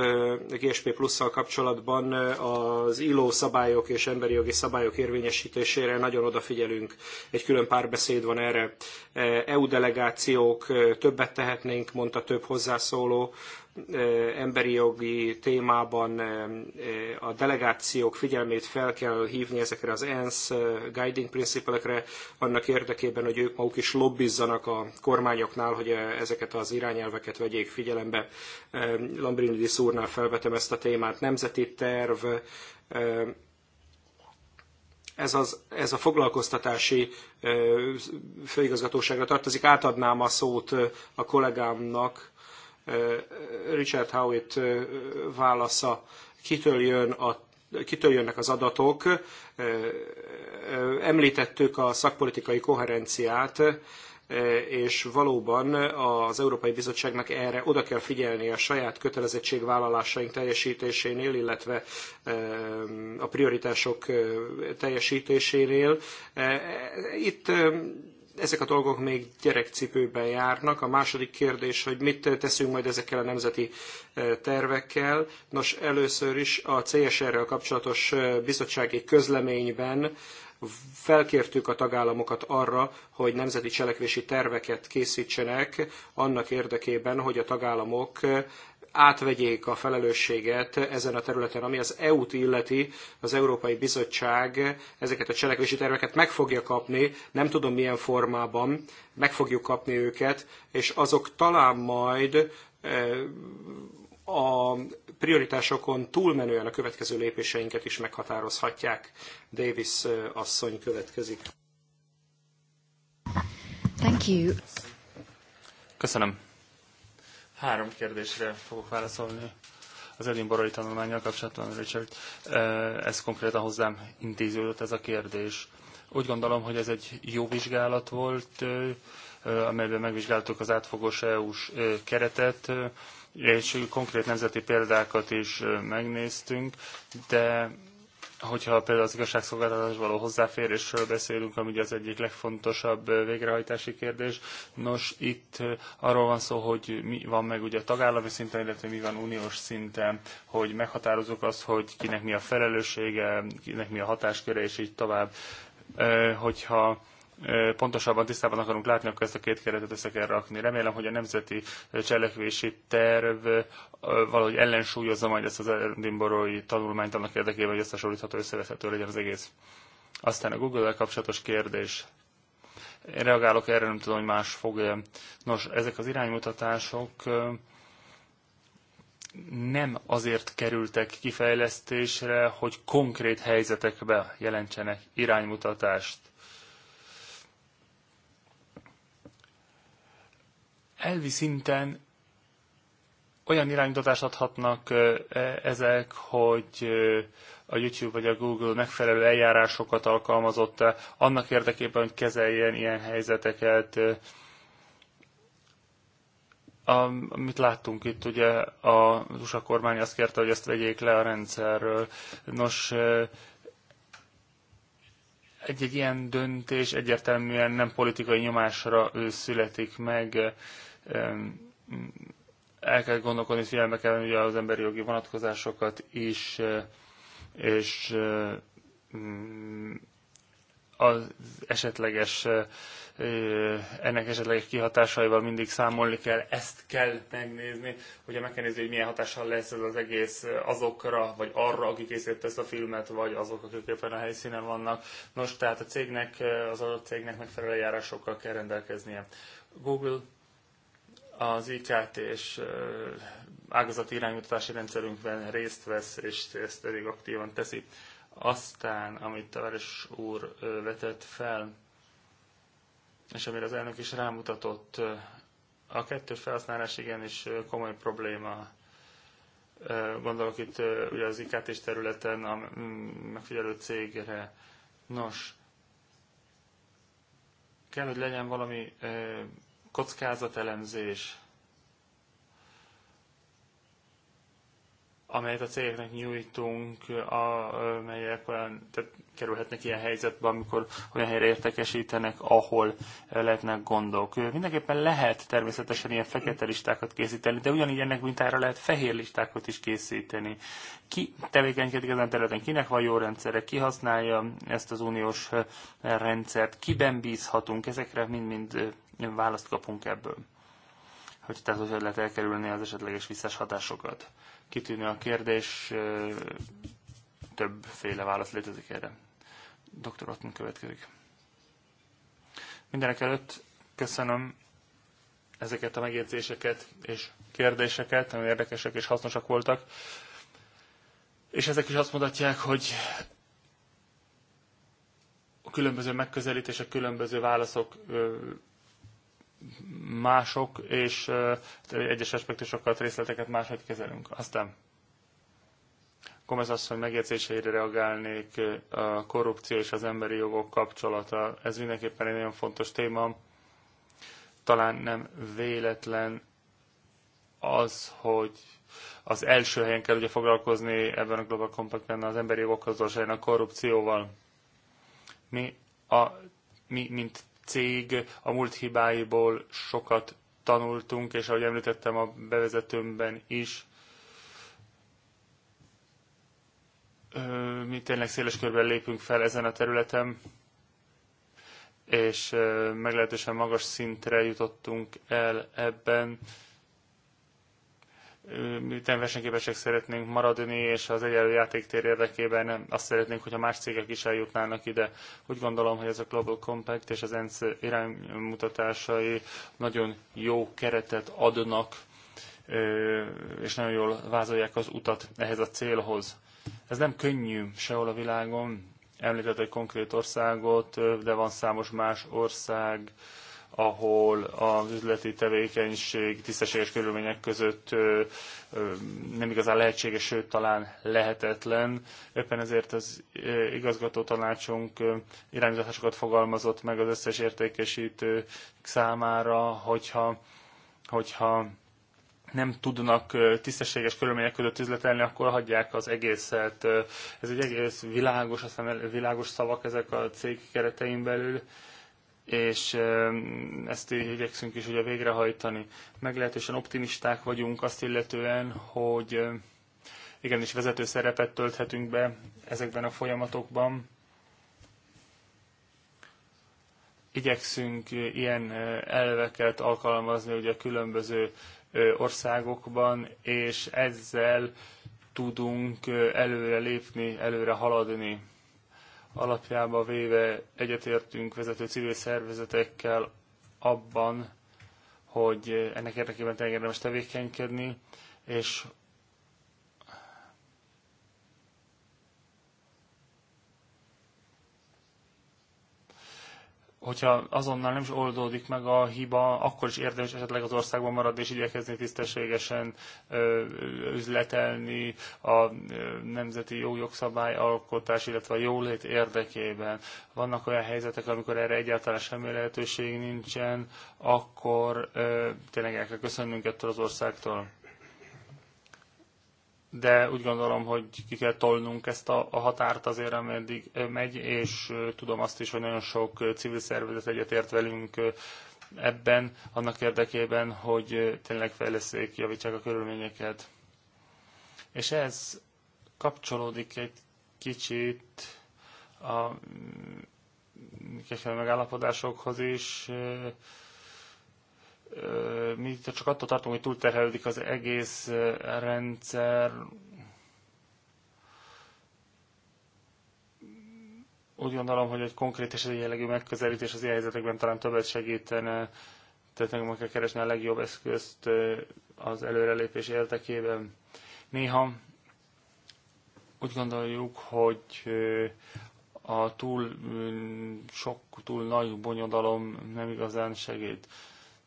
GSP plusszal kapcsolatban az ILO szabályok és emberi jogi szabályok érvényesítésére nagyon odafigyelünk. Egy külön párbeszéd van erre. EU delegációk, többet tehetnénk, mondta több hozzászóló emberi jogi témában a delegációk figyelmét fel kell hívni ezekre az ENSZ guiding principle-ekre, annak érdekében, hogy ők maguk is lobbizzanak a kormányoknál, hogy ezeket az irányelveket vegyék figyelembe. Lambrinidis úrnál felvetem ezt a témát. Nemzeti terv, ez, az, ez a foglalkoztatási főigazgatóságra tartozik. Átadnám a szót a kollégámnak, Richard Howitt válasza, kitől, jön a, kitől jönnek az adatok. Említettük a szakpolitikai koherenciát, és valóban az Európai Bizottságnak erre oda kell figyelni a saját kötelezettségvállalásaink teljesítésénél, illetve a prioritások teljesítésénél. Itt ezek a dolgok még gyerekcipőben járnak. A második kérdés, hogy mit teszünk majd ezekkel a nemzeti e, tervekkel. Nos, először is a CSR-rel kapcsolatos e, bizottsági közleményben felkértük a tagállamokat arra, hogy nemzeti cselekvési terveket készítsenek annak érdekében, hogy a tagállamok átvegyék a felelősséget ezen a területen, ami az EU-t illeti, az Európai Bizottság ezeket a cselekvési terveket meg fogja kapni, nem tudom milyen formában, meg fogjuk kapni őket, és azok talán majd eh, a prioritásokon túlmenően a következő lépéseinket is meghatározhatják. Davis eh, asszony következik. Thank you. Köszönöm. Három kérdésre fogok válaszolni az edinborai tanulmányjal kapcsolatban, Richard. E, ez konkrétan hozzám intéződött ez a kérdés. Úgy gondolom, hogy ez egy jó vizsgálat volt, e, e, amelyben megvizsgáltuk az átfogós EU-s keretet, és konkrét nemzeti példákat is megnéztünk, de hogyha például az igazságszolgáltatás való hozzáférésről beszélünk, ami az egyik legfontosabb végrehajtási kérdés. Nos, itt arról van szó, hogy mi van meg ugye tagállami szinten, illetve mi van uniós szinten, hogy meghatározunk azt, hogy kinek mi a felelőssége, kinek mi a hatásköre, és így tovább. Hogyha pontosabban tisztában akarunk látni, akkor ezt a két keretet össze kell rakni. Remélem, hogy a nemzeti cselekvési terv valahogy ellensúlyozza majd ezt az edinborói tanulmányt annak érdekében, hogy összehasonlítható, összevethető legyen az egész. Aztán a Google-el kapcsolatos kérdés. Én reagálok erre, nem tudom, hogy más fog. -e. Nos, ezek az iránymutatások nem azért kerültek kifejlesztésre, hogy konkrét helyzetekbe jelentsenek iránymutatást elvi szinten olyan iránymutatást adhatnak e, ezek, hogy a YouTube vagy a Google megfelelő eljárásokat alkalmazott e, annak érdekében, hogy kezeljen ilyen helyzeteket. Amit láttunk itt, ugye a USA kormány azt kérte, hogy ezt vegyék le a rendszerről. Nos, egy-egy ilyen döntés egyértelműen nem politikai nyomásra születik meg el kell gondolkodni, figyelme kell ugye az emberi jogi vonatkozásokat is, e, és e, mm, az esetleges e, ennek esetleges kihatásaival mindig számolni kell, ezt kell megnézni, hogyha megnézni, hogy milyen hatással lesz ez az egész azokra, vagy arra, akik készített ezt a filmet, vagy azok, akik éppen a helyszínen vannak. Nos, tehát a cégnek, az adott cégnek megfelelő járásokkal kell rendelkeznie. Google az IKT és ágazati irányítási rendszerünkben részt vesz, és ezt elég aktívan teszi. Aztán, amit Tavares úr vetett fel, és amire az elnök is rámutatott, a kettős felhasználás igenis komoly probléma. Gondolok itt ugye az ikt területen a mm, megfigyelő cégre. Nos, kell, hogy legyen valami kockázatelemzés, amelyet a cégeknek nyújtunk, amelyek olyan, tehát kerülhetnek ilyen helyzetbe, amikor olyan helyre értekesítenek, ahol lehetnek gondok. Mindenképpen lehet természetesen ilyen fekete listákat készíteni, de ugyanígy ennek mintára lehet fehér listákat is készíteni. Ki tevékenykedik ezen területen, kinek van jó rendszere, ki használja ezt az uniós rendszert, kiben bízhatunk, ezekre mind-mind választ kapunk ebből. Hogy tehát, hogy lehet elkerülni az esetleges visszás hatásokat. Kitűnő a kérdés, többféle válasz létezik erre. Dr. Otten következik. Mindenek előtt köszönöm ezeket a megjegyzéseket és kérdéseket, nagyon érdekesek és hasznosak voltak. És ezek is azt mutatják, hogy a különböző megközelítések, különböző válaszok mások, és egyes aspektusokat, részleteket máshogy kezelünk. Aztán Gomez hogy megjegyzéseire reagálnék a korrupció és az emberi jogok kapcsolata. Ez mindenképpen egy nagyon fontos téma. Talán nem véletlen az, hogy az első helyen kell ugye foglalkozni ebben a Global Compactben az emberi jogok a korrupcióval. Mi, a, mi, mint cég, a múlt hibáiból sokat tanultunk, és ahogy említettem a bevezetőmben is, mi tényleg széles körben lépünk fel ezen a területen, és meglehetősen magas szintre jutottunk el ebben miután versenyképesek szeretnénk maradni, és az egyenlő játéktér érdekében azt szeretnénk, hogyha más cégek is eljutnának ide. Úgy gondolom, hogy ez a Global Compact és az ENSZ iránymutatásai nagyon jó keretet adnak, és nagyon jól vázolják az utat ehhez a célhoz. Ez nem könnyű sehol a világon, említett egy konkrét országot, de van számos más ország, ahol az üzleti tevékenység tisztességes körülmények között nem igazán lehetséges, sőt talán lehetetlen. Éppen ezért az igazgató tanácsunk irányításokat fogalmazott meg az összes értékesítő számára, hogyha, hogyha nem tudnak tisztességes körülmények között üzletelni, akkor hagyják az egészet. Ez egy egész világos, aztán világos szavak ezek a cég keretein belül és ezt igyekszünk is ugye végrehajtani. Meglehetősen optimisták vagyunk azt illetően, hogy igenis vezető szerepet tölthetünk be ezekben a folyamatokban. Igyekszünk ilyen elveket alkalmazni ugye a különböző országokban, és ezzel tudunk előre lépni, előre haladni alapjába véve egyetértünk vezető civil szervezetekkel abban, hogy ennek érdekében érdemes tevékenykedni, és hogyha azonnal nem is oldódik meg a hiba, akkor is érdemes esetleg az országban maradni és igyekezni tisztességesen üzletelni a nemzeti jó jogszabály alkotás, illetve a jólét érdekében. Vannak olyan helyzetek, amikor erre egyáltalán semmi lehetőség nincsen, akkor tényleg el kell köszönnünk ettől az országtól de úgy gondolom, hogy ki kell tolnunk ezt a, a határt azért, ameddig megy, és tudom azt is, hogy nagyon sok civil szervezet egyetért velünk ebben, annak érdekében, hogy tényleg fejleszék, javítsák a körülményeket. És ez kapcsolódik egy kicsit a mm, kereskedelmi megállapodásokhoz is, mi csak attól tartunk, hogy túlterhelődik az egész rendszer. Úgy gondolom, hogy egy konkrét és egy jellegű megközelítés az ilyen helyzetekben talán többet segítene, tehát meg kell keresni a legjobb eszközt az előrelépés érdekében. Néha úgy gondoljuk, hogy a túl mm, sok, túl nagy bonyodalom nem igazán segít.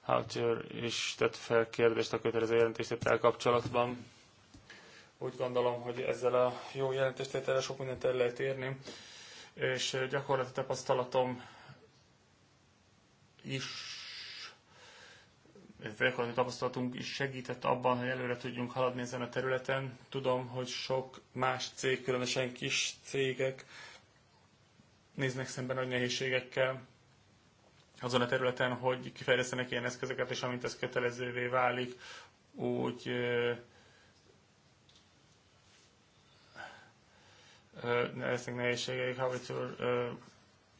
Hautier is tett fel kérdést a kötelező jelentéstétel kapcsolatban. Úgy gondolom, hogy ezzel a jó jelentéstételre sok mindent el lehet érni, és gyakorlati tapasztalatom is gyakorlati tapasztalatunk is segített abban, hogy előre tudjunk haladni ezen a területen. Tudom, hogy sok más cég, különösen kis cégek néznek szemben nagy nehézségekkel, azon a területen, hogy kifejlesztenek ilyen eszközöket, és amint ez kötelezővé válik, úgy lesznek nehézségeik. Havitz úr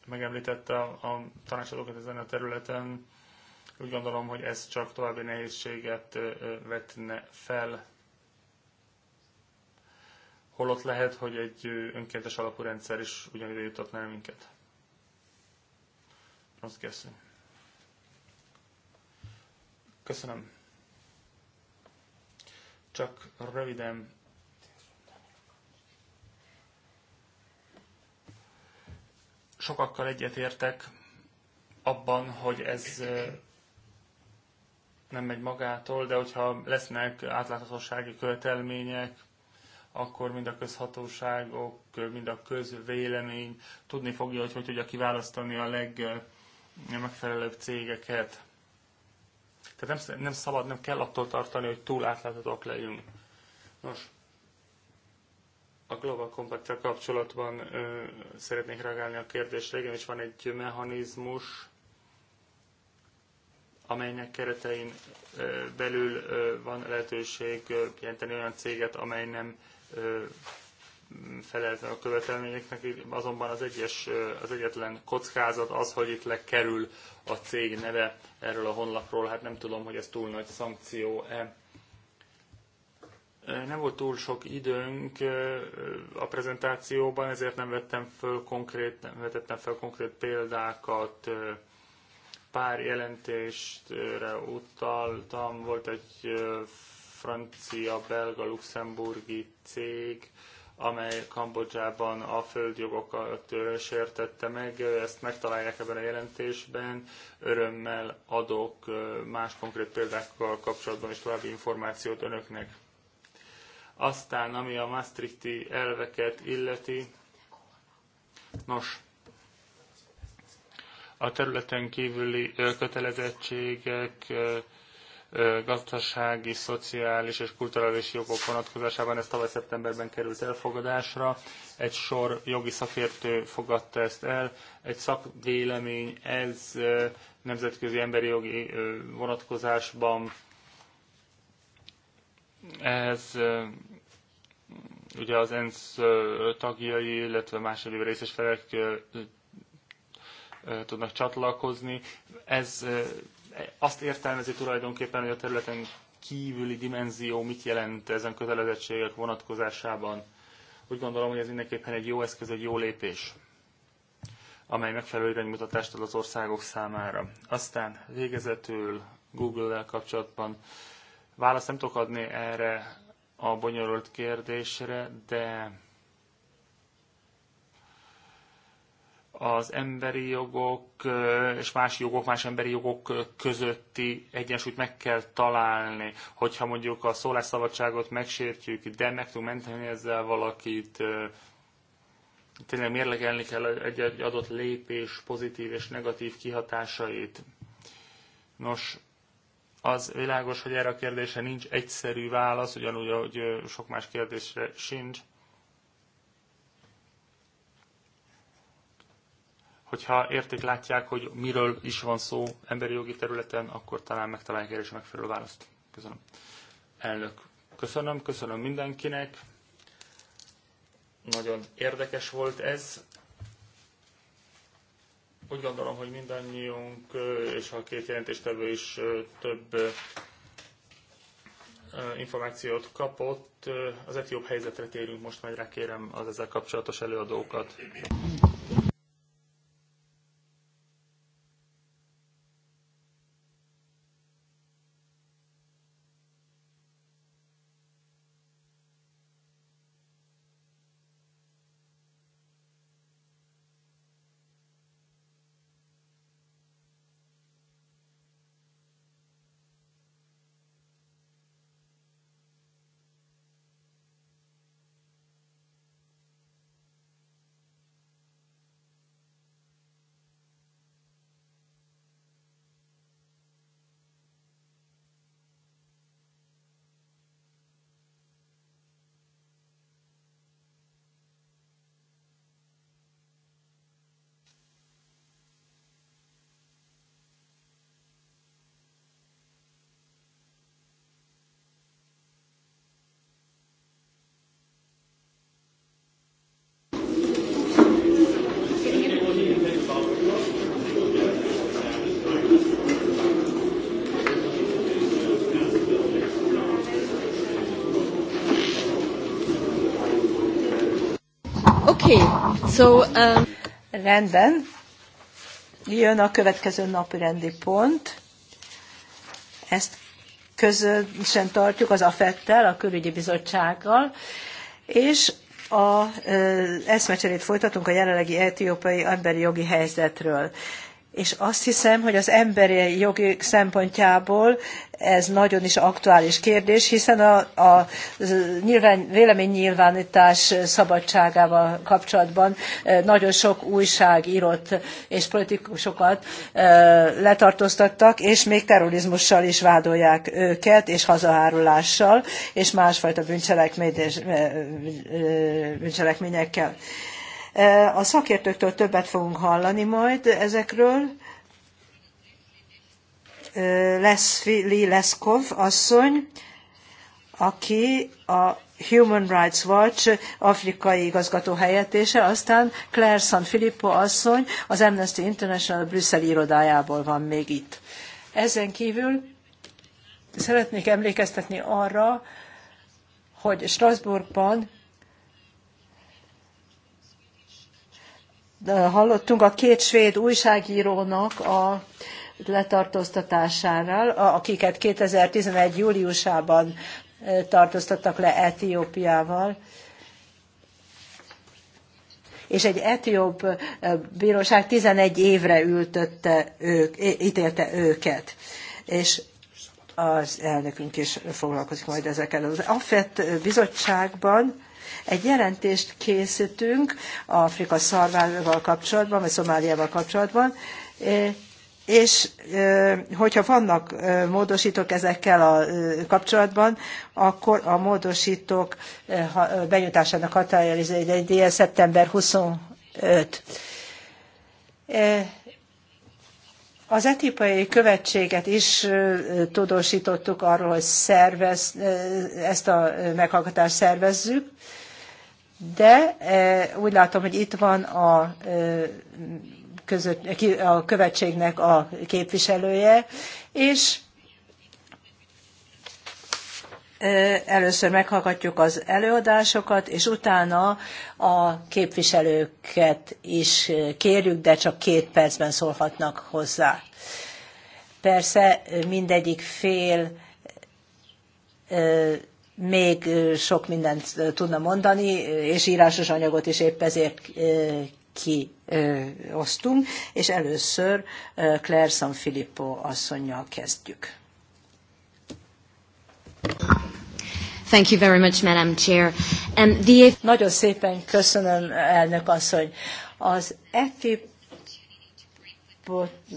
megemlítette a, a tanácsadókat ezen a területen. Úgy gondolom, hogy ez csak további nehézséget vetne fel. Holott lehet, hogy egy önkéntes alapú rendszer is ugyanígy jutott minket. Moszki Köszönöm. Csak röviden sokakkal egyetértek abban, hogy ez nem megy magától, de hogyha lesznek átláthatósági követelmények, akkor mind a közhatóságok, mind a közvélemény tudni fogja, hogy hogy tudja kiválasztani a leg megfelelő cégeket. Tehát nem, nem szabad, nem kell attól tartani, hogy túl átláthatóak legyünk. Nos, a Global compact kapcsolatban ö, szeretnék reagálni a kérdésre. Igen, és van egy mechanizmus, amelynek keretein belül van lehetőség jelenteni olyan céget, amely nem feleltem a követelményeknek, azonban az, egyes, az egyetlen kockázat az, hogy itt lekerül a cég neve erről a honlapról. Hát nem tudom, hogy ez túl nagy szankció-e. Nem volt túl sok időnk a prezentációban, ezért nem vettem föl konkrét, nem vetettem fel konkrét példákat, pár jelentéstre utaltam, volt egy francia, belga, luxemburgi cég, amely Kambodzsában a földjogokat sértette meg. Ezt megtalálják ebben a jelentésben. Örömmel adok más konkrét példákkal kapcsolatban is további információt önöknek. Aztán, ami a Maastrichti elveket illeti, nos, a területen kívüli kötelezettségek gazdasági, szociális és kulturális jogok vonatkozásában ez tavaly szeptemberben került elfogadásra. Egy sor jogi szakértő fogadta ezt el. Egy szakvélemény ez nemzetközi emberi jogi vonatkozásban. Ez ugye az ENSZ tagjai, illetve más egyéb részes felek tudnak csatlakozni. Ez azt értelmezi tulajdonképpen, hogy a területen kívüli dimenzió mit jelent ezen kötelezettségek vonatkozásában. Úgy gondolom, hogy ez mindenképpen egy jó eszköz, egy jó lépés, amely megfelelő iránymutatást ad az országok számára. Aztán végezetül Google-el kapcsolatban választ nem tudok adni erre a bonyolult kérdésre, de az emberi jogok és más jogok, más emberi jogok közötti egyensúlyt meg kell találni. Hogyha mondjuk a szólásszabadságot megsértjük, de meg tudunk menteni ezzel valakit, tényleg mérlegelni kell egy, egy adott lépés pozitív és negatív kihatásait. Nos, az világos, hogy erre a kérdésre nincs egyszerű válasz, ugyanúgy, ahogy sok más kérdésre sincs. hogyha érték látják, hogy miről is van szó emberi jogi területen, akkor talán megtalálják erre is megfelelő választ. Köszönöm. Elnök, köszönöm, köszönöm mindenkinek. Nagyon érdekes volt ez. Úgy gondolom, hogy mindannyiunk, és a két jelentéstevő is több információt kapott. Az etióp helyzetre térünk most majd rá, kérem az ezzel kapcsolatos előadókat. So, um... Rendben. Jön a következő napi rendi pont. Ezt közösen tartjuk az AFET-tel, a külügyi bizottsággal, és a eszmecserét folytatunk a jelenlegi etiópai emberi jogi helyzetről és azt hiszem, hogy az emberi jogi szempontjából ez nagyon is aktuális kérdés, hiszen a, a nyilván, véleménynyilvánítás szabadságával kapcsolatban nagyon sok újság újságírót és politikusokat letartóztattak, és még terrorizmussal is vádolják őket, és hazahárulással, és másfajta bűncselekményekkel. A szakértőktől többet fogunk hallani majd ezekről. Lesz Lee Leskov asszony, aki a Human Rights Watch afrikai igazgató helyettése, aztán Claire San Filippo asszony az Amnesty International Brüsszel irodájából van még itt. Ezen kívül szeretnék emlékeztetni arra, hogy Strasbourgban hallottunk a két svéd újságírónak a letartóztatásáról, akiket 2011. júliusában tartóztattak le Etiópiával és egy etióp bíróság 11 évre ültötte ők, ítélte őket. És az elnökünk is foglalkozik majd ezekkel. Az AFET bizottságban egy jelentést készítünk Afrika szarvával kapcsolatban, vagy Szomáliával kapcsolatban, e, és e, hogyha vannak e, módosítók ezekkel a kapcsolatban, akkor a módosítók benyújtásának hatája egy szeptember 25. Az etipai követséget is tudósítottuk arról, hogy szervez, ezt a meghallgatást szervezzük, de e, úgy látom, hogy itt van a, e, között, a követségnek a képviselője, és e, először meghallgatjuk az előadásokat, és utána a képviselőket is kérjük, de csak két percben szólhatnak hozzá. Persze mindegyik fél még sok mindent tudna mondani, és írásos anyagot is épp ezért kiosztunk, és először Claire San Filippo asszonynal kezdjük. Thank you very much, Madam Chair. Um, the... Nagyon szépen köszönöm, elnök asszony. Az EFI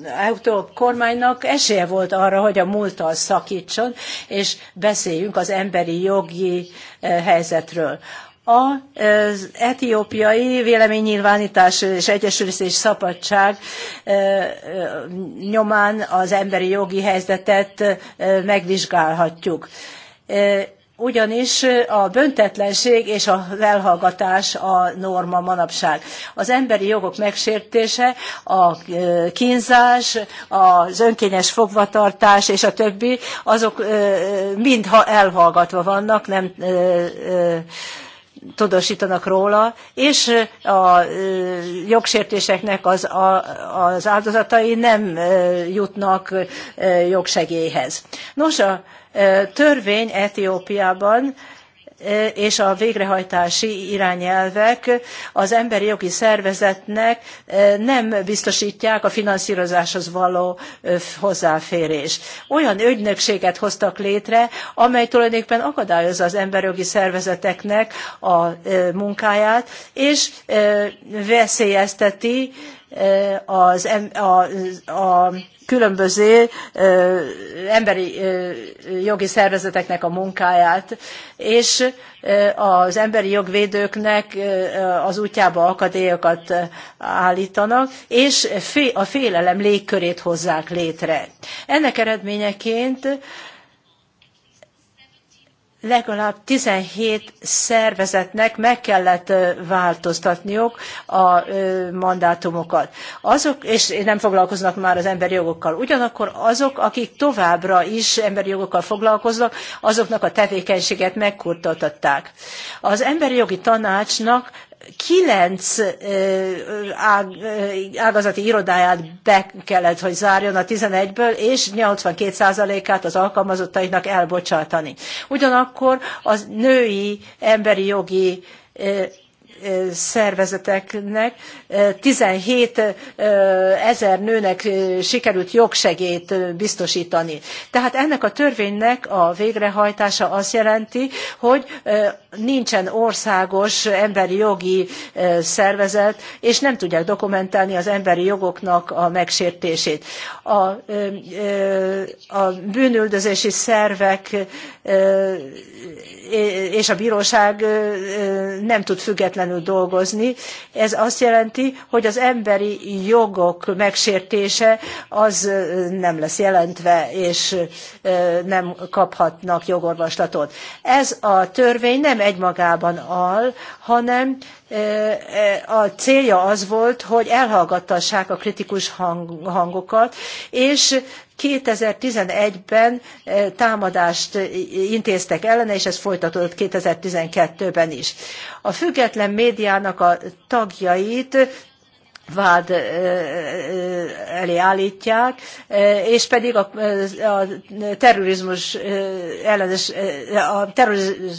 Európa kormánynak esélye volt arra, hogy a múlttal szakítson, és beszéljünk az emberi jogi eh, helyzetről. Eh, az etiópiai véleménynyilvánítás és egyesülés és szabadság eh, nyomán az emberi jogi helyzetet megvizsgálhatjuk ugyanis a böntetlenség és az elhallgatás a norma manapság. Az emberi jogok megsértése, a e, kínzás, az önkényes fogvatartás és a többi, azok e, mind elhallgatva vannak, nem e, tudósítanak róla, és a jogsértéseknek az, az áldozatai nem jutnak jogsegélyhez. Nos, a törvény Etiópiában és a végrehajtási irányelvek az emberi jogi szervezetnek nem biztosítják a finanszírozáshoz való hozzáférést. Olyan ügynökséget hoztak létre, amely tulajdonképpen akadályozza az emberi jogi szervezeteknek a munkáját, és veszélyezteti az, a, a, a különböző emberi jogi szervezeteknek a munkáját, és az emberi jogvédőknek az útjába akadélyokat állítanak, és a félelem légkörét hozzák létre. Ennek eredményeként legalább 17 szervezetnek meg kellett változtatniuk a mandátumokat. Azok, és nem foglalkoznak már az emberi jogokkal. Ugyanakkor azok, akik továbbra is emberi jogokkal foglalkoznak, azoknak a tevékenységet megkurtatották. Az emberi jogi tanácsnak kilenc ágazati irodáját be kellett, hogy zárjon a 11-ből, és 82%-át az alkalmazottainak elbocsátani. Ugyanakkor az női emberi jogi szervezeteknek 17 eh, eh, ezer nőnek eh, sikerült jogsegélyt biztosítani. Tehát ennek a törvénynek a végrehajtása azt jelenti, hogy nincsen országos emberi jogi szervezet, és nem tudják dokumentálni az emberi jogoknak a megsértését. A, a bűnüldözési szervek és a bíróság nem tud függetlenül dolgozni. Ez azt jelenti, hogy az emberi jogok megsértése az nem lesz jelentve, és nem kaphatnak jogorvoslatot. Ez a törvény nem egymagában al, hanem a célja az volt, hogy elhallgattassák a kritikus hangokat, és 2011-ben eh, támadást intéztek ellene, és ez folytatódott 2012-ben is. A független médiának a tagjait vád eh, eh, elé állítják, és pedig a, a terrorizmus ellenes, a terrorizmus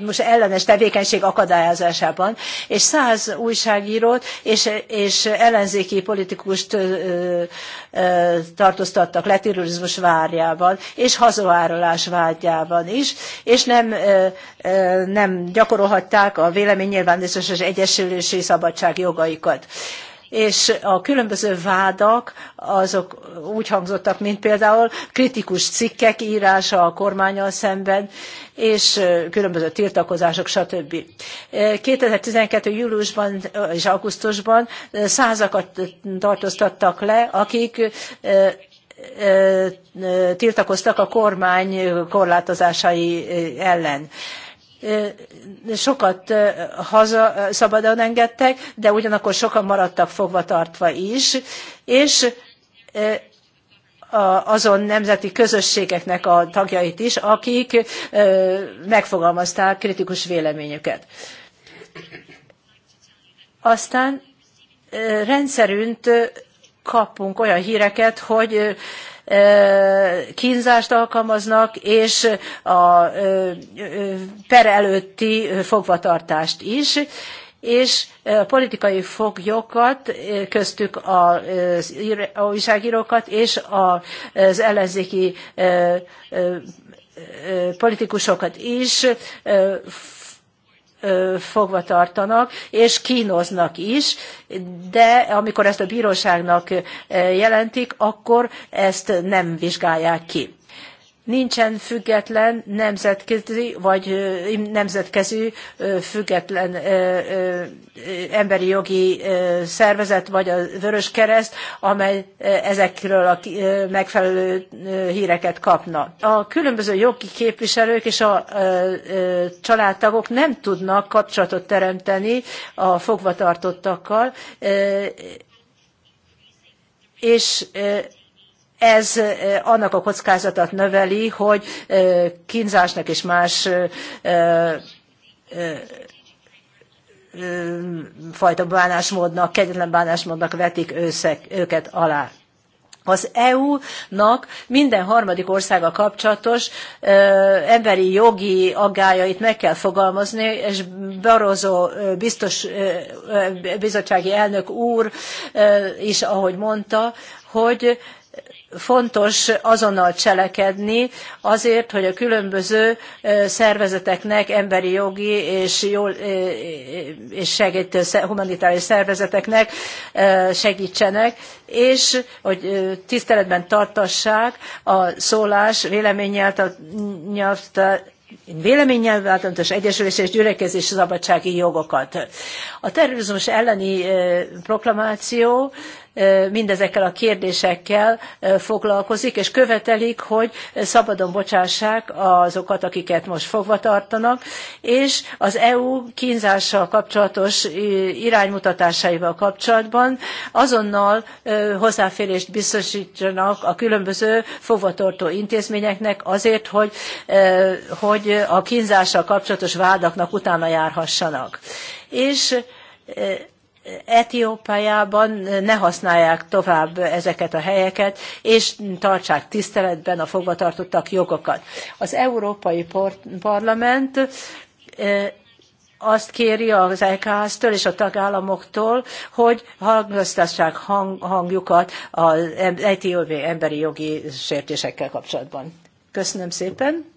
most ellenes tevékenység akadályozásában, és száz újságírót és, és ellenzéki politikust ö, ö, tartóztattak le terrorizmus várjában, és hazavárolás vágyában is, és nem, ö, ö, nem gyakorolhatták a véleménynyilvánítás és egyesülési szabadság jogaikat és a különböző vádak azok úgy hangzottak, mint például kritikus cikkek írása a kormányal szemben, és különböző tiltakozások, stb. 2012. júliusban és augusztusban százakat tartóztattak le, akik tiltakoztak a kormány korlátozásai ellen sokat haza szabadon engedtek, de ugyanakkor sokan maradtak fogva tartva is, és azon nemzeti közösségeknek a tagjait is, akik megfogalmazták kritikus véleményüket. Aztán rendszerűnt kapunk olyan híreket, hogy kínzást alkalmaznak, és a per előtti fogvatartást is, és politikai foglyokat, köztük az újságírókat és az ellenzéki politikusokat is fogva tartanak, és kínoznak is, de amikor ezt a bíróságnak jelentik, akkor ezt nem vizsgálják ki nincsen független nemzetközi vagy nemzetközi független emberi jogi szervezet, vagy a Vörös Kereszt, amely ezekről a megfelelő híreket kapna. A különböző jogi képviselők és a családtagok nem tudnak kapcsolatot teremteni a fogvatartottakkal, és ez annak a kockázatát növeli, hogy kínzásnak és más fajta bánásmódnak, kegyetlen bánásmódnak vetik őket alá. Az EU-nak minden harmadik országa kapcsolatos ö, emberi jogi aggájait meg kell fogalmazni, és Barozó biztos ö, bizottsági elnök úr ö, is, ahogy mondta, hogy fontos azonnal cselekedni azért, hogy a különböző szervezeteknek, emberi jogi és, jól, és segítő humanitárius szervezeteknek segítsenek, és hogy tiszteletben tartassák a szólás, véleménynyelvtartást, véleménynyilvánítás, egyesülés és gyülekezés szabadsági jogokat. A terrorizmus elleni proklamáció mindezekkel a kérdésekkel foglalkozik, és követelik, hogy szabadon bocsássák azokat, akiket most fogva tartanak, és az EU kínzással kapcsolatos iránymutatásaival kapcsolatban azonnal hozzáférést biztosítsanak a különböző fogvatartó intézményeknek azért, hogy, hogy a kínzással kapcsolatos vádaknak utána járhassanak. És Etiópiában ne használják tovább ezeket a helyeket, és tartsák tiszteletben a fogvatartottak jogokat. Az Európai Parlament azt kéri az eks től és a tagállamoktól, hogy hangoztassák hang, hangjukat az etiópiai emberi jogi sértésekkel kapcsolatban. Köszönöm szépen.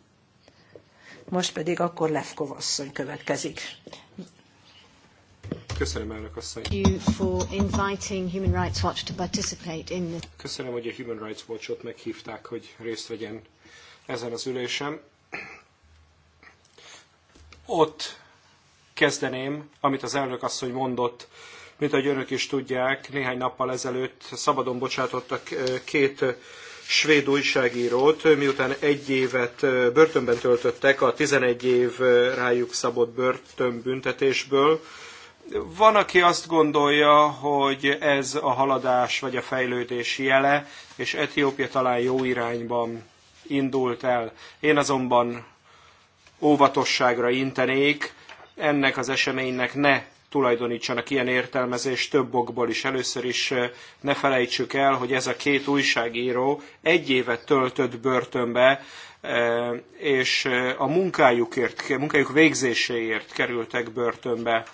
Most pedig akkor Lefkov asszony következik. Köszönöm, elnök asszony. For inviting Human Rights Watch to participate in Köszönöm, hogy a Human Rights Watch-ot meghívták, hogy részt vegyen ezen az ülésen. Ott kezdeném, amit az elnök asszony mondott, mint ahogy önök is tudják, néhány nappal ezelőtt szabadon bocsátottak két svéd újságírót, miután egy évet börtönben töltöttek a 11 év rájuk szabott börtönbüntetésből. Van, aki azt gondolja, hogy ez a haladás vagy a fejlődés jele, és Etiópia talán jó irányban indult el. Én azonban óvatosságra intenék, ennek az eseménynek ne tulajdonítsanak ilyen értelmezést több okból is. Először is eh, ne felejtsük el, hogy ez a két újságíró egy évet töltött börtönbe, eh, és eh, a munkájukért, a munkájuk végzéséért kerültek börtönbe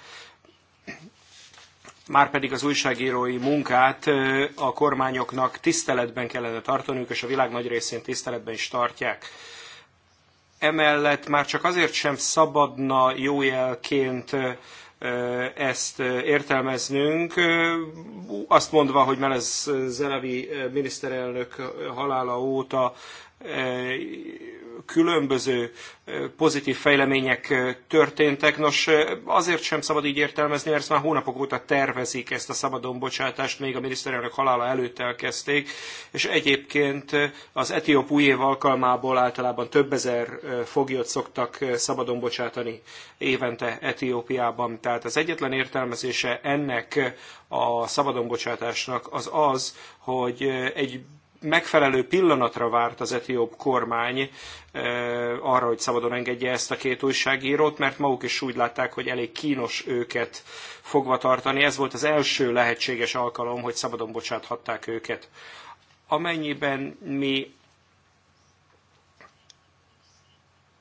márpedig az újságírói munkát a kormányoknak tiszteletben kellene tartaniuk, és a világ nagy részén tiszteletben is tartják. Emellett már csak azért sem szabadna jó jelként ezt értelmeznünk, azt mondva, hogy Melez Zelevi miniszterelnök halála óta különböző pozitív fejlemények történtek. Nos, azért sem szabad így értelmezni, mert már hónapok óta tervezik ezt a szabadonbocsátást, még a miniszterelnök halála előtt elkezdték, és egyébként az etióp új év alkalmából általában több ezer foglyot szoktak szabadonbocsátani évente Etiópiában. Tehát az egyetlen értelmezése ennek a szabadonbocsátásnak az az, hogy egy megfelelő pillanatra várt az etióp kormány eh, arra, hogy szabadon engedje ezt a két újságírót, mert maguk is úgy látták, hogy elég kínos őket fogva tartani. Ez volt az első lehetséges alkalom, hogy szabadon bocsáthatták őket. Amennyiben mi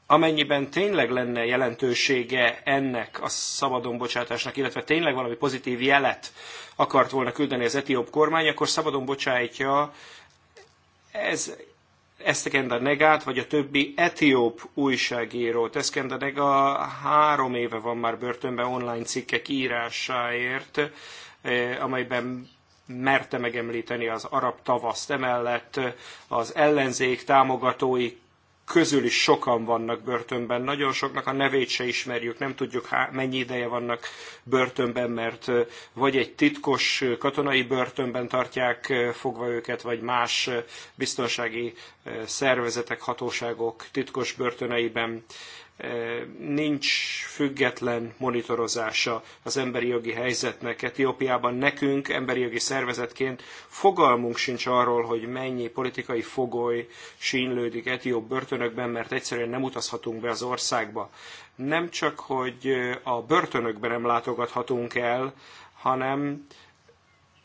amennyiben tényleg lenne jelentősége ennek a szabadonbocsátásnak, illetve tényleg valami pozitív jelet akart volna küldeni az etióp kormány, akkor szabadon bocsátja ez Eszkender Negát, vagy a többi etióp újságírót. Eszkender Nega három éve van már börtönben online cikkek írásáért, eh, amelyben merte megemlíteni az arab tavaszt, emellett az ellenzék támogatói közül is sokan vannak börtönben. Nagyon soknak a nevét se ismerjük, nem tudjuk há, mennyi ideje vannak börtönben, mert vagy egy titkos katonai börtönben tartják fogva őket, vagy más biztonsági szervezetek, hatóságok titkos börtöneiben nincs független monitorozása az emberi jogi helyzetnek. Etiópiában nekünk, emberi jogi szervezetként fogalmunk sincs arról, hogy mennyi politikai fogoly sínlődik etióp börtönökben, mert egyszerűen nem utazhatunk be az országba. Nem csak, hogy a börtönökben nem látogathatunk el, hanem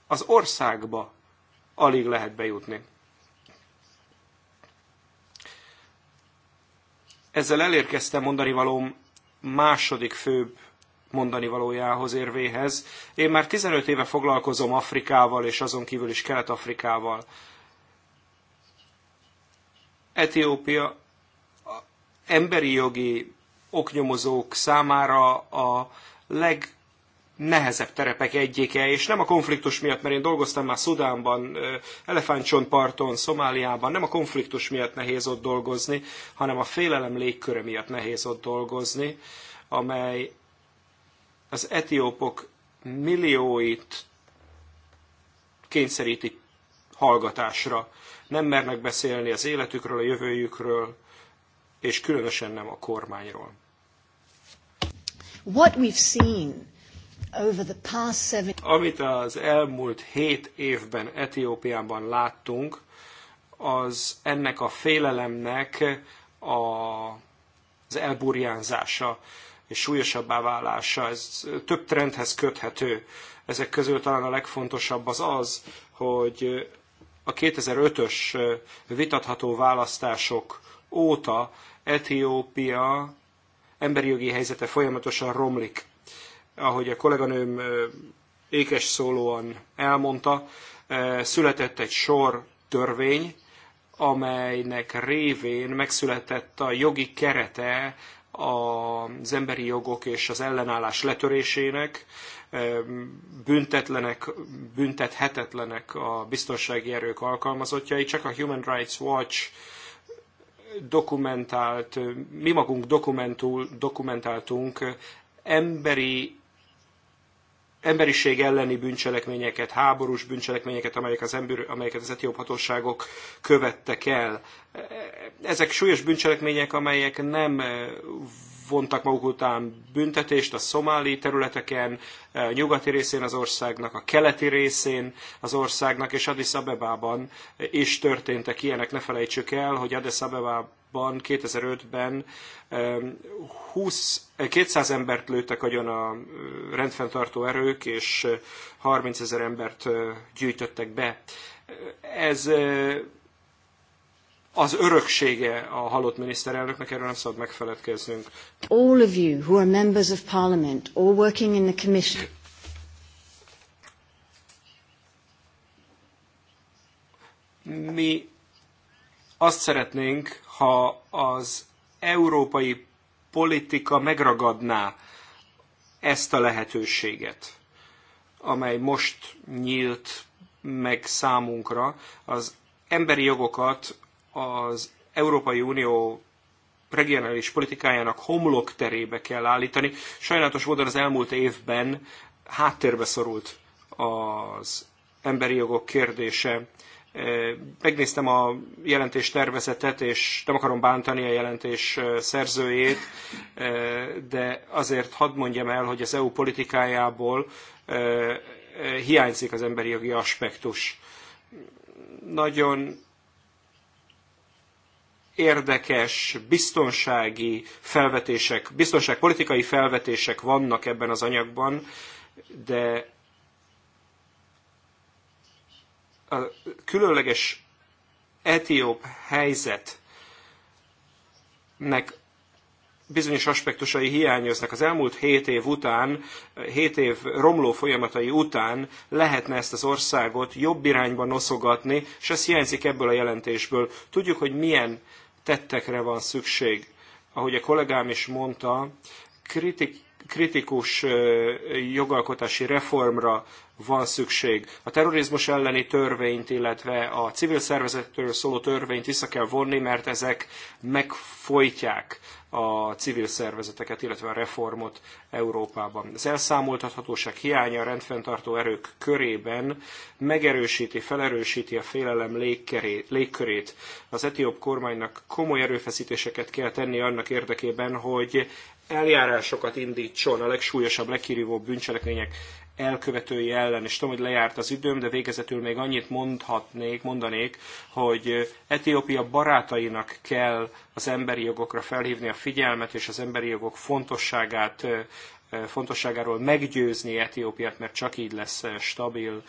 az országba alig lehet bejutni. Ezzel elérkeztem mondani valóm második főbb mondani valójához, érvéhez. Én már 15 éve foglalkozom Afrikával, és azon kívül is Kelet-Afrikával. Etiópia emberi jogi oknyomozók számára a leg nehezebb terepek egyike, és nem a konfliktus miatt, mert én dolgoztam már Szudánban, Elefántcsontparton, Szomáliában, nem a konfliktus miatt nehéz ott dolgozni, hanem a félelem légköre miatt nehéz ott dolgozni, amely az etiópok millióit kényszeríti hallgatásra. Nem mernek beszélni az életükről, a jövőjükről, és különösen nem a kormányról. What we've seen amit az elmúlt hét évben Etiópiában láttunk, az ennek a félelemnek a, az elburjánzása és súlyosabbá válása, ez több trendhez köthető. Ezek közül talán a legfontosabb az az, hogy a 2005-ös vitatható választások óta Etiópia emberi jogi helyzete folyamatosan romlik ahogy a kolléganőm ékes szólóan elmondta, született egy sor törvény, amelynek révén megszületett a jogi kerete az emberi jogok és az ellenállás letörésének, büntetlenek, büntethetetlenek a biztonsági erők alkalmazottjai, csak a Human Rights Watch dokumentált, mi magunk dokumentul dokumentáltunk emberi emberiség elleni bűncselekményeket, háborús bűncselekményeket, amelyek az ember, amelyeket az etióp hatóságok követtek el. Ezek súlyos bűncselekmények, amelyek nem vontak maguk után büntetést a szomáli területeken, a eh, nyugati részén az országnak, a keleti részén az országnak, és Addis Abebában eh, is történtek ilyenek. Ne felejtsük el, hogy Addis Abebában 2005-ben 20, 200 embert lőttek agyon a eh, rendfenntartó erők, és 30 ezer embert gyűjtöttek be. Ez az öröksége a halott miniszterelnöknek, erről nem szabad megfeledkeznünk. All of you who are members of parliament or working in the commission. Mi azt szeretnénk, ha az európai politika megragadná ezt a lehetőséget, amely most nyílt meg számunkra, az emberi jogokat az Európai Unió regionális politikájának homlok terébe kell állítani. Sajnálatos módon az elmúlt évben háttérbe szorult az emberi jogok kérdése. Megnéztem a jelentés tervezetet, és nem akarom bántani a jelentés szerzőjét, de azért hadd mondjam el, hogy az EU politikájából hiányzik az emberi jogi aspektus. Nagyon érdekes biztonsági felvetések, biztonságpolitikai felvetések vannak ebben az anyagban, de a különleges etióp helyzetnek bizonyos aspektusai hiányoznak. Az elmúlt hét év után, hét év romló folyamatai után lehetne ezt az országot jobb irányba noszogatni, és ez hiányzik ebből a jelentésből. Tudjuk, hogy milyen tettekre van szükség. Ahogy a kollégám is mondta, kritik, kritikus jogalkotási reformra van szükség. A terrorizmus elleni törvényt, illetve a civil szervezetről szóló törvényt vissza kell vonni, mert ezek megfojtják a civil szervezeteket, illetve a reformot Európában. Az elszámoltathatóság hiánya a rendfenntartó erők körében megerősíti, felerősíti a félelem légkörét. Az etióp kormánynak komoly erőfeszítéseket kell tenni annak érdekében, hogy eljárásokat indítson a legsúlyosabb, legkirívóbb bűncselekmények elkövetői ellen, és tudom, hogy lejárt az időm, de végezetül még annyit mondhatnék, mondanék, hogy Etiópia barátainak kell az emberi jogokra felhívni a figyelmet, és az emberi jogok fontosságát fontosságáról meggyőzni Etiópiát, mert csak így lesz stabil,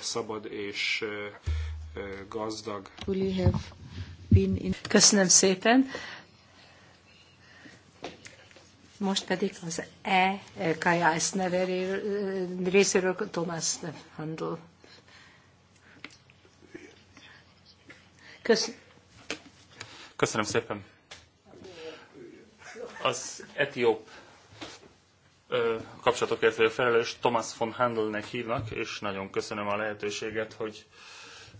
szabad és gazdag. Köszönöm szépen. Most pedig az E. e Kajász nevéről, részéről Thomas Handel. Köszönöm. Köszönöm szépen. Az etióp kapcsolatokért vagyok felelős, Thomas von Handelnek hívnak, és nagyon köszönöm a lehetőséget, hogy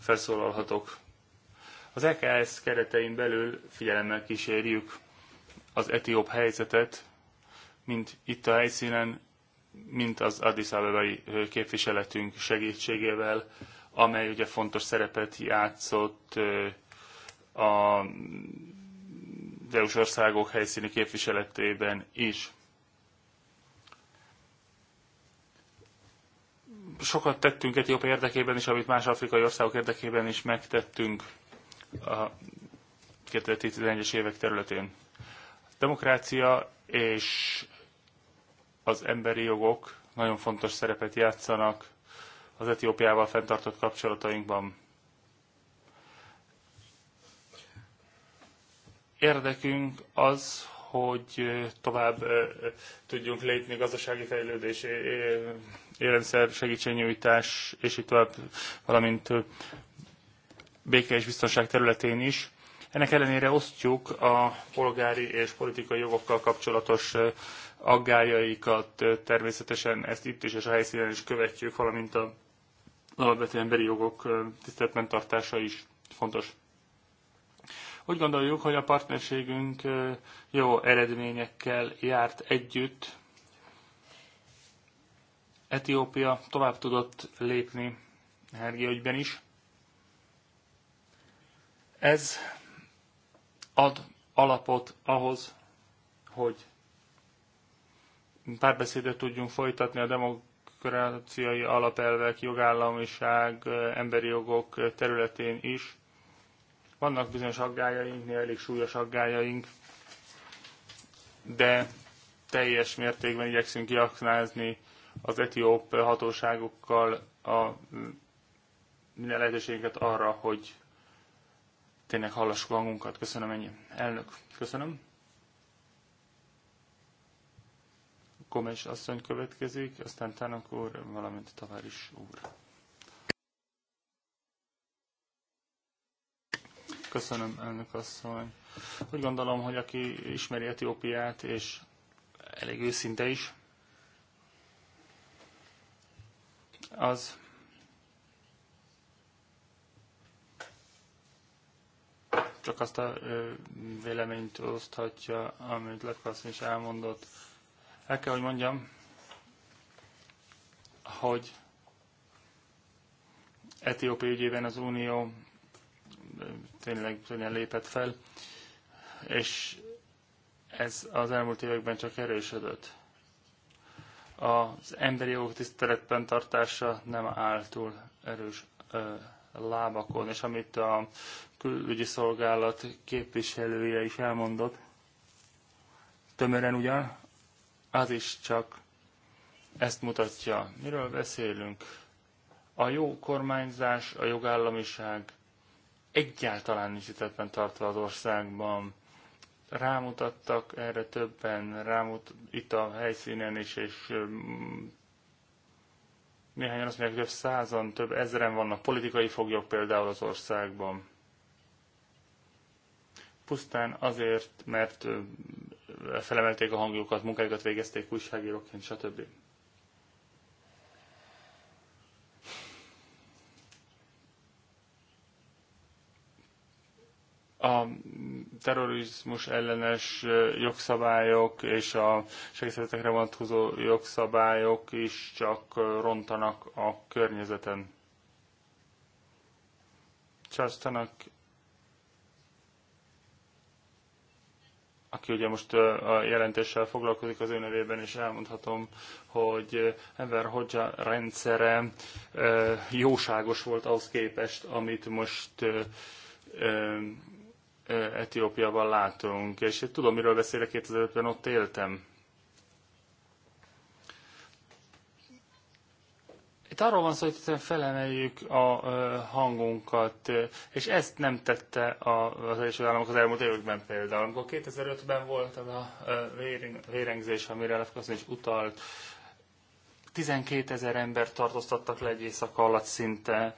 felszólalhatok. Az EKS keretein belül figyelemmel kísérjük az etióp helyzetet, mint itt a helyszínen, mint az Addis Abebai képviseletünk segítségével, amely ugye fontos szerepet játszott a EU-s országok helyszíni képviseletében is. Sokat tettünk Etiópia érdekében is, amit más afrikai országok érdekében is megtettünk a 2011-es évek területén. Demokrácia és az emberi jogok nagyon fontos szerepet játszanak az Etiópiával fenntartott kapcsolatainkban. Érdekünk az, hogy tovább tudjunk lépni gazdasági fejlődés, élelmiszer segítségnyújtás, és így tovább, valamint béke és biztonság területén is. Ennek ellenére osztjuk a polgári és politikai jogokkal kapcsolatos aggájaikat, természetesen ezt itt is és a helyszínen is követjük, valamint a alapvető emberi jogok tiszteletben tartása is fontos. Úgy gondoljuk, hogy a partnerségünk jó eredményekkel járt együtt. Etiópia tovább tudott lépni energiaügyben is. Ez ad alapot ahhoz, hogy párbeszédet tudjunk folytatni a demokráciai alapelvek, jogállamiság, emberi jogok területén is. Vannak bizonyos aggájaink, elég súlyos aggájaink, de teljes mértékben igyekszünk kiaknázni az etióp hatóságokkal a minden lehetőséget arra, hogy tényleg hallassuk hangunkat. Köszönöm ennyi. Elnök, köszönöm. Komes asszony következik, aztán Tánok úr, valamint Tavaris úr. Köszönöm, elnök asszony. Úgy gondolom, hogy aki ismeri Etiópiát, és elég őszinte is, az csak azt a véleményt oszthatja, amit Lefkasz is elmondott, el kell, hogy mondjam, hogy Etiópia ügyében az Unió tényleg, tényleg lépett fel, és ez az elmúlt években csak erősödött. Az emberi jogok tiszteletben tartása nem áll túl erős ö, lábakon, és amit a külügyi szolgálat képviselője is elmondott, tömören ugyan, az is csak ezt mutatja. Miről beszélünk? A jó kormányzás, a jogállamiság egyáltalán nincs hitetben tartva az országban. Rámutattak erre többen, rámut itt a helyszínen is, és mm, néhányan azt mondják, több százan, több ezeren vannak politikai foglyok például az országban. Pusztán azért, mert felemelték a hangjukat, munkájukat végezték újságíróként, stb. a terrorizmus ellenes jogszabályok és a segítségekre vonatkozó jogszabályok is csak rontanak a környezeten. Charles aki ugye most a jelentéssel foglalkozik az ő nevében és elmondhatom, hogy Enver Hodja rendszere jóságos volt ahhoz képest, amit most Etiópiában látunk. És tudom, miről beszélek, 2005-ben ott éltem. Itt arról van szó, hogy felemeljük a hangunkat, és ezt nem tette az Egyesült Államok az elmúlt években például. Amikor 2005-ben volt az a vérengzés, amire Lefkoszon is utalt, 12 ezer ember tartóztattak le egy éjszaka alatt szinte.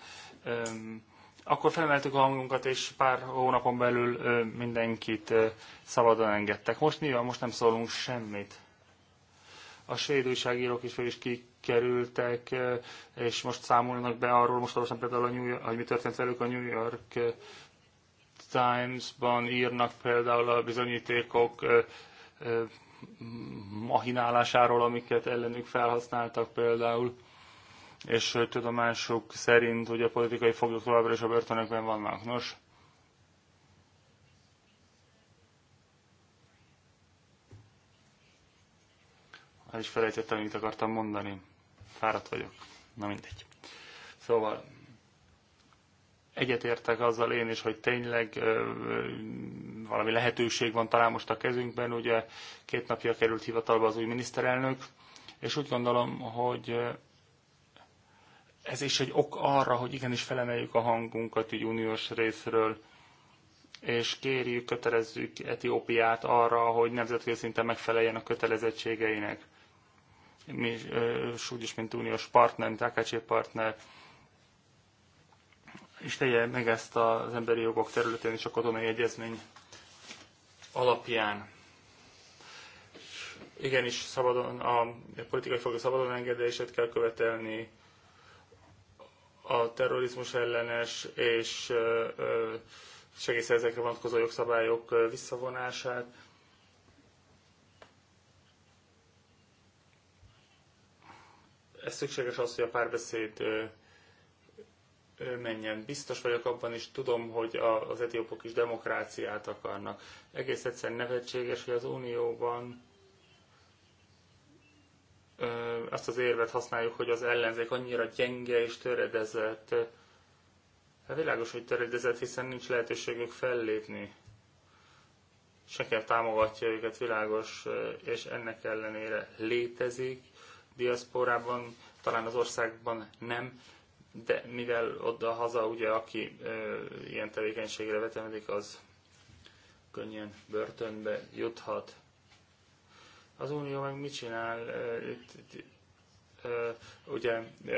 Akkor felemeltük a hangunkat, és pár hónapon belül mindenkit szabadon engedtek. Most nyilván most nem szólunk semmit. A svéd újságírók is fel is kerültek, eh, és most számolnak be arról, most olvastam például, a New York, hogy mi történt velük a New York eh, Times-ban írnak például a bizonyítékok eh, mahinálásáról, amiket ellenük felhasználtak például, és tudomásuk szerint, hogy a politikai foglyok továbbra is a börtönökben vannak. Nos, el is felejtettem, mit akartam mondani fáradt vagyok. Na mindegy. Szóval egyetértek azzal én is, hogy tényleg ö, valami lehetőség van talán most a kezünkben. Ugye két napja került hivatalba az új miniszterelnök, és úgy gondolom, hogy ez is egy ok arra, hogy igenis felemeljük a hangunkat így uniós részről, és kérjük, kötelezzük Etiópiát arra, hogy nemzetközi szinten megfeleljen a kötelezettségeinek mi és úgyis, mint uniós partner, mint AKC partner, és tegye meg ezt az emberi jogok területén és a katonai egyezmény alapján. Igenis, szabadon, a politikai fogok szabadon engedélyeset kell követelni, a terrorizmus ellenes és segélyszerzekre vonatkozó jogszabályok visszavonását, ez szükséges az, hogy a párbeszéd menjen. Biztos vagyok abban is, tudom, hogy az etiópok is demokráciát akarnak. Egész egyszerűen nevetséges, hogy az Unióban azt az érvet használjuk, hogy az ellenzék annyira gyenge és töredezett. Hát világos, hogy töredezett, hiszen nincs lehetőségük fellépni. Seker támogatja őket, világos, és ennek ellenére létezik diaszporában, talán az országban nem, de mivel a haza, ugye, aki ö, ilyen tevékenységre vetemedik, az könnyen börtönbe juthat. Az Unió meg mit csinál? Ö, itt, itt, ö, ugye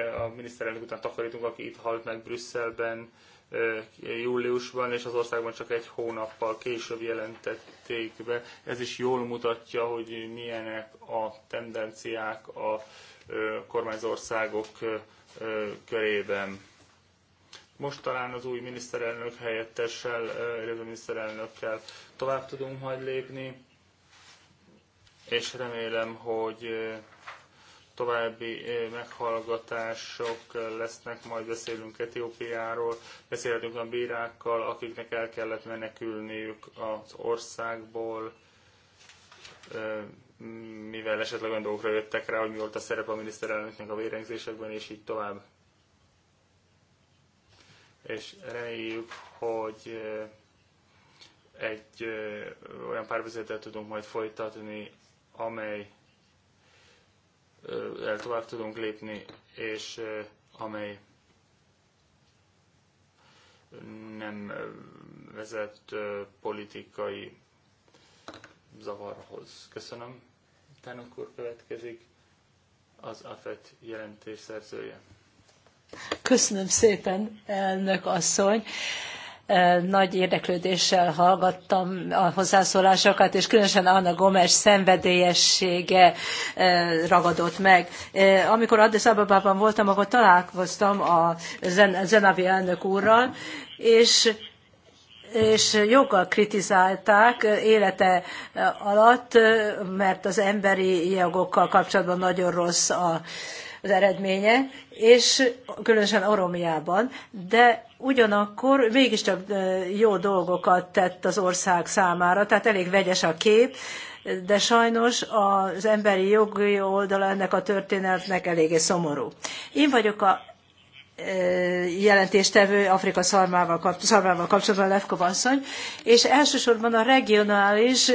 a miniszterelnök után takarítunk, aki itt halt meg Brüsszelben, júliusban, és az országban csak egy hónappal később jelentették be. Ez is jól mutatja, hogy milyenek a tendenciák a kormányzországok körében. Most talán az új miniszterelnök helyettessel, illetve miniszterelnökkel tovább tudunk majd lépni, és remélem, hogy további meghallgatások lesznek, majd beszélünk Etiópiáról, beszélhetünk a bírákkal, akiknek el kellett menekülniük az országból, mivel esetleg olyan dolgokra jöttek rá, hogy mi volt a szerepe a miniszterelnöknek a vérengzésekben, és így tovább. És reméljük, hogy egy olyan párbeszédet tudunk majd folytatni, amely el tovább tudunk lépni, és amely nem vezet politikai zavarhoz. Köszönöm. Tánok úr következik az AFET jelentés szerzője. Köszönöm szépen, elnök asszony nagy érdeklődéssel hallgattam a hozzászólásokat, és különösen Anna Gomes szenvedélyessége ragadott meg. Amikor Addis Ababában voltam, akkor találkoztam a Zenavi elnök úrral, és és joggal kritizálták élete alatt, mert az emberi jogokkal kapcsolatban nagyon rossz a az eredménye, és különösen Oromiában, de ugyanakkor mégiscsak jó dolgokat tett az ország számára, tehát elég vegyes a kép, de sajnos az emberi jogi oldala ennek a történetnek eléggé szomorú. Én vagyok a jelentéstevő Afrika szarmával, szarmával kapcsolatban Levkov asszony, és elsősorban a regionális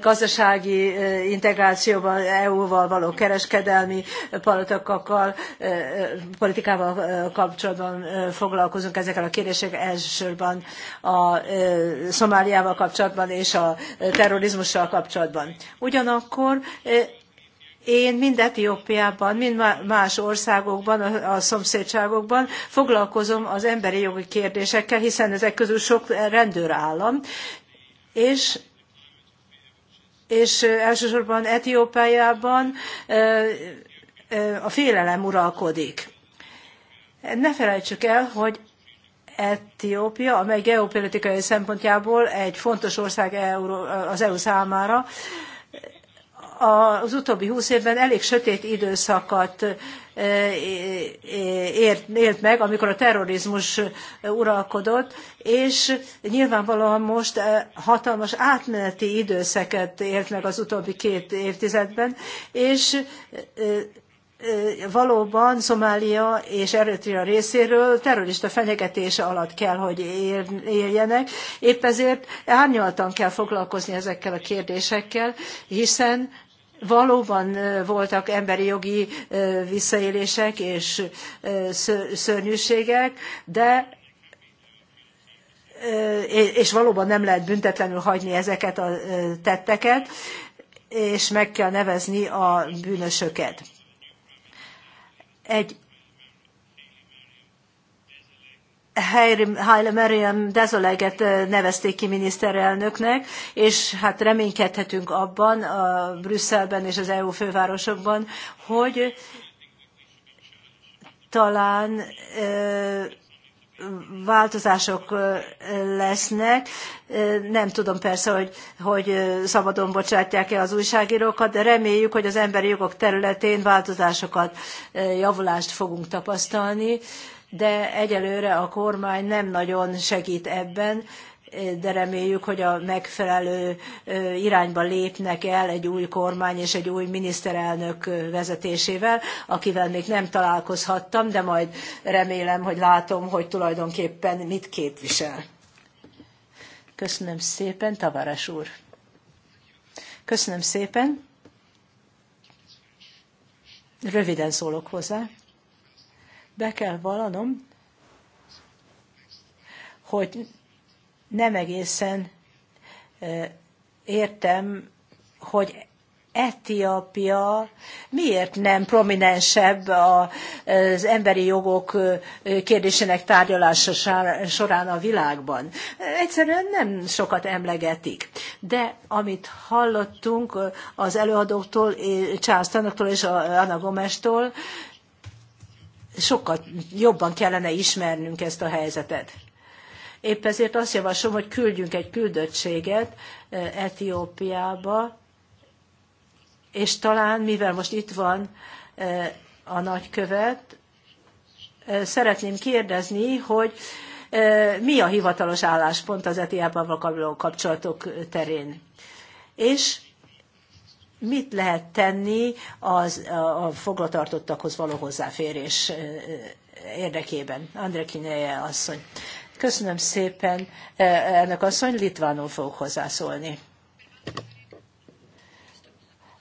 gazdasági integrációban EU-val való kereskedelmi politikával kapcsolatban foglalkozunk ezekkel a kérdésekkel, elsősorban a Szomáliával kapcsolatban és a terrorizmussal kapcsolatban. Ugyanakkor én mind Etiópiában, mind más országokban, a, szomszédságokban foglalkozom az emberi jogi kérdésekkel, hiszen ezek közül sok rendőrállam, és és elsősorban Etiópiában a félelem uralkodik. Ne felejtsük el, hogy Etiópia, amely geopolitikai szempontjából egy fontos ország az EU számára, az utóbbi húsz évben elég sötét időszakat eh, eh, ért, élt meg, amikor a terrorizmus uralkodott, és nyilvánvalóan most eh, hatalmas átmeneti időszeket élt meg az utóbbi két évtizedben, és valóban Szomália és Eritrea részéről terrorista fenyegetése alatt kell, hogy éljenek. Épp ezért árnyaltan kell foglalkozni ezekkel a kérdésekkel, hiszen valóban voltak emberi jogi visszaélések és szörnyűségek, de és valóban nem lehet büntetlenül hagyni ezeket a tetteket, és meg kell nevezni a bűnösöket. Egy Haile Mariam Dezoleget nevezték ki miniszterelnöknek, és hát reménykedhetünk abban a Brüsszelben és az EU fővárosokban, hogy talán változások lesznek. Nem tudom persze, hogy, hogy szabadon bocsátják-e az újságírókat, de reméljük, hogy az emberi jogok területén változásokat, javulást fogunk tapasztalni de egyelőre a kormány nem nagyon segít ebben, de reméljük, hogy a megfelelő irányba lépnek el egy új kormány és egy új miniszterelnök vezetésével, akivel még nem találkozhattam, de majd remélem, hogy látom, hogy tulajdonképpen mit képvisel. Köszönöm szépen, Tavares úr. Köszönöm szépen. Röviden szólok hozzá be kell vallanom, hogy nem egészen e, értem, hogy Etiópia miért nem prominensebb az emberi jogok e, kérdésének tárgyalása során a világban. Egyszerűen nem sokat emlegetik. De amit hallottunk e, az előadóktól, Charles Tanoktól és Anna Gomestól, sokkal jobban kellene ismernünk ezt a helyzetet. Épp ezért azt javaslom, hogy küldjünk egy küldöttséget eh, Etiópiába, és talán, mivel most itt van eh, a nagykövet, eh, szeretném kérdezni, hogy mi a hivatalos álláspont az Etiópiával kapcsolatok terén. És mit lehet tenni az, a foglatartottakhoz való hozzáférés érdekében. André Kineje asszony. Köszönöm szépen, elnök asszony, litvánul fogok hozzászólni.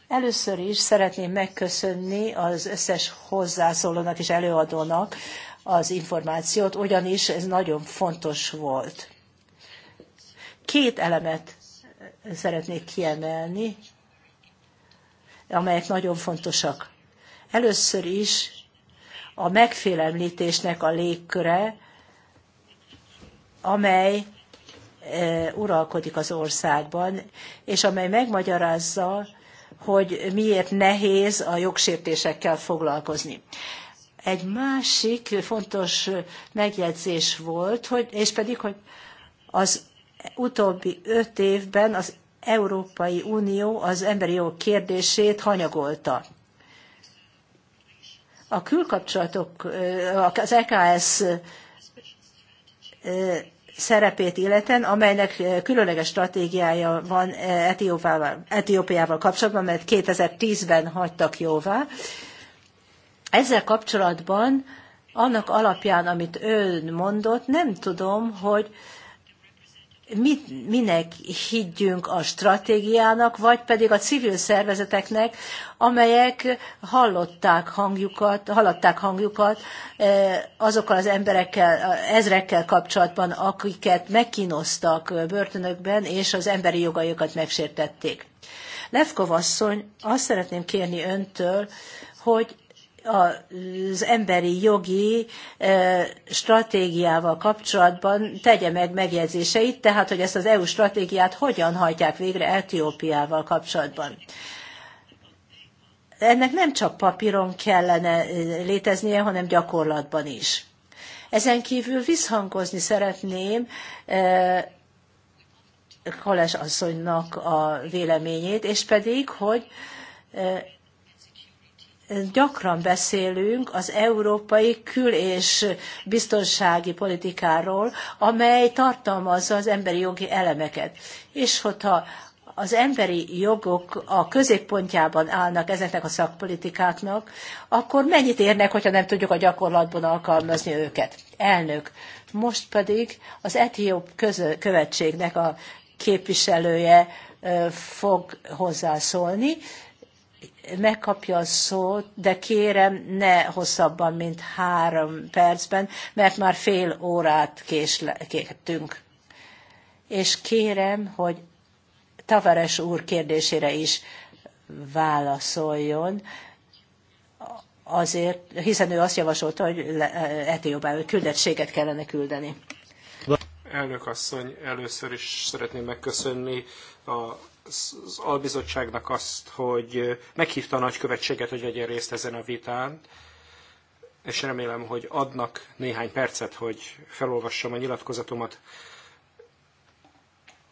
Először is szeretném megköszönni az összes hozzászólónak és előadónak az információt, ugyanis ez nagyon fontos volt. Két elemet szeretnék kiemelni, amelyek nagyon fontosak. Először is a megfélemlítésnek a légköre, amely e, uralkodik az országban, és amely megmagyarázza, hogy miért nehéz a jogsértésekkel foglalkozni. Egy másik fontos megjegyzés volt, hogy, és pedig, hogy az utóbbi öt évben az Európai Unió az emberi jog kérdését hanyagolta. A külkapcsolatok, az EKS szerepét illeten, amelynek különleges stratégiája van Etiópiával, Etiópiával kapcsolatban, mert 2010-ben hagytak jóvá. Ezzel kapcsolatban annak alapján, amit ön mondott, nem tudom, hogy mit, minek higgyünk a stratégiának, vagy pedig a civil szervezeteknek, amelyek hallották hangjukat, hallották hangjukat eh, azokkal az emberekkel, ezrekkel kapcsolatban, akiket megkínoztak eh, börtönökben, és az emberi jogaikat megsértették. Levkov asszony, azt szeretném kérni öntől, hogy az emberi jogi stratégiával kapcsolatban tegye meg megjegyzéseit, tehát hogy ezt az EU stratégiát hogyan hajtják végre Etiópiával kapcsolatban. Ennek nem csak papíron kellene léteznie, hanem gyakorlatban is. Ezen kívül visszhangozni szeretném Kales asszonynak a véleményét, és pedig, hogy gyakran beszélünk az európai kül- és biztonsági politikáról, amely tartalmazza az emberi jogi elemeket. És hogyha az emberi jogok a középpontjában állnak ezeknek a szakpolitikáknak, akkor mennyit érnek, hogyha nem tudjuk a gyakorlatban alkalmazni őket? Elnök. Most pedig az etióp követségnek a képviselője fog hozzászólni megkapja a szót, de kérem ne hosszabban, mint három percben, mert már fél órát késlekedtünk. És kérem, hogy Tavares úr kérdésére is válaszoljon, azért, hiszen ő azt javasolta, hogy e, Etiópában küldettséget kellene küldeni. Elnök asszony, először is szeretném megköszönni a az albizottságnak azt, hogy meghívta a nagykövetséget, hogy vegyen részt ezen a vitán, és remélem, hogy adnak néhány percet, hogy felolvassam a nyilatkozatomat.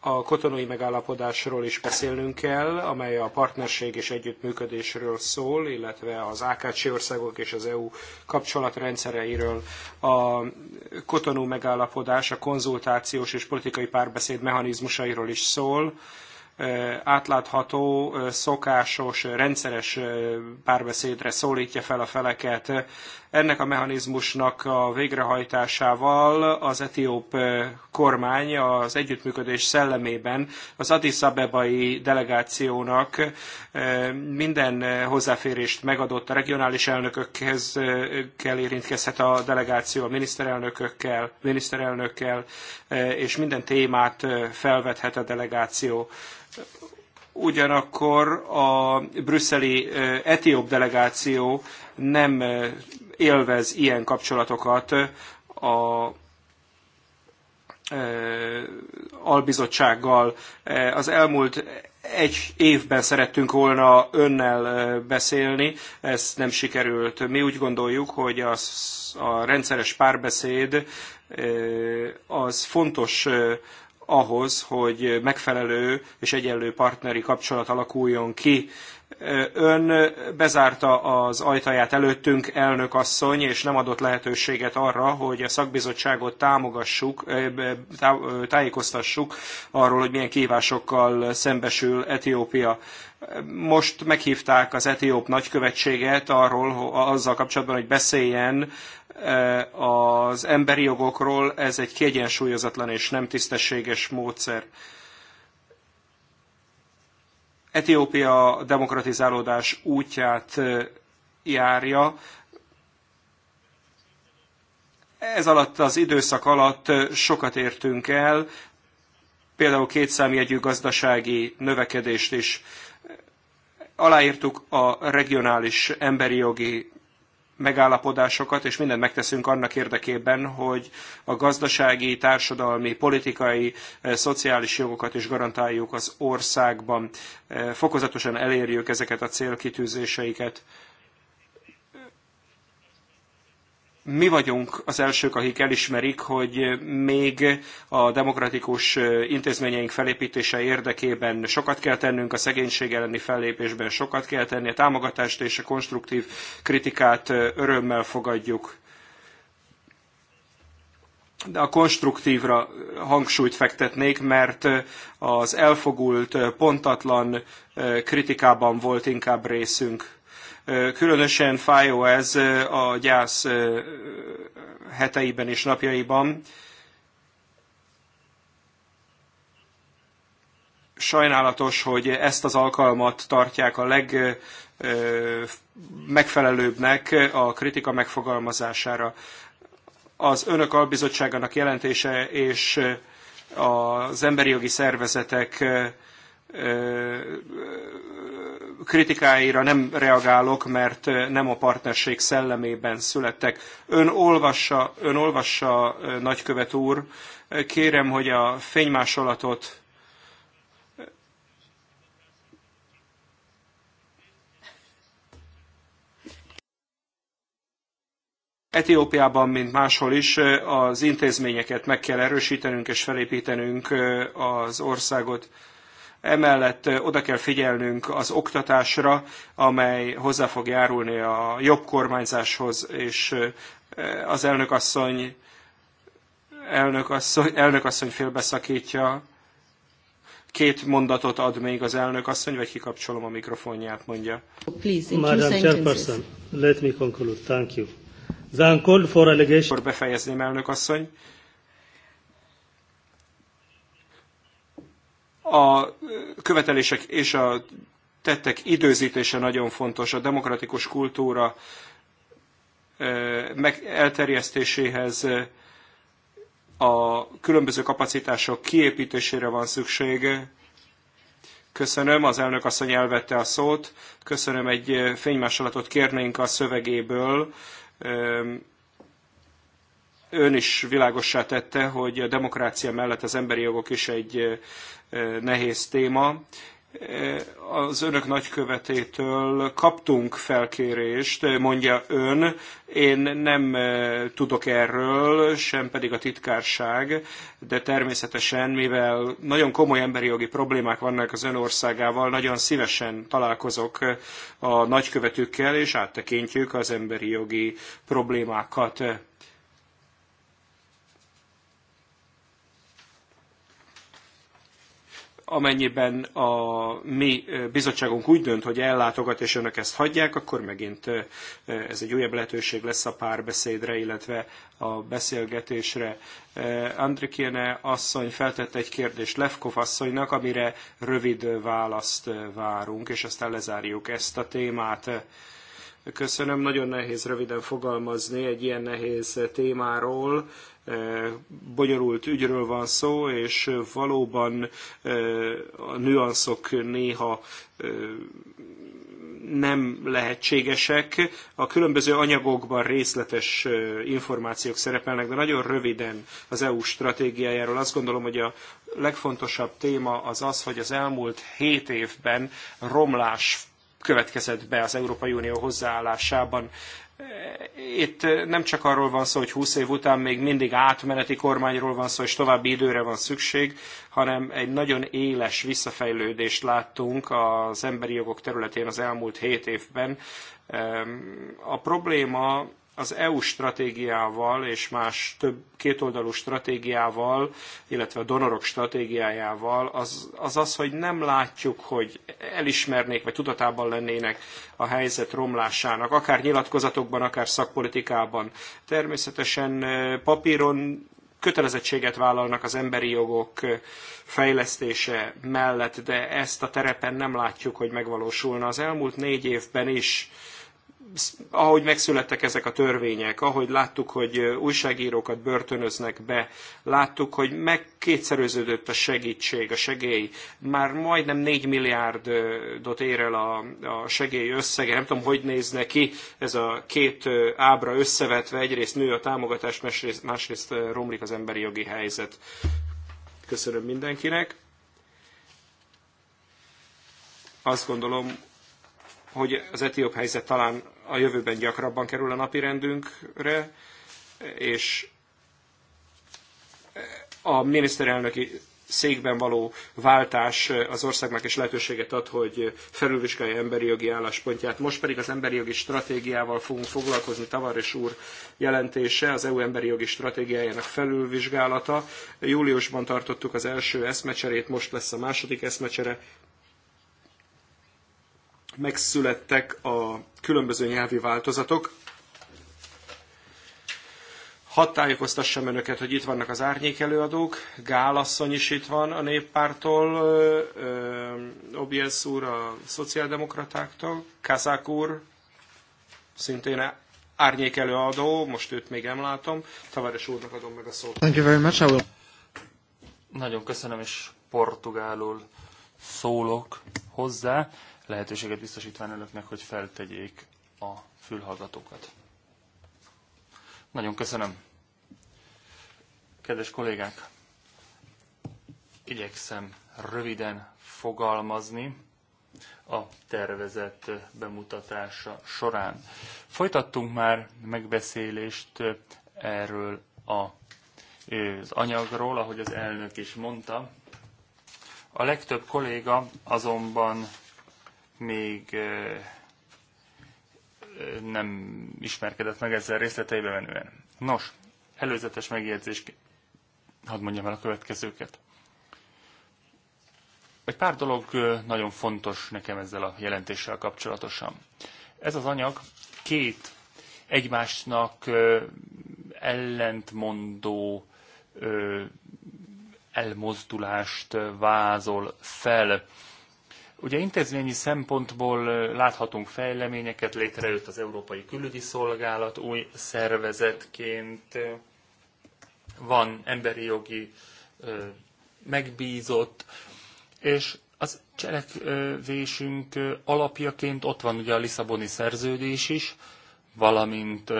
A kotonói megállapodásról is beszélnünk kell, amely a partnerség és együttműködésről szól, illetve az AKC országok és az EU kapcsolatrendszereiről. A kotonó megállapodás a konzultációs és politikai párbeszéd mechanizmusairól is szól átlátható, szokásos, rendszeres párbeszédre szólítja fel a feleket. Ennek a mechanizmusnak a végrehajtásával az etióp kormány az együttműködés szellemében az Addis Abebai delegációnak minden hozzáférést megadott a regionális elnökökhez kell érintkezhet a delegáció a miniszterelnökökkel, miniszterelnökkel és minden témát felvethet a delegáció ugyanakkor a brüsszeli etióp delegáció nem élvez ilyen kapcsolatokat a albizottsággal. Az elmúlt egy évben szerettünk volna önnel beszélni, ez nem sikerült. Mi úgy gondoljuk, hogy az a rendszeres párbeszéd az fontos ahhoz, hogy megfelelő és egyenlő partneri kapcsolat alakuljon ki Ön bezárta az ajtaját előttünk, elnök asszony, és nem adott lehetőséget arra, hogy a szakbizottságot támogassuk, tájékoztassuk arról, hogy milyen kívásokkal szembesül Etiópia. Most meghívták az etióp nagykövetséget arról, azzal kapcsolatban, hogy beszéljen az emberi jogokról. Ez egy kiegyensúlyozatlan és nem tisztességes módszer Etiópia demokratizálódás útját járja. Ez alatt az időszak alatt sokat értünk el, például kétszámjegyű gazdasági növekedést is. Aláírtuk a regionális emberi jogi megállapodásokat, és mindent megteszünk annak érdekében, hogy a gazdasági, társadalmi, politikai, eh, szociális jogokat is garantáljuk az országban. Eh, fokozatosan elérjük ezeket a célkitűzéseiket. mi vagyunk az elsők, akik elismerik, hogy még a demokratikus intézményeink felépítése érdekében sokat kell tennünk, a szegénység elleni fellépésben sokat kell tenni, a támogatást és a konstruktív kritikát örömmel fogadjuk. De a konstruktívra hangsúlyt fektetnék, mert az elfogult, pontatlan kritikában volt inkább részünk Különösen fájó ez a gyász heteiben és napjaiban. Sajnálatos, hogy ezt az alkalmat tartják a legmegfelelőbbnek a kritika megfogalmazására. Az önök albizottságának jelentése és az emberi jogi szervezetek kritikáira nem reagálok, mert nem a partnerség szellemében születtek. Ön olvassa, ön olvassa nagykövet úr, kérem, hogy a fénymásolatot Etiópiában, mint máshol is, az intézményeket meg kell erősítenünk és felépítenünk az országot. Emellett oda kell figyelnünk az oktatásra, amely hozzá fog járulni a jobb kormányzáshoz, és az elnökasszony elnökasszony, elnökasszony félbeszakítja, két mondatot ad még az elnökasszony, vagy kikapcsolom a mikrofonját, mondja. Madam Chairperson, let me conclude. Thank you. for allegation... Befejezném, elnökasszony. A követelések és a tettek időzítése nagyon fontos. A demokratikus kultúra e, elterjesztéséhez e, a különböző kapacitások kiépítésére van szükség. Köszönöm, az elnök asszony elvette a szót. Köszönöm, egy e, fénymásolatot kérnénk a szövegéből. Ön is világossá tette, hogy a demokrácia mellett az emberi jogok is egy nehéz téma. Az önök nagykövetétől kaptunk felkérést, mondja ön, én nem tudok erről, sem pedig a titkárság, de természetesen, mivel nagyon komoly emberi jogi problémák vannak az ön országával, nagyon szívesen találkozok a nagykövetükkel, és áttekintjük az emberi jogi problémákat. amennyiben a mi bizottságunk úgy dönt, hogy ellátogat, és önök ezt hagyják, akkor megint ez egy újabb lehetőség lesz a párbeszédre, illetve a beszélgetésre. Andrikéne asszony feltette egy kérdést Levkov asszonynak, amire rövid választ várunk, és aztán lezárjuk ezt a témát. Köszönöm, nagyon nehéz röviden fogalmazni egy ilyen nehéz témáról bonyolult ügyről van szó, és valóban a nüanszok néha nem lehetségesek. A különböző anyagokban részletes információk szerepelnek, de nagyon röviden az EU stratégiájáról azt gondolom, hogy a legfontosabb téma az az, hogy az elmúlt hét évben romlás következett be az Európai Unió hozzáállásában itt eh, nem csak arról van szó, hogy 20 év után még mindig átmeneti kormányról van szó, és további időre van szükség, hanem egy nagyon éles visszafejlődést láttunk az emberi jogok területén az elmúlt 7 évben. A probléma az EU stratégiával és más több kétoldalú stratégiával, illetve a donorok stratégiájával, az, az az, hogy nem látjuk, hogy elismernék, vagy tudatában lennének a helyzet romlásának, akár nyilatkozatokban, akár szakpolitikában. Természetesen papíron kötelezettséget vállalnak az emberi jogok fejlesztése mellett, de ezt a terepen nem látjuk, hogy megvalósulna. Az elmúlt négy évben is ahogy megszülettek ezek a törvények, ahogy láttuk, hogy újságírókat börtönöznek be, láttuk, hogy megkétszeröződött a segítség, a segély. Már majdnem 4 milliárdot ér el a, a segély összege. Nem tudom, hogy néz neki ez a két ábra összevetve. Egyrészt nő a támogatás, másrészt, másrészt romlik az emberi jogi helyzet. Köszönöm mindenkinek. Azt gondolom, hogy az etióp helyzet talán a jövőben gyakrabban kerül a napirendünkre, és a miniszterelnöki székben való váltás az országnak is lehetőséget ad, hogy felülvizsgálja emberi jogi álláspontját. Most pedig az emberi jogi stratégiával fogunk foglalkozni, Tavares úr jelentése, az EU emberi jogi stratégiájának felülvizsgálata. Júliusban tartottuk az első eszmecserét, most lesz a második eszmecsere, megszülettek a különböző nyelvi változatok. Hadd tájékoztassam önöket, hogy itt vannak az árnyék előadók, Gál asszony is itt van a néppártól, Obiesz úr a szociáldemokratáktól, Kazák úr szintén árnyék előadó, most őt még nem látom, Tavares úrnak adom meg a szót. Thank you very much, I will... Nagyon köszönöm, és portugálul szólok hozzá lehetőséget biztosítván önöknek, hogy feltegyék a fülhallgatókat. Nagyon köszönöm. Kedves kollégák, igyekszem röviden fogalmazni a tervezett bemutatása során. Folytattunk már megbeszélést erről a, az anyagról, ahogy az elnök is mondta. A legtöbb kolléga azonban még nem ismerkedett meg ezzel részleteibe menően. Nos, előzetes megjegyzés, hadd mondjam el a következőket. Egy pár dolog nagyon fontos nekem ezzel a jelentéssel kapcsolatosan. Ez az anyag két egymásnak ellentmondó elmozdulást vázol fel Ugye intézményi szempontból láthatunk fejleményeket, létrejött az Európai Külügyi Szolgálat új szervezetként, van emberi jogi megbízott, és az cselekvésünk alapjaként ott van ugye a Lisszaboni szerződés is, valamint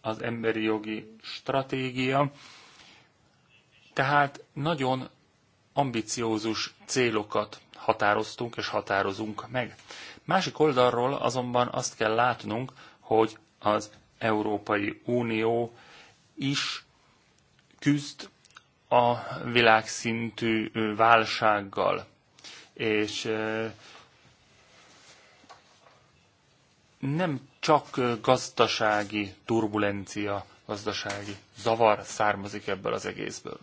az emberi jogi stratégia. Tehát nagyon ambiciózus célokat határoztunk és határozunk meg. Másik oldalról azonban azt kell látnunk, hogy az Európai Unió is küzd a világszintű válsággal. És nem csak gazdasági turbulencia, gazdasági zavar származik ebből az egészből.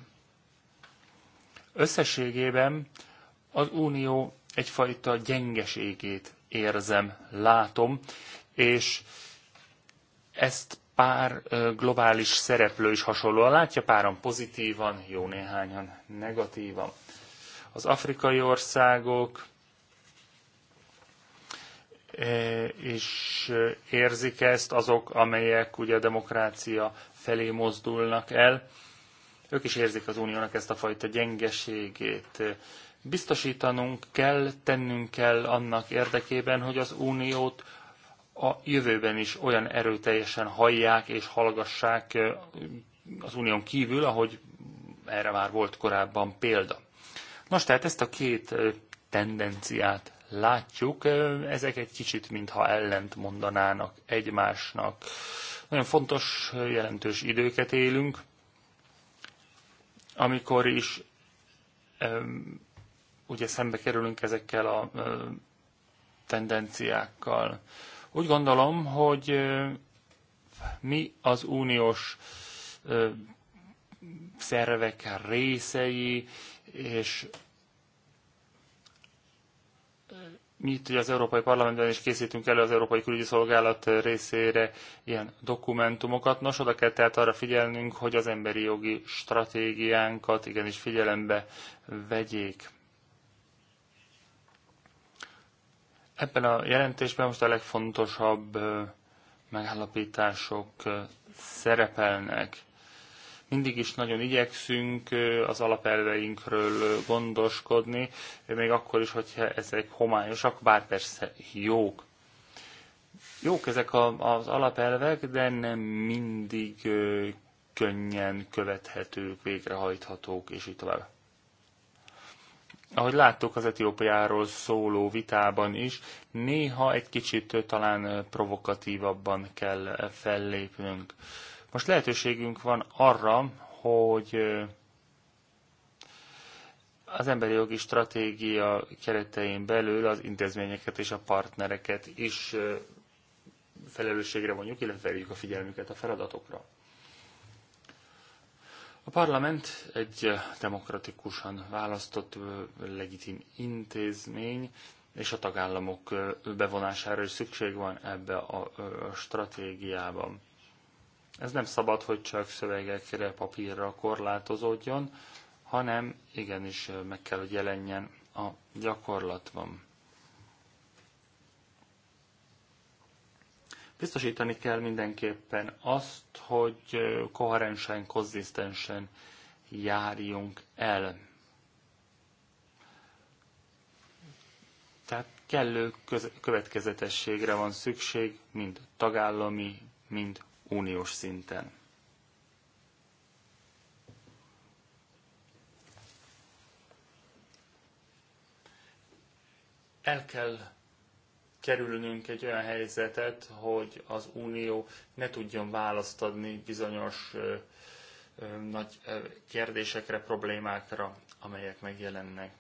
Összességében az unió egyfajta gyengeségét érzem, látom, és ezt pár globális szereplő is hasonlóan látja, páran pozitívan, jó néhányan negatívan. Az afrikai országok és érzik ezt, azok, amelyek ugye a demokrácia felé mozdulnak el, ők is érzik az uniónak ezt a fajta gyengeségét, biztosítanunk kell, tennünk kell annak érdekében, hogy az uniót a jövőben is olyan erőteljesen hallják és hallgassák az unión kívül, ahogy erre már volt korábban példa. Nos, tehát ezt a két tendenciát látjuk, ezek egy kicsit mintha ellent mondanának egymásnak. Nagyon fontos, jelentős időket élünk, amikor is ugye szembe kerülünk ezekkel a tendenciákkal. Úgy gondolom, hogy mi az uniós szervek részei, és mi itt ugye az Európai Parlamentben is készítünk elő az Európai Külügyi Szolgálat részére ilyen dokumentumokat. Nos, oda kell tehát arra figyelnünk, hogy az emberi jogi stratégiánkat igenis figyelembe vegyék. Ebben a jelentésben most a legfontosabb megállapítások szerepelnek. Mindig is nagyon igyekszünk az alapelveinkről gondoskodni, még akkor is, hogyha ezek homályosak, bár persze jók. Jók ezek az alapelvek, de nem mindig könnyen követhetők, végrehajthatók, és így tovább ahogy láttuk az Etiópiáról szóló vitában is, néha egy kicsit talán provokatívabban kell fellépnünk. Most lehetőségünk van arra, hogy az emberi jogi stratégia keretein belül az intézményeket és a partnereket is felelősségre vonjuk, illetve felhívjuk a figyelmüket a feladatokra. A parlament egy eh, demokratikusan választott eh, legitim intézmény, és a tagállamok eh, bevonására is szükség van ebbe a stratégiában. Ez nem szabad, hogy csak szövegekre, papírra korlátozódjon, hanem igenis meg kell, hogy jelenjen a gyakorlatban. Biztosítani kell mindenképpen azt, hogy koherensen, konzisztensen járjunk el. Tehát kellő következetességre van szükség, mind tagállami, mind uniós szinten. El kell kerülnünk egy olyan helyzetet, hogy az Unió ne tudjon választ adni bizonyos ö, ö, nagy ö, kérdésekre, problémákra, amelyek megjelennek.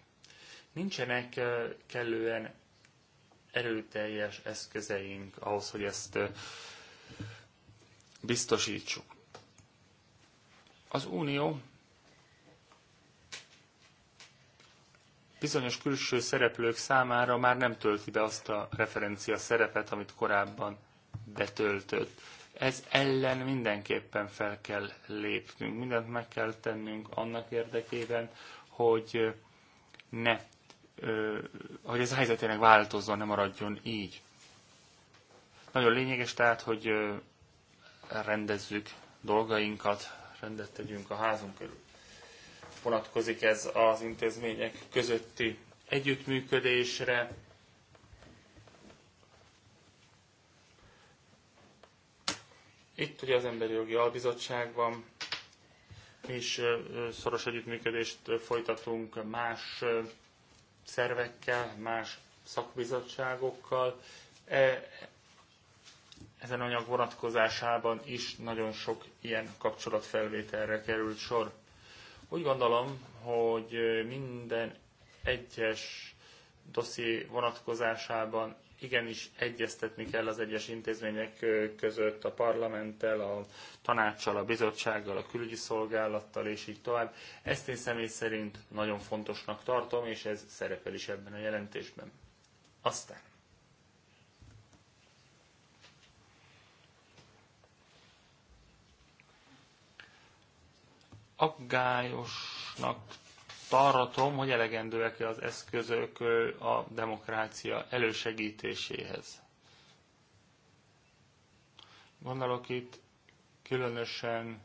Nincsenek kellően erőteljes eszközeink ahhoz, hogy ezt biztosítsuk. Az Unió bizonyos külső szereplők számára már nem tölti be azt a referencia szerepet, amit korábban betöltött. Ez ellen mindenképpen fel kell lépnünk, mindent meg kell tennünk annak érdekében, hogy ne, hogy ez a helyzet tényleg változzon, ne maradjon így. Nagyon lényeges tehát, hogy rendezzük dolgainkat, rendet tegyünk a házunk körül vonatkozik ez az intézmények közötti együttműködésre. Itt ugye az Emberi Jogi Albizottságban is szoros együttműködést folytatunk más szervekkel, más szakbizottságokkal. E, ezen anyag vonatkozásában is nagyon sok ilyen kapcsolatfelvételre került sor. Úgy gondolom, hogy minden egyes dosszi vonatkozásában igenis egyeztetni kell az egyes intézmények között, a parlamenttel, a tanácssal, a bizottsággal, a külügyi szolgálattal, és így tovább. Ezt én személy szerint nagyon fontosnak tartom, és ez szerepel is ebben a jelentésben. Aztán aggályosnak tartom, hogy elegendőek-e az eszközök a demokrácia elősegítéséhez. Gondolok itt különösen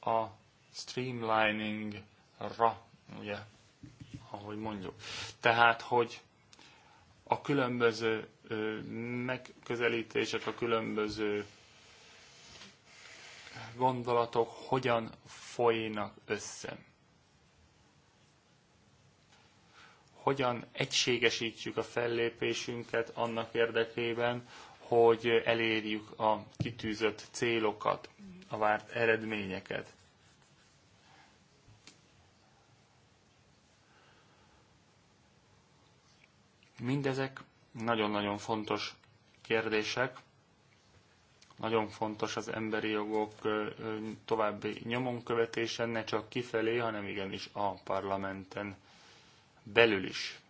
a streamliningra, ugye, ahogy mondjuk. Tehát, hogy a különböző megközelítések, a különböző gondolatok hogyan folynak össze. Hogyan egységesítjük a fellépésünket annak érdekében, hogy elérjük a kitűzött célokat, a várt eredményeket. Mindezek nagyon-nagyon fontos kérdések, nagyon fontos az emberi jogok további nyomon követése, ne csak kifelé, hanem igenis a parlamenten belül is.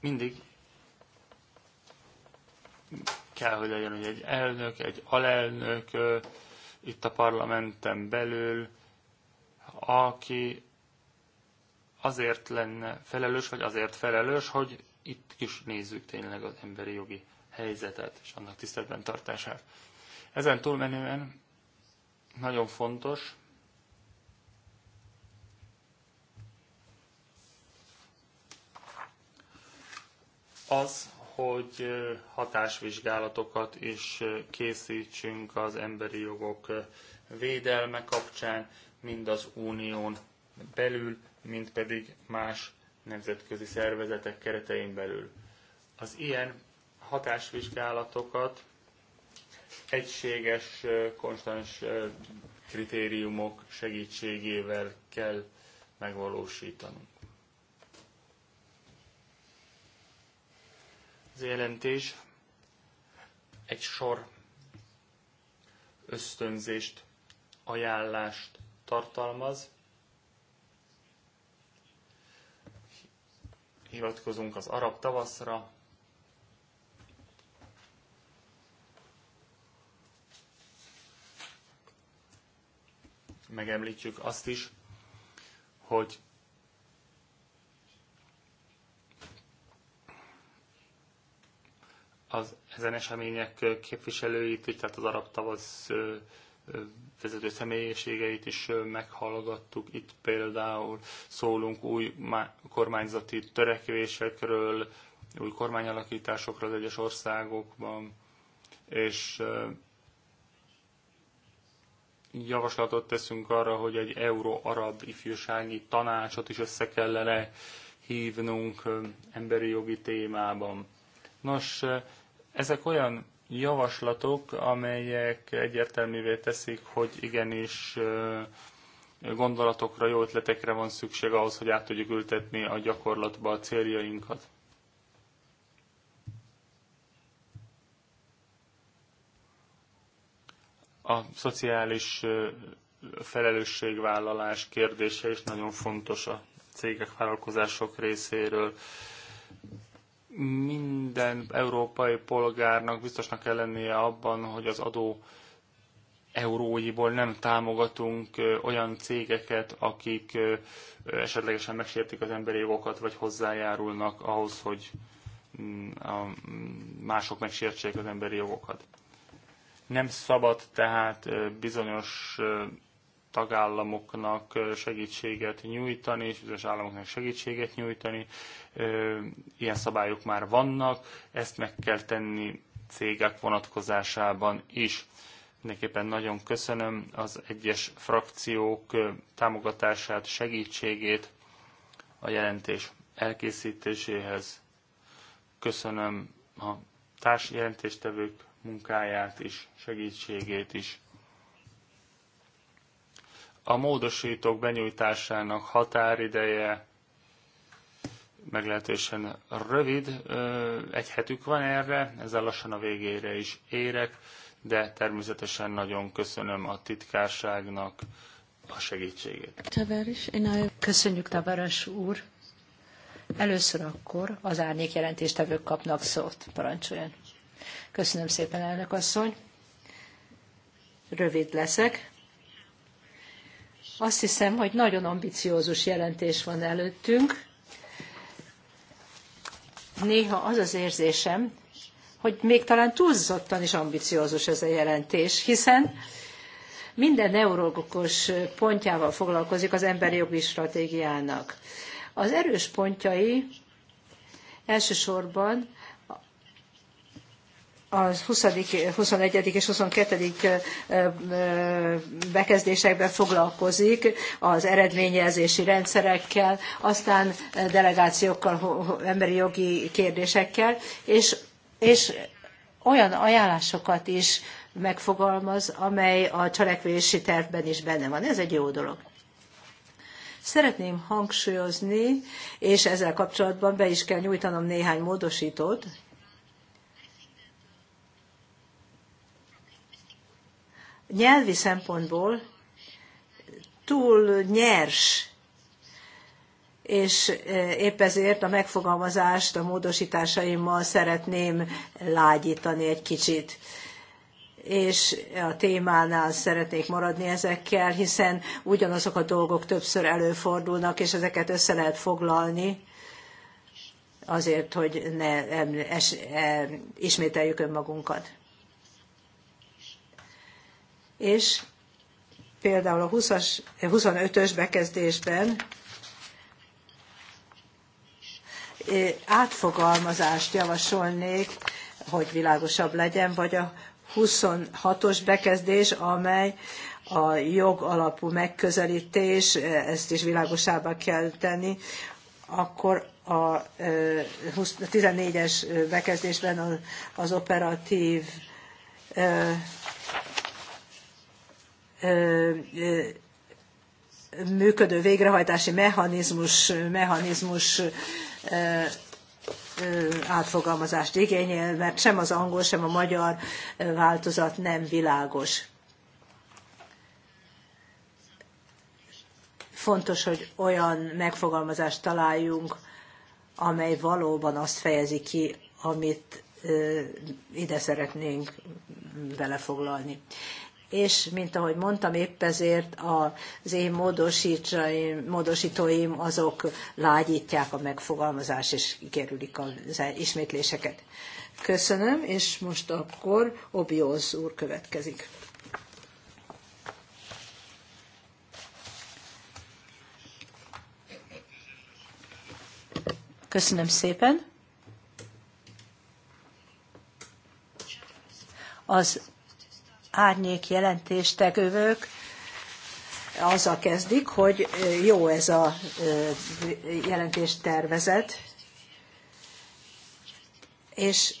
Mindig kell, hogy legyen, hogy egy elnök, egy alelnök itt a parlamenten belül, aki azért lenne felelős, vagy azért felelős, hogy itt is nézzük tényleg az emberi jogi helyzetet és annak tiszteletben tartását. Ezen túlmenően nagyon fontos, az, hogy hatásvizsgálatokat is készítsünk az emberi jogok védelme kapcsán, mind az unión belül, mint pedig más nemzetközi szervezetek keretein belül. Az ilyen hatásvizsgálatokat egységes, konstans kritériumok segítségével kell megvalósítanunk. Az jelentés egy sor ösztönzést, ajánlást tartalmaz, hivatkozunk az arab tavaszra, megemlítjük azt is, hogy az ezen események képviselőit, tehát az arab tavasz vezető személyiségeit is meghallgattuk. Itt például szólunk új kormányzati törekvésekről, új kormányalakításokra az egyes országokban, és javaslatot teszünk arra, hogy egy euró-arab ifjúsági tanácsot is össze kellene hívnunk emberi jogi témában. Nos, ezek olyan javaslatok, amelyek egyértelművé teszik, hogy igenis gondolatokra, jó ötletekre van szükség ahhoz, hogy át tudjuk ültetni a gyakorlatba a céljainkat. A szociális felelősségvállalás kérdése is nagyon fontos a cégek, vállalkozások részéről minden európai polgárnak biztosnak kell lennie abban, hogy az adó euróiból nem támogatunk olyan cégeket, akik esetlegesen megsértik az emberi jogokat, vagy hozzájárulnak ahhoz, hogy mm, mm, mások megsértsék az emberi jogokat. Nem szabad tehát bizonyos tagállamoknak segítséget nyújtani, és bizonyos államoknak segítséget nyújtani. Ilyen szabályok már vannak, ezt meg kell tenni cégek vonatkozásában is. Mindenképpen nagyon köszönöm az egyes frakciók támogatását, segítségét a jelentés elkészítéséhez. Köszönöm a társjelentéstevők munkáját is, segítségét is. A módosítók benyújtásának határideje meglehetősen rövid, egy hetük van erre, ezzel lassan a végére is érek, de természetesen nagyon köszönöm a titkárságnak a segítségét. Tavares, Köszönjük, Tavares úr. Először akkor az árnyék jelentéstevők kapnak szót. Parancsoljon. Köszönöm szépen, elnök asszony. Rövid leszek. Azt hiszem, hogy nagyon ambiciózus jelentés van előttünk. Néha az az érzésem, hogy még talán túlzottan is ambiciózus ez a jelentés, hiszen minden neurologikus pontjával foglalkozik az emberi jogi stratégiának. Az erős pontjai elsősorban az 20., 21. és 22. bekezdésekben foglalkozik az eredményezési rendszerekkel, aztán delegációkkal, emberi jogi kérdésekkel, és, és olyan ajánlásokat is megfogalmaz, amely a cselekvési tervben is benne van. Ez egy jó dolog. Szeretném hangsúlyozni, és ezzel kapcsolatban be is kell nyújtanom néhány módosítót, nyelvi szempontból túl nyers, és e, épp ezért a megfogalmazást a módosításaimmal szeretném lágyítani egy kicsit és a témánál szeretnék maradni ezekkel, hiszen ugyanazok a dolgok többször előfordulnak, és ezeket össze lehet foglalni azért, hogy ne e, ismételjük önmagunkat és például a 20 25-ös bekezdésben átfogalmazást javasolnék, hogy világosabb legyen, vagy a 26-os bekezdés, amely a jog alapú megközelítés, ezt is világosabbá kell tenni, akkor a 14-es bekezdésben az operatív működő végrehajtási mechanizmus, mechanizmus átfogalmazást igényel, mert sem az angol, sem a magyar változat nem világos. Fontos, hogy olyan megfogalmazást találjunk, amely valóban azt fejezi ki, amit ide szeretnénk belefoglalni és mint ahogy mondtam, épp ezért az én módosítóim azok lágyítják a megfogalmazást, és kerülik az ismétléseket. Köszönöm, és most akkor Obióz úr következik. Köszönöm szépen. Az árnyék jelentéstevők azzal kezdik, hogy jó ez a jelentéstervezet, és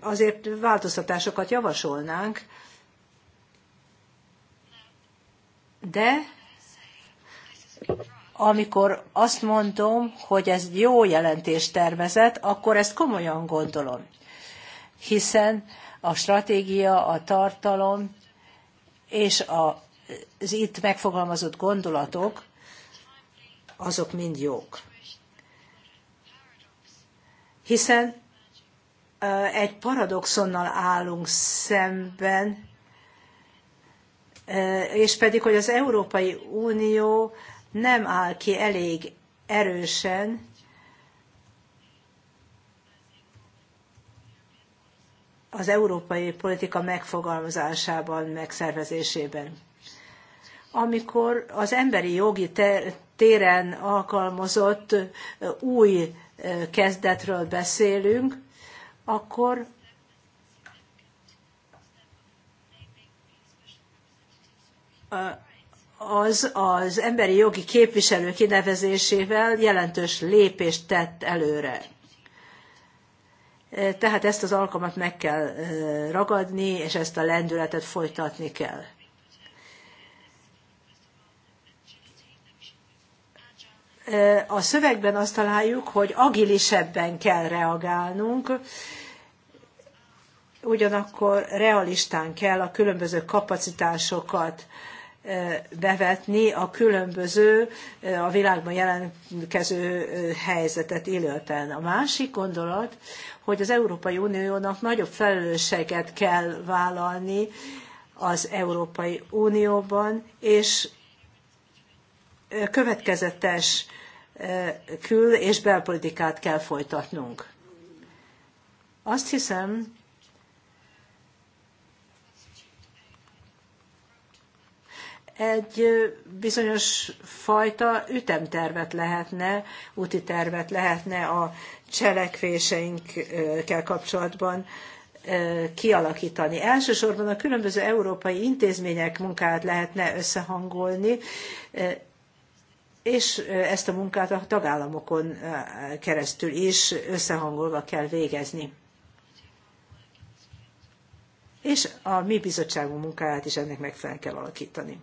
azért változtatásokat javasolnánk, de amikor azt mondom, hogy ez jó jelentéstervezet, akkor ezt komolyan gondolom. Hiszen a stratégia, a tartalom és az itt megfogalmazott gondolatok, azok mind jók. Hiszen egy paradoxonnal állunk szemben, és pedig, hogy az Európai Unió nem áll ki elég erősen az európai politika megfogalmazásában, megszervezésében. Amikor az emberi jogi téren alkalmazott új kezdetről beszélünk, akkor az az emberi jogi képviselő kinevezésével jelentős lépést tett előre. Tehát ezt az alkalmat meg kell ragadni, és ezt a lendületet folytatni kell. A szövegben azt találjuk, hogy agilisebben kell reagálnunk, ugyanakkor realistán kell a különböző kapacitásokat bevetni a különböző, a világban jelentkező helyzetet illetően. A másik gondolat, hogy az Európai Uniónak nagyobb felelősséget kell vállalni az Európai Unióban, és következetes kül- és belpolitikát kell folytatnunk. Azt hiszem, egy bizonyos fajta ütemtervet lehetne, úti tervet lehetne a cselekvéseinkkel kapcsolatban kialakítani. Elsősorban a különböző európai intézmények munkáját lehetne összehangolni, és ezt a munkát a tagállamokon keresztül is összehangolva kell végezni. És a mi bizottságunk munkáját is ennek megfelelően kell alakítani.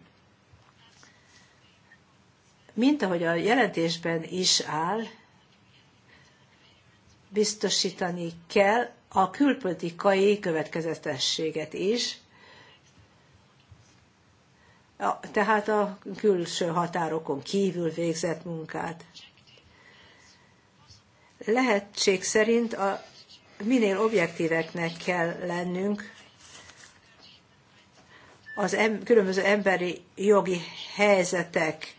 Mint ahogy a jelentésben is áll, biztosítani kell a külpolitikai következetességet is, tehát a külső határokon kívül végzett munkát. Lehetség szerint a, minél objektíveknek kell lennünk az em, különböző emberi jogi helyzetek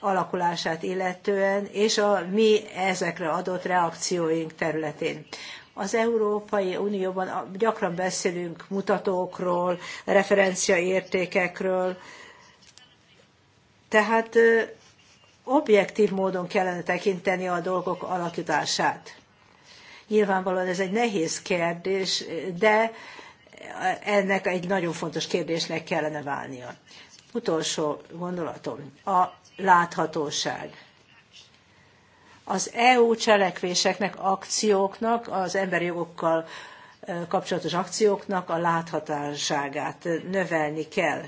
alakulását illetően, és a mi ezekre adott reakcióink területén. Az Európai Unióban gyakran beszélünk mutatókról, referenciaértékekről, tehát objektív módon kellene tekinteni a dolgok alakítását. Nyilvánvalóan ez egy nehéz kérdés, de ennek egy nagyon fontos kérdésnek kellene válnia utolsó gondolatom, a láthatóság. Az EU cselekvéseknek, akcióknak, az emberi jogokkal kapcsolatos akcióknak a láthatóságát növelni kell.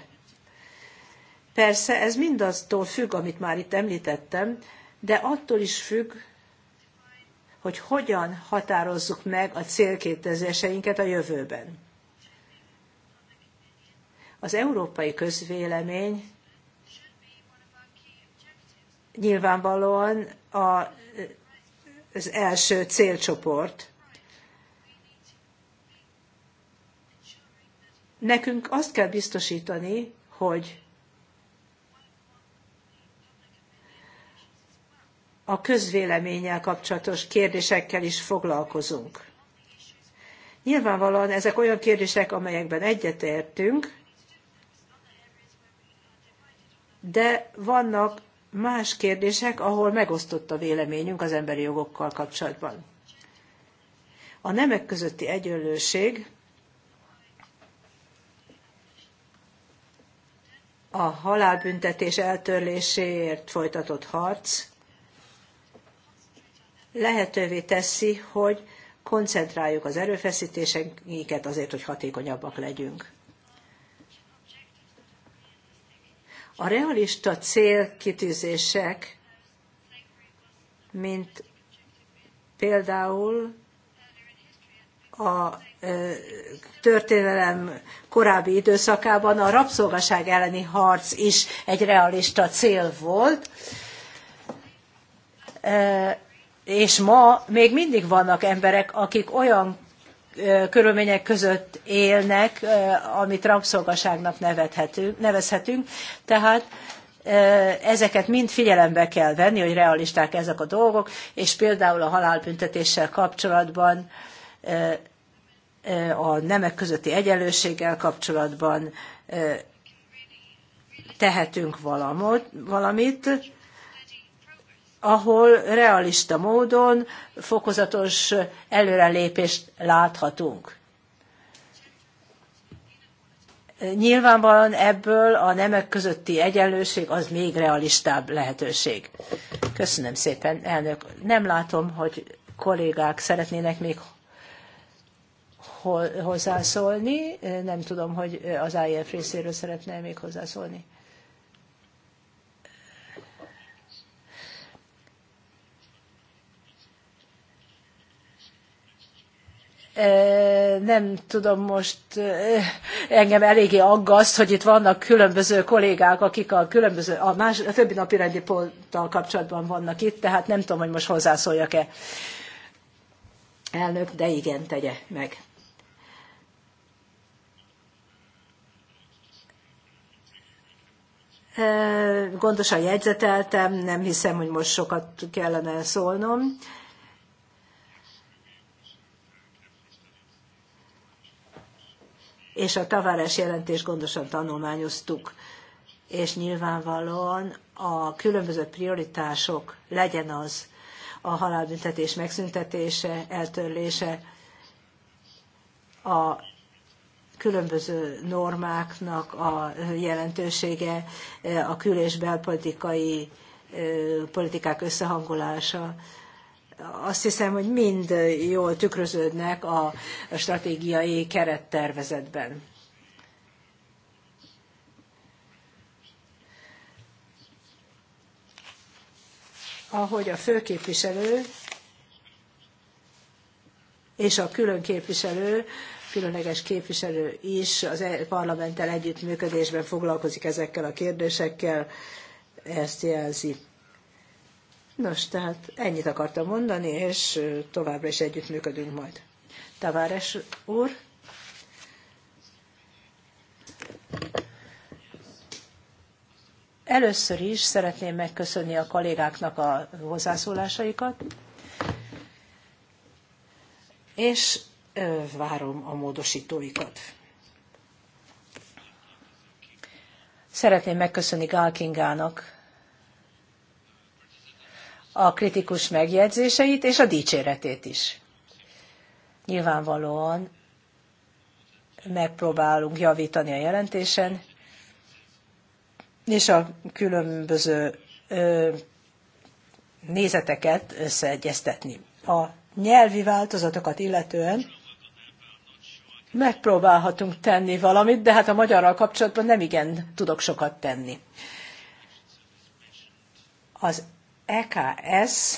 Persze ez mindaztól függ, amit már itt említettem, de attól is függ, hogy hogyan határozzuk meg a célkétezéseinket a jövőben. Az európai közvélemény nyilvánvalóan a, az első célcsoport. Nekünk azt kell biztosítani, hogy a közvéleménnyel kapcsolatos kérdésekkel is foglalkozunk. Nyilvánvalóan ezek olyan kérdések, amelyekben egyetértünk, de vannak más kérdések, ahol megosztott a véleményünk az emberi jogokkal kapcsolatban. A nemek közötti egyenlőség a halálbüntetés eltörléséért folytatott harc lehetővé teszi, hogy koncentráljuk az erőfeszítéseinket azért, hogy hatékonyabbak legyünk. A realista célkitűzések, mint például a történelem korábbi időszakában a rabszolgaság elleni harc is egy realista cél volt, és ma még mindig vannak emberek, akik olyan körülmények között élnek, amit rabszolgaságnak nevezhetünk. Tehát ezeket mind figyelembe kell venni, hogy realisták ezek a dolgok, és például a halálbüntetéssel kapcsolatban, a nemek közötti egyenlőséggel kapcsolatban tehetünk valamot, valamit, ahol realista módon fokozatos előrelépést láthatunk. Nyilvánvalóan ebből a nemek közötti egyenlőség az még realistább lehetőség. Köszönöm szépen, elnök. Nem látom, hogy kollégák szeretnének még hozzászólni. Nem tudom, hogy az IF részéről szeretne még hozzászólni. nem tudom most, engem eléggé aggaszt, hogy itt vannak különböző kollégák, akik a, különböző, a, más, a többi napi rendi ponttal kapcsolatban vannak itt, tehát nem tudom, hogy most hozzászóljak-e. Elnök, de igen, tegye meg. Gondosan jegyzeteltem, nem hiszem, hogy most sokat kellene szólnom és a tavárás jelentést gondosan tanulmányoztuk. És nyilvánvalóan a különböző prioritások legyen az a halálbüntetés megszüntetése, eltörlése, a különböző normáknak a jelentősége, a kül- és belpolitikai politikák összehangolása, azt hiszem, hogy mind jól tükröződnek a stratégiai kerettervezetben. Ahogy a főképviselő és a külön képviselő, különleges képviselő is az e- parlamenttel együttműködésben foglalkozik ezekkel a kérdésekkel, ezt jelzi. Nos, tehát ennyit akartam mondani, és továbbra is együttműködünk majd. Taváres úr. Először is szeretném megköszönni a kollégáknak a hozzászólásaikat, és várom a módosítóikat. Szeretném megköszönni Gálkingának, a kritikus megjegyzéseit és a dicséretét is. Nyilvánvalóan megpróbálunk javítani a jelentésen, és a különböző ö, nézeteket összeegyeztetni. A nyelvi változatokat illetően megpróbálhatunk tenni valamit, de hát a magyarral kapcsolatban nem igen tudok sokat tenni. Az EKS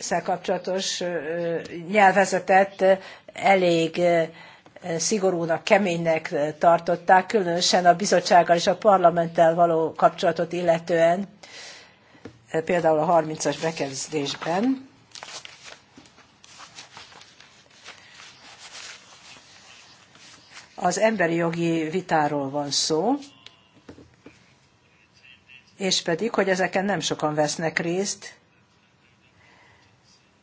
szel e, kapcsolatos e, nyelvezetet elég e, szigorúnak, keménynek tartották, különösen a bizottsággal és a parlamenttel való kapcsolatot illetően, például a 30-as bekezdésben. Az emberi jogi vitáról van szó, és pedig, hogy ezeken nem sokan vesznek részt,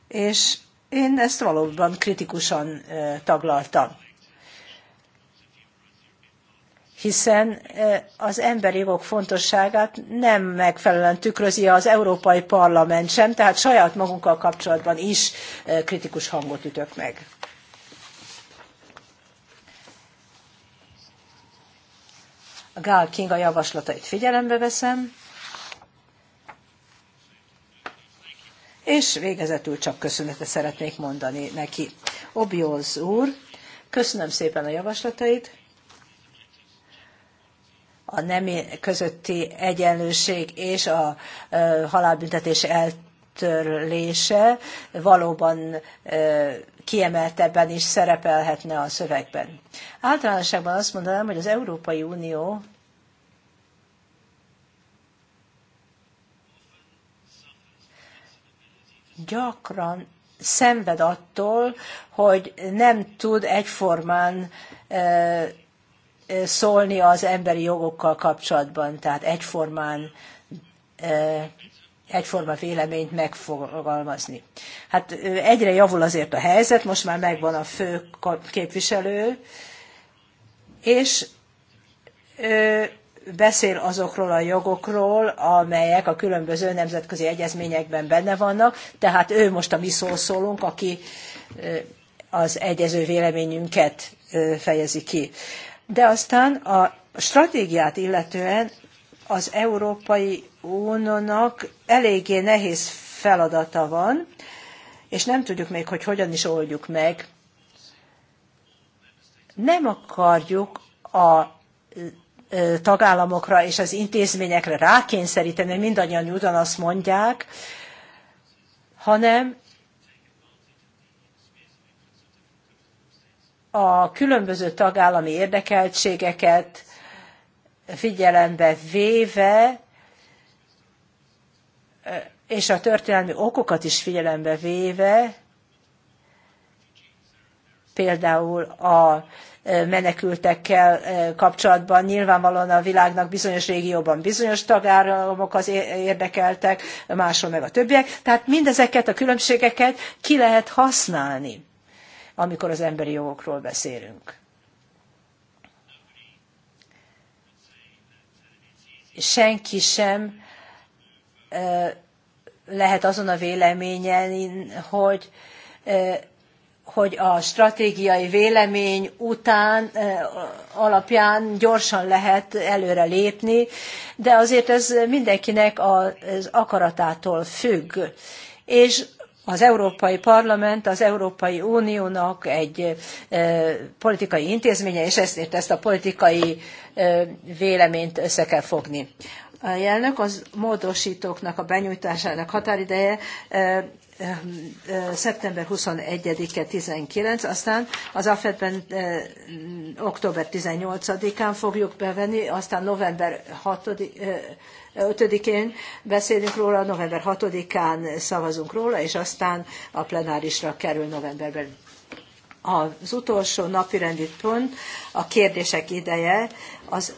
és én ezt valóban kritikusan taglaltam. Hiszen az emberi jogok fontosságát nem megfelelően tükrözi az Európai Parlament sem, tehát saját magunkkal kapcsolatban is kritikus hangot ütök meg. A Gál Kinga javaslatait figyelembe veszem és végezetül csak köszönetet szeretnék mondani neki. Obióz úr, köszönöm szépen a javaslatait, a nemi közötti egyenlőség és a halálbüntetés eltörlése valóban kiemeltebben is szerepelhetne a szövegben. Általánosságban azt mondanám, hogy az Európai Unió gyakran szenved attól, hogy nem tud egyformán szólni az emberi jogokkal kapcsolatban, tehát egyformán egyforma véleményt megfogalmazni. Hát egyre javul azért a helyzet, most már megvan a fő képviselő, és beszél azokról a jogokról, amelyek a különböző nemzetközi egyezményekben benne vannak, tehát ő most a mi szószólunk, aki az egyező véleményünket fejezi ki. De aztán a stratégiát illetően az Európai Uniónak eléggé nehéz feladata van, és nem tudjuk még, hogy hogyan is oldjuk meg. Nem akarjuk a tagállamokra és az intézményekre rákényszeríteni, hogy mindannyian ugyanazt mondják, hanem a különböző tagállami érdekeltségeket figyelembe véve, és a történelmi okokat is figyelembe véve, például a menekültekkel kapcsolatban. Nyilvánvalóan a világnak bizonyos régióban bizonyos tagállamok az érdekeltek, máshol meg a többiek. Tehát mindezeket a különbségeket ki lehet használni, amikor az emberi jogokról beszélünk. Senki sem lehet azon a véleményen, hogy hogy a stratégiai vélemény után eh, alapján gyorsan lehet előre lépni, de azért ez mindenkinek az akaratától függ. És az Európai Parlament az Európai Uniónak egy eh, politikai intézménye, és ezért ezt a politikai eh, véleményt össze kell fogni. A jelnök az módosítóknak a benyújtásának határideje Ehm, szeptember 21-e 19, aztán az AFED-ben október 18-án fogjuk bevenni, aztán november 5-én beszélünk róla, november 6-án szavazunk róla, és aztán a plenárisra kerül novemberben. Az utolsó napirendi pont, a kérdések ideje, az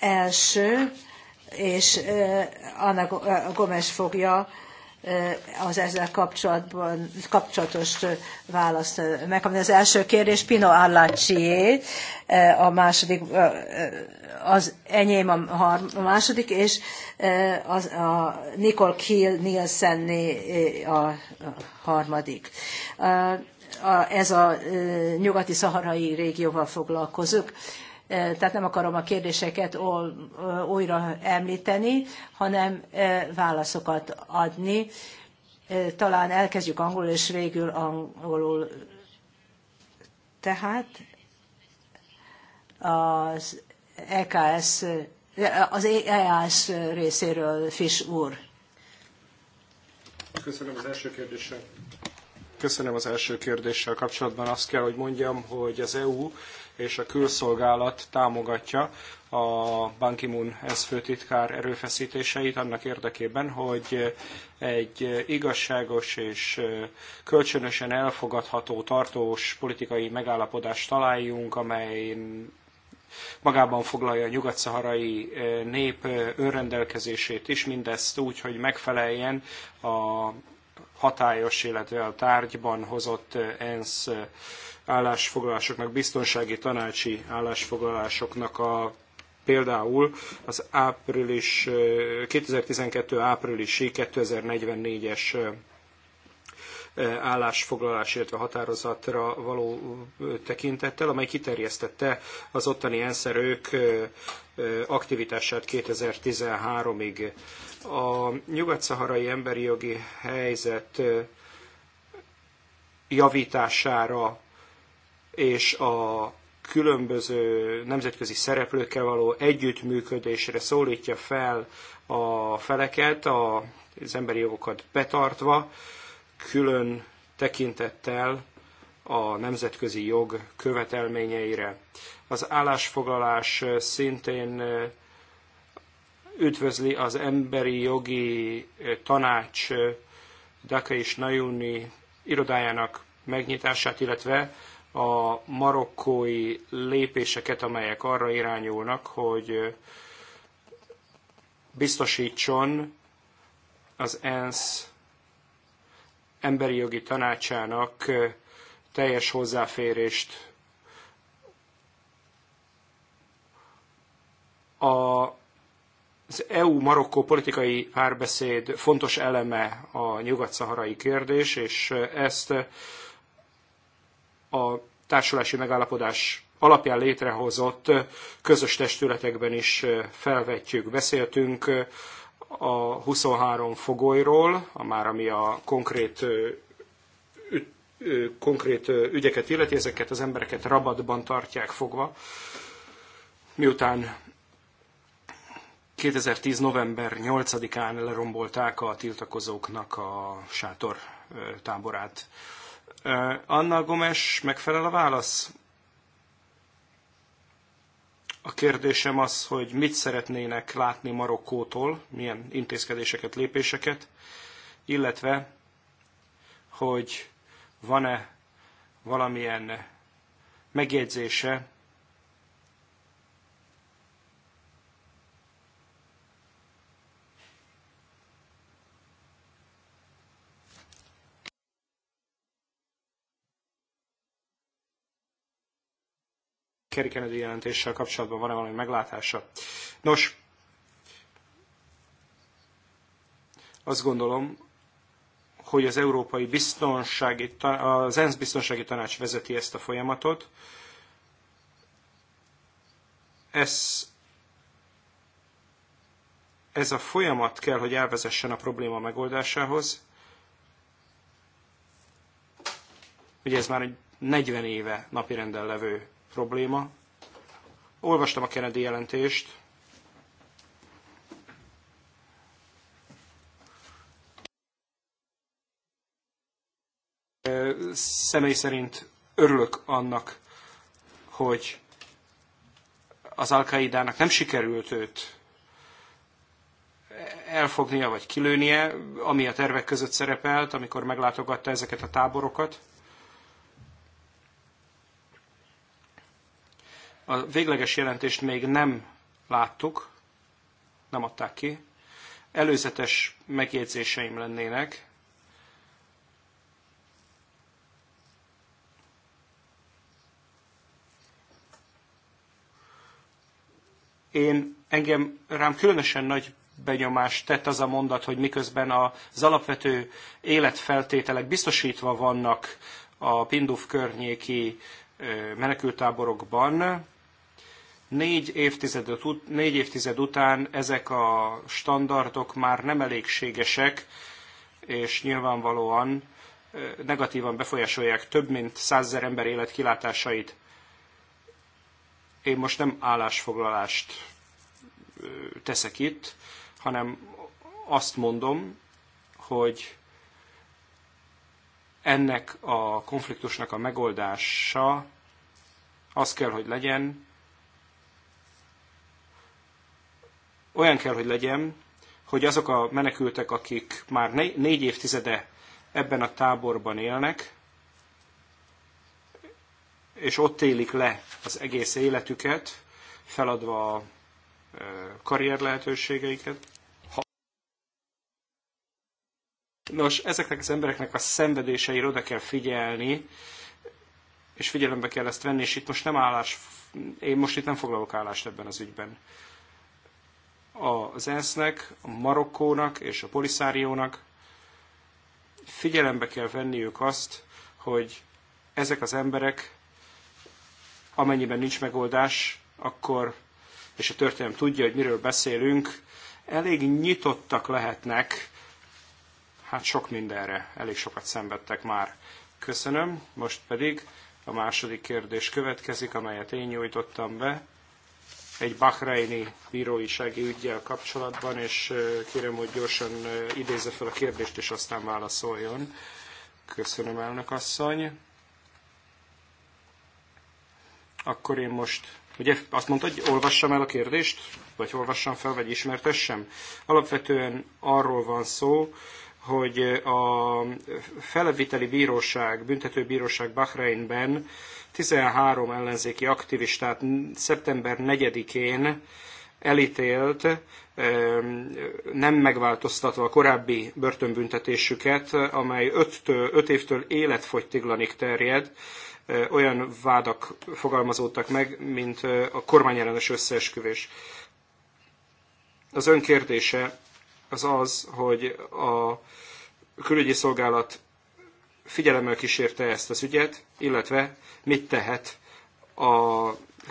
első, és Anna Gomes fogja Eh, az ezzel kapcsolatban, kapcsolatos eh, választ eh, megkapni. Az első kérdés Pino Arlacsié, a második, az enyém a, a második, és az, a Nicole Kiel Nielsen a harmadik. Ez a nyugati szaharai régióval foglalkozunk Eh, tehát nem akarom a kérdéseket újra említeni, hanem eh, válaszokat adni. Eh, talán elkezdjük angolul, és végül angolul. Tehát az EKS, az EAS részéről Fish úr. Köszönöm az első kérdéssel. Köszönöm az első kérdéssel kapcsolatban. Azt kell, hogy mondjam, hogy az EU és a külszolgálat támogatja a Ban Ki-moon ENSZ főtitkár erőfeszítéseit annak érdekében, hogy egy igazságos és kölcsönösen elfogadható, tartós politikai megállapodást találjunk, amely magában foglalja a nyugat-szaharai nép önrendelkezését is, mindezt úgy, hogy megfeleljen a hatályos, illetve a tárgyban hozott ENSZ állásfoglalásoknak, biztonsági tanácsi állásfoglalásoknak a például az április, 2012 áprilisi 2044-es állásfoglalás, illetve határozatra való tekintettel, amely kiterjesztette az ottani enszerők aktivitását 2013-ig. A nyugat-szaharai emberi jogi helyzet javítására és a különböző nemzetközi szereplőkkel való együttműködésre szólítja fel a feleket, a, az emberi jogokat betartva, külön tekintettel a nemzetközi jog követelményeire. Az állásfoglalás szintén eh, üdvözli az emberi jogi eh, tanács eh, Daka és nayuni irodájának megnyitását, illetve a marokkói lépéseket, amelyek arra irányulnak, hogy biztosítson az ENSZ emberi jogi tanácsának teljes hozzáférést a az EU-Marokkó politikai párbeszéd fontos eleme a nyugat-szaharai kérdés, és ezt a társulási megállapodás alapján létrehozott közös testületekben is felvetjük. Beszéltünk a 23 fogolyról, a már ami a konkrét konkrét ügyeket illeti, ezeket az embereket rabatban tartják fogva. Miután 2010. november 8-án lerombolták a tiltakozóknak a sátor táborát. Eh, Anna Gomes megfelel a válasz? A kérdésem az, hogy mit szeretnének látni Marokkótól, milyen intézkedéseket, lépéseket, illetve, hogy van-e valamilyen megjegyzése Kerry Kennedy jelentéssel kapcsolatban van-e valami meglátása? Nos, azt gondolom, hogy az Európai Biztonsági, az ENSZ Biztonsági Tanács vezeti ezt a folyamatot. Ez, ez a folyamat kell, hogy elvezessen a probléma megoldásához. Ugye ez már egy 40 éve napirenden levő probléma. Olvastam a Kennedy jelentést. Személy szerint örülök annak, hogy az al nem sikerült őt elfognia vagy kilőnie, ami a tervek között szerepelt, amikor meglátogatta ezeket a táborokat. A végleges jelentést még nem láttuk, nem adták ki. Előzetes megjegyzéseim lennének. Én engem rám különösen nagy benyomást tett az a mondat, hogy miközben az alapvető életfeltételek biztosítva vannak a Pinduf környéki menekültáborokban, Négy, évtized, négy évtized után ezek a standardok már nem elégségesek, és nyilvánvalóan negatívan befolyásolják több mint százezer ember élet kilátásait. Én most nem állásfoglalást teszek itt, hanem azt mondom, hogy ennek a konfliktusnak a megoldása az kell, hogy legyen, olyan kell, hogy legyen, hogy azok a menekültek, akik már négy évtizede ebben a táborban élnek, és ott élik le az egész életüket, feladva a karrier lehetőségeiket. Nos, ezeknek az embereknek a szenvedéseire oda kell figyelni, és figyelembe kell ezt venni, és itt most nem állás, én most itt nem foglalok állást ebben az ügyben az ENSZ-nek, a Marokkónak és a Poliszáriónak figyelembe kell venniük azt, hogy ezek az emberek, amennyiben nincs megoldás, akkor, és a történelem tudja, hogy miről beszélünk, elég nyitottak lehetnek, hát sok mindenre, elég sokat szenvedtek már. Köszönöm, most pedig a második kérdés következik, amelyet én nyújtottam be egy bahreini bírósági ügyjel kapcsolatban, és kérem, hogy gyorsan idézze fel a kérdést, és aztán válaszoljon. Köszönöm, elnök asszony. Akkor én most, ugye azt mondta, hogy olvassam el a kérdést, vagy olvassam fel, vagy ismertessem. Alapvetően arról van szó, hogy a feleviteli bíróság, büntetőbíróság Bahreinben 13 ellenzéki aktivistát szeptember 4-én elítélt, nem megváltoztatva a korábbi börtönbüntetésüket, amely 5 évtől életfogytiglanig terjed, olyan vádak fogalmazódtak meg, mint a kormányellenes összeesküvés. Az önkérdése az az, hogy a külügyi szolgálat figyelemmel kísérte ezt az ügyet, illetve mit tehet a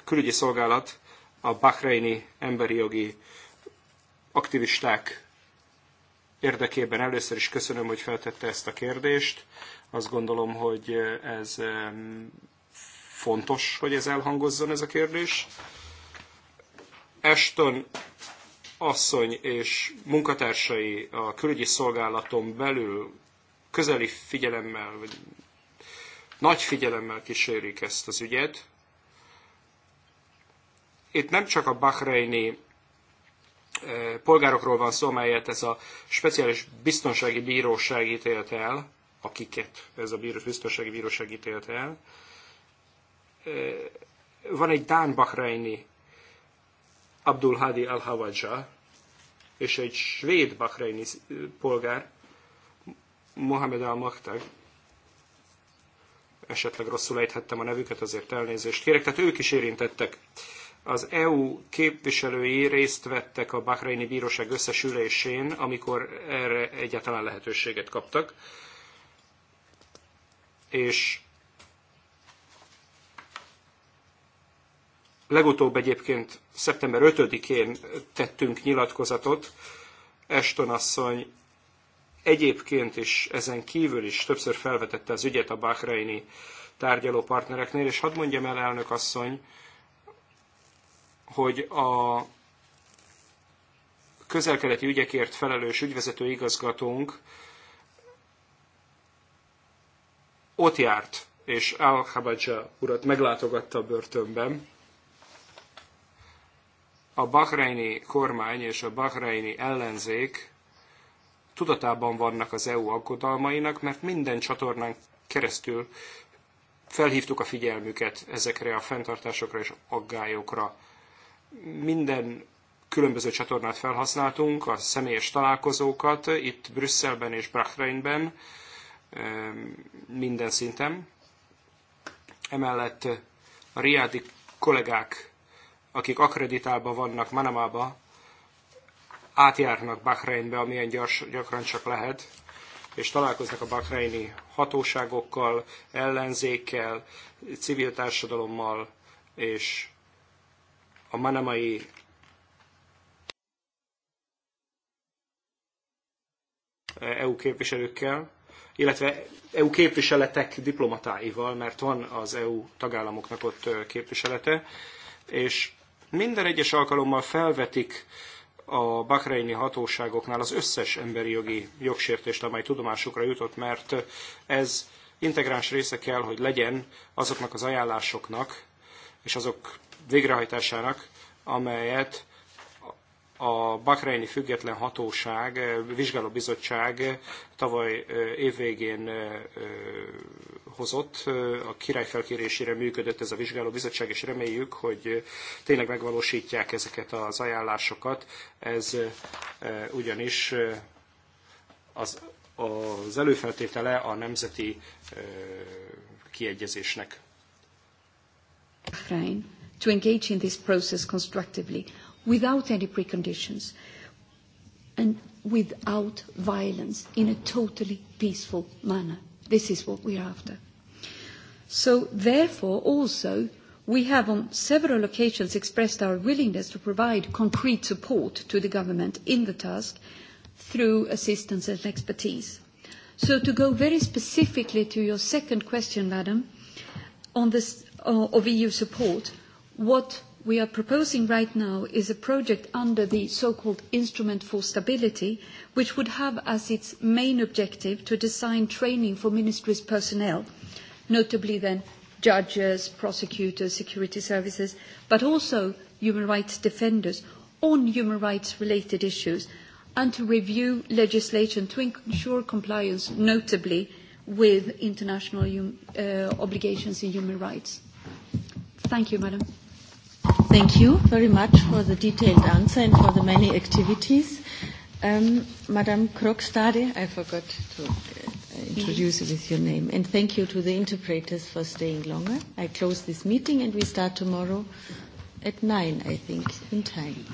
külügyi szolgálat a bahreini emberi jogi aktivisták érdekében. Először is köszönöm, hogy feltette ezt a kérdést. Azt gondolom, hogy ez fontos, hogy ez elhangozzon ez a kérdés. Ashton asszony és munkatársai a külügyi szolgálaton belül közeli figyelemmel, vagy nagy figyelemmel kísérik ezt az ügyet. Itt nem csak a bahreini eh, polgárokról van szó, melyet ez a speciális biztonsági bíróság ítélt el, akiket ez a bírós, biztonsági bíróság ítélt el. Eh, van egy Dán Bahreini Abdul Hadi al és egy svéd Bahreini eh, polgár, Mohamed Al-Maktag, esetleg rosszul ejthettem a nevüket, azért elnézést kérek, tehát ők is érintettek. Az EU képviselői részt vettek a Bahreini Bíróság összesülésén, amikor erre egyáltalán lehetőséget kaptak. És legutóbb egyébként szeptember 5-én tettünk nyilatkozatot, Eston asszony egyébként is ezen kívül is többször felvetette az ügyet a Bahreini tárgyaló partnereknél, és hadd mondjam el, elnök asszony, hogy a közelkeleti ügyekért felelős ügyvezető igazgatónk ott járt, és al Habadja urat meglátogatta a börtönben. A bahreini kormány és a bahreini ellenzék tudatában vannak az EU aggodalmainak, mert minden csatornán keresztül felhívtuk a figyelmüket ezekre a fenntartásokra és aggályokra. Minden különböző csatornát felhasználtunk, a személyes találkozókat itt Brüsszelben és Brachreinben, minden szinten. Emellett a riádi kollégák, akik akreditálva vannak Manamába, átjárnak Bahreinbe, amilyen gyors, gyakran csak lehet, és találkoznak a bahreini hatóságokkal, ellenzékkel, civil társadalommal, és a manamai EU képviselőkkel, illetve EU képviseletek diplomatáival, mert van az EU tagállamoknak ott képviselete, és minden egyes alkalommal felvetik a bahreini hatóságoknál az összes emberi jogi jogsértést, amely tudomásukra jutott, mert ez integráns része kell, hogy legyen azoknak az ajánlásoknak és azok végrehajtásának, amelyet a Bakreini Független Hatóság, eh, Vizsgálóbizottság eh, tavaly eh, évvégén hozott, a király felkérésére működött ez a vizsgálóbizottság, és reméljük, hogy tényleg megvalósítják ezeket az ajánlásokat. Ez ugyanis az, az előfeltétele a nemzeti kiegyezésnek. Bahrain to engage in this process constructively without any preconditions and without violence in a totally peaceful manner. This is what we are after. So therefore also we have on several occasions expressed our willingness to provide concrete support to the government in the task through assistance and expertise. So to go very specifically to your second question, madam, on this uh, of EU support, what we are proposing right now is a project under the so-called Instrument for Stability, which would have as its main objective to design training for ministries' personnel, notably then judges, prosecutors, security services, but also human rights defenders on human rights-related issues, and to review legislation to ensure compliance, notably with international uh, obligations in human rights. Thank you, Madam. Thank you very much for the detailed answer and for the many activities. Um, Madame Krogstade, I forgot to uh, introduce you with your name. And thank you to the interpreters for staying longer. I close this meeting and we start tomorrow at 9, I think, in time.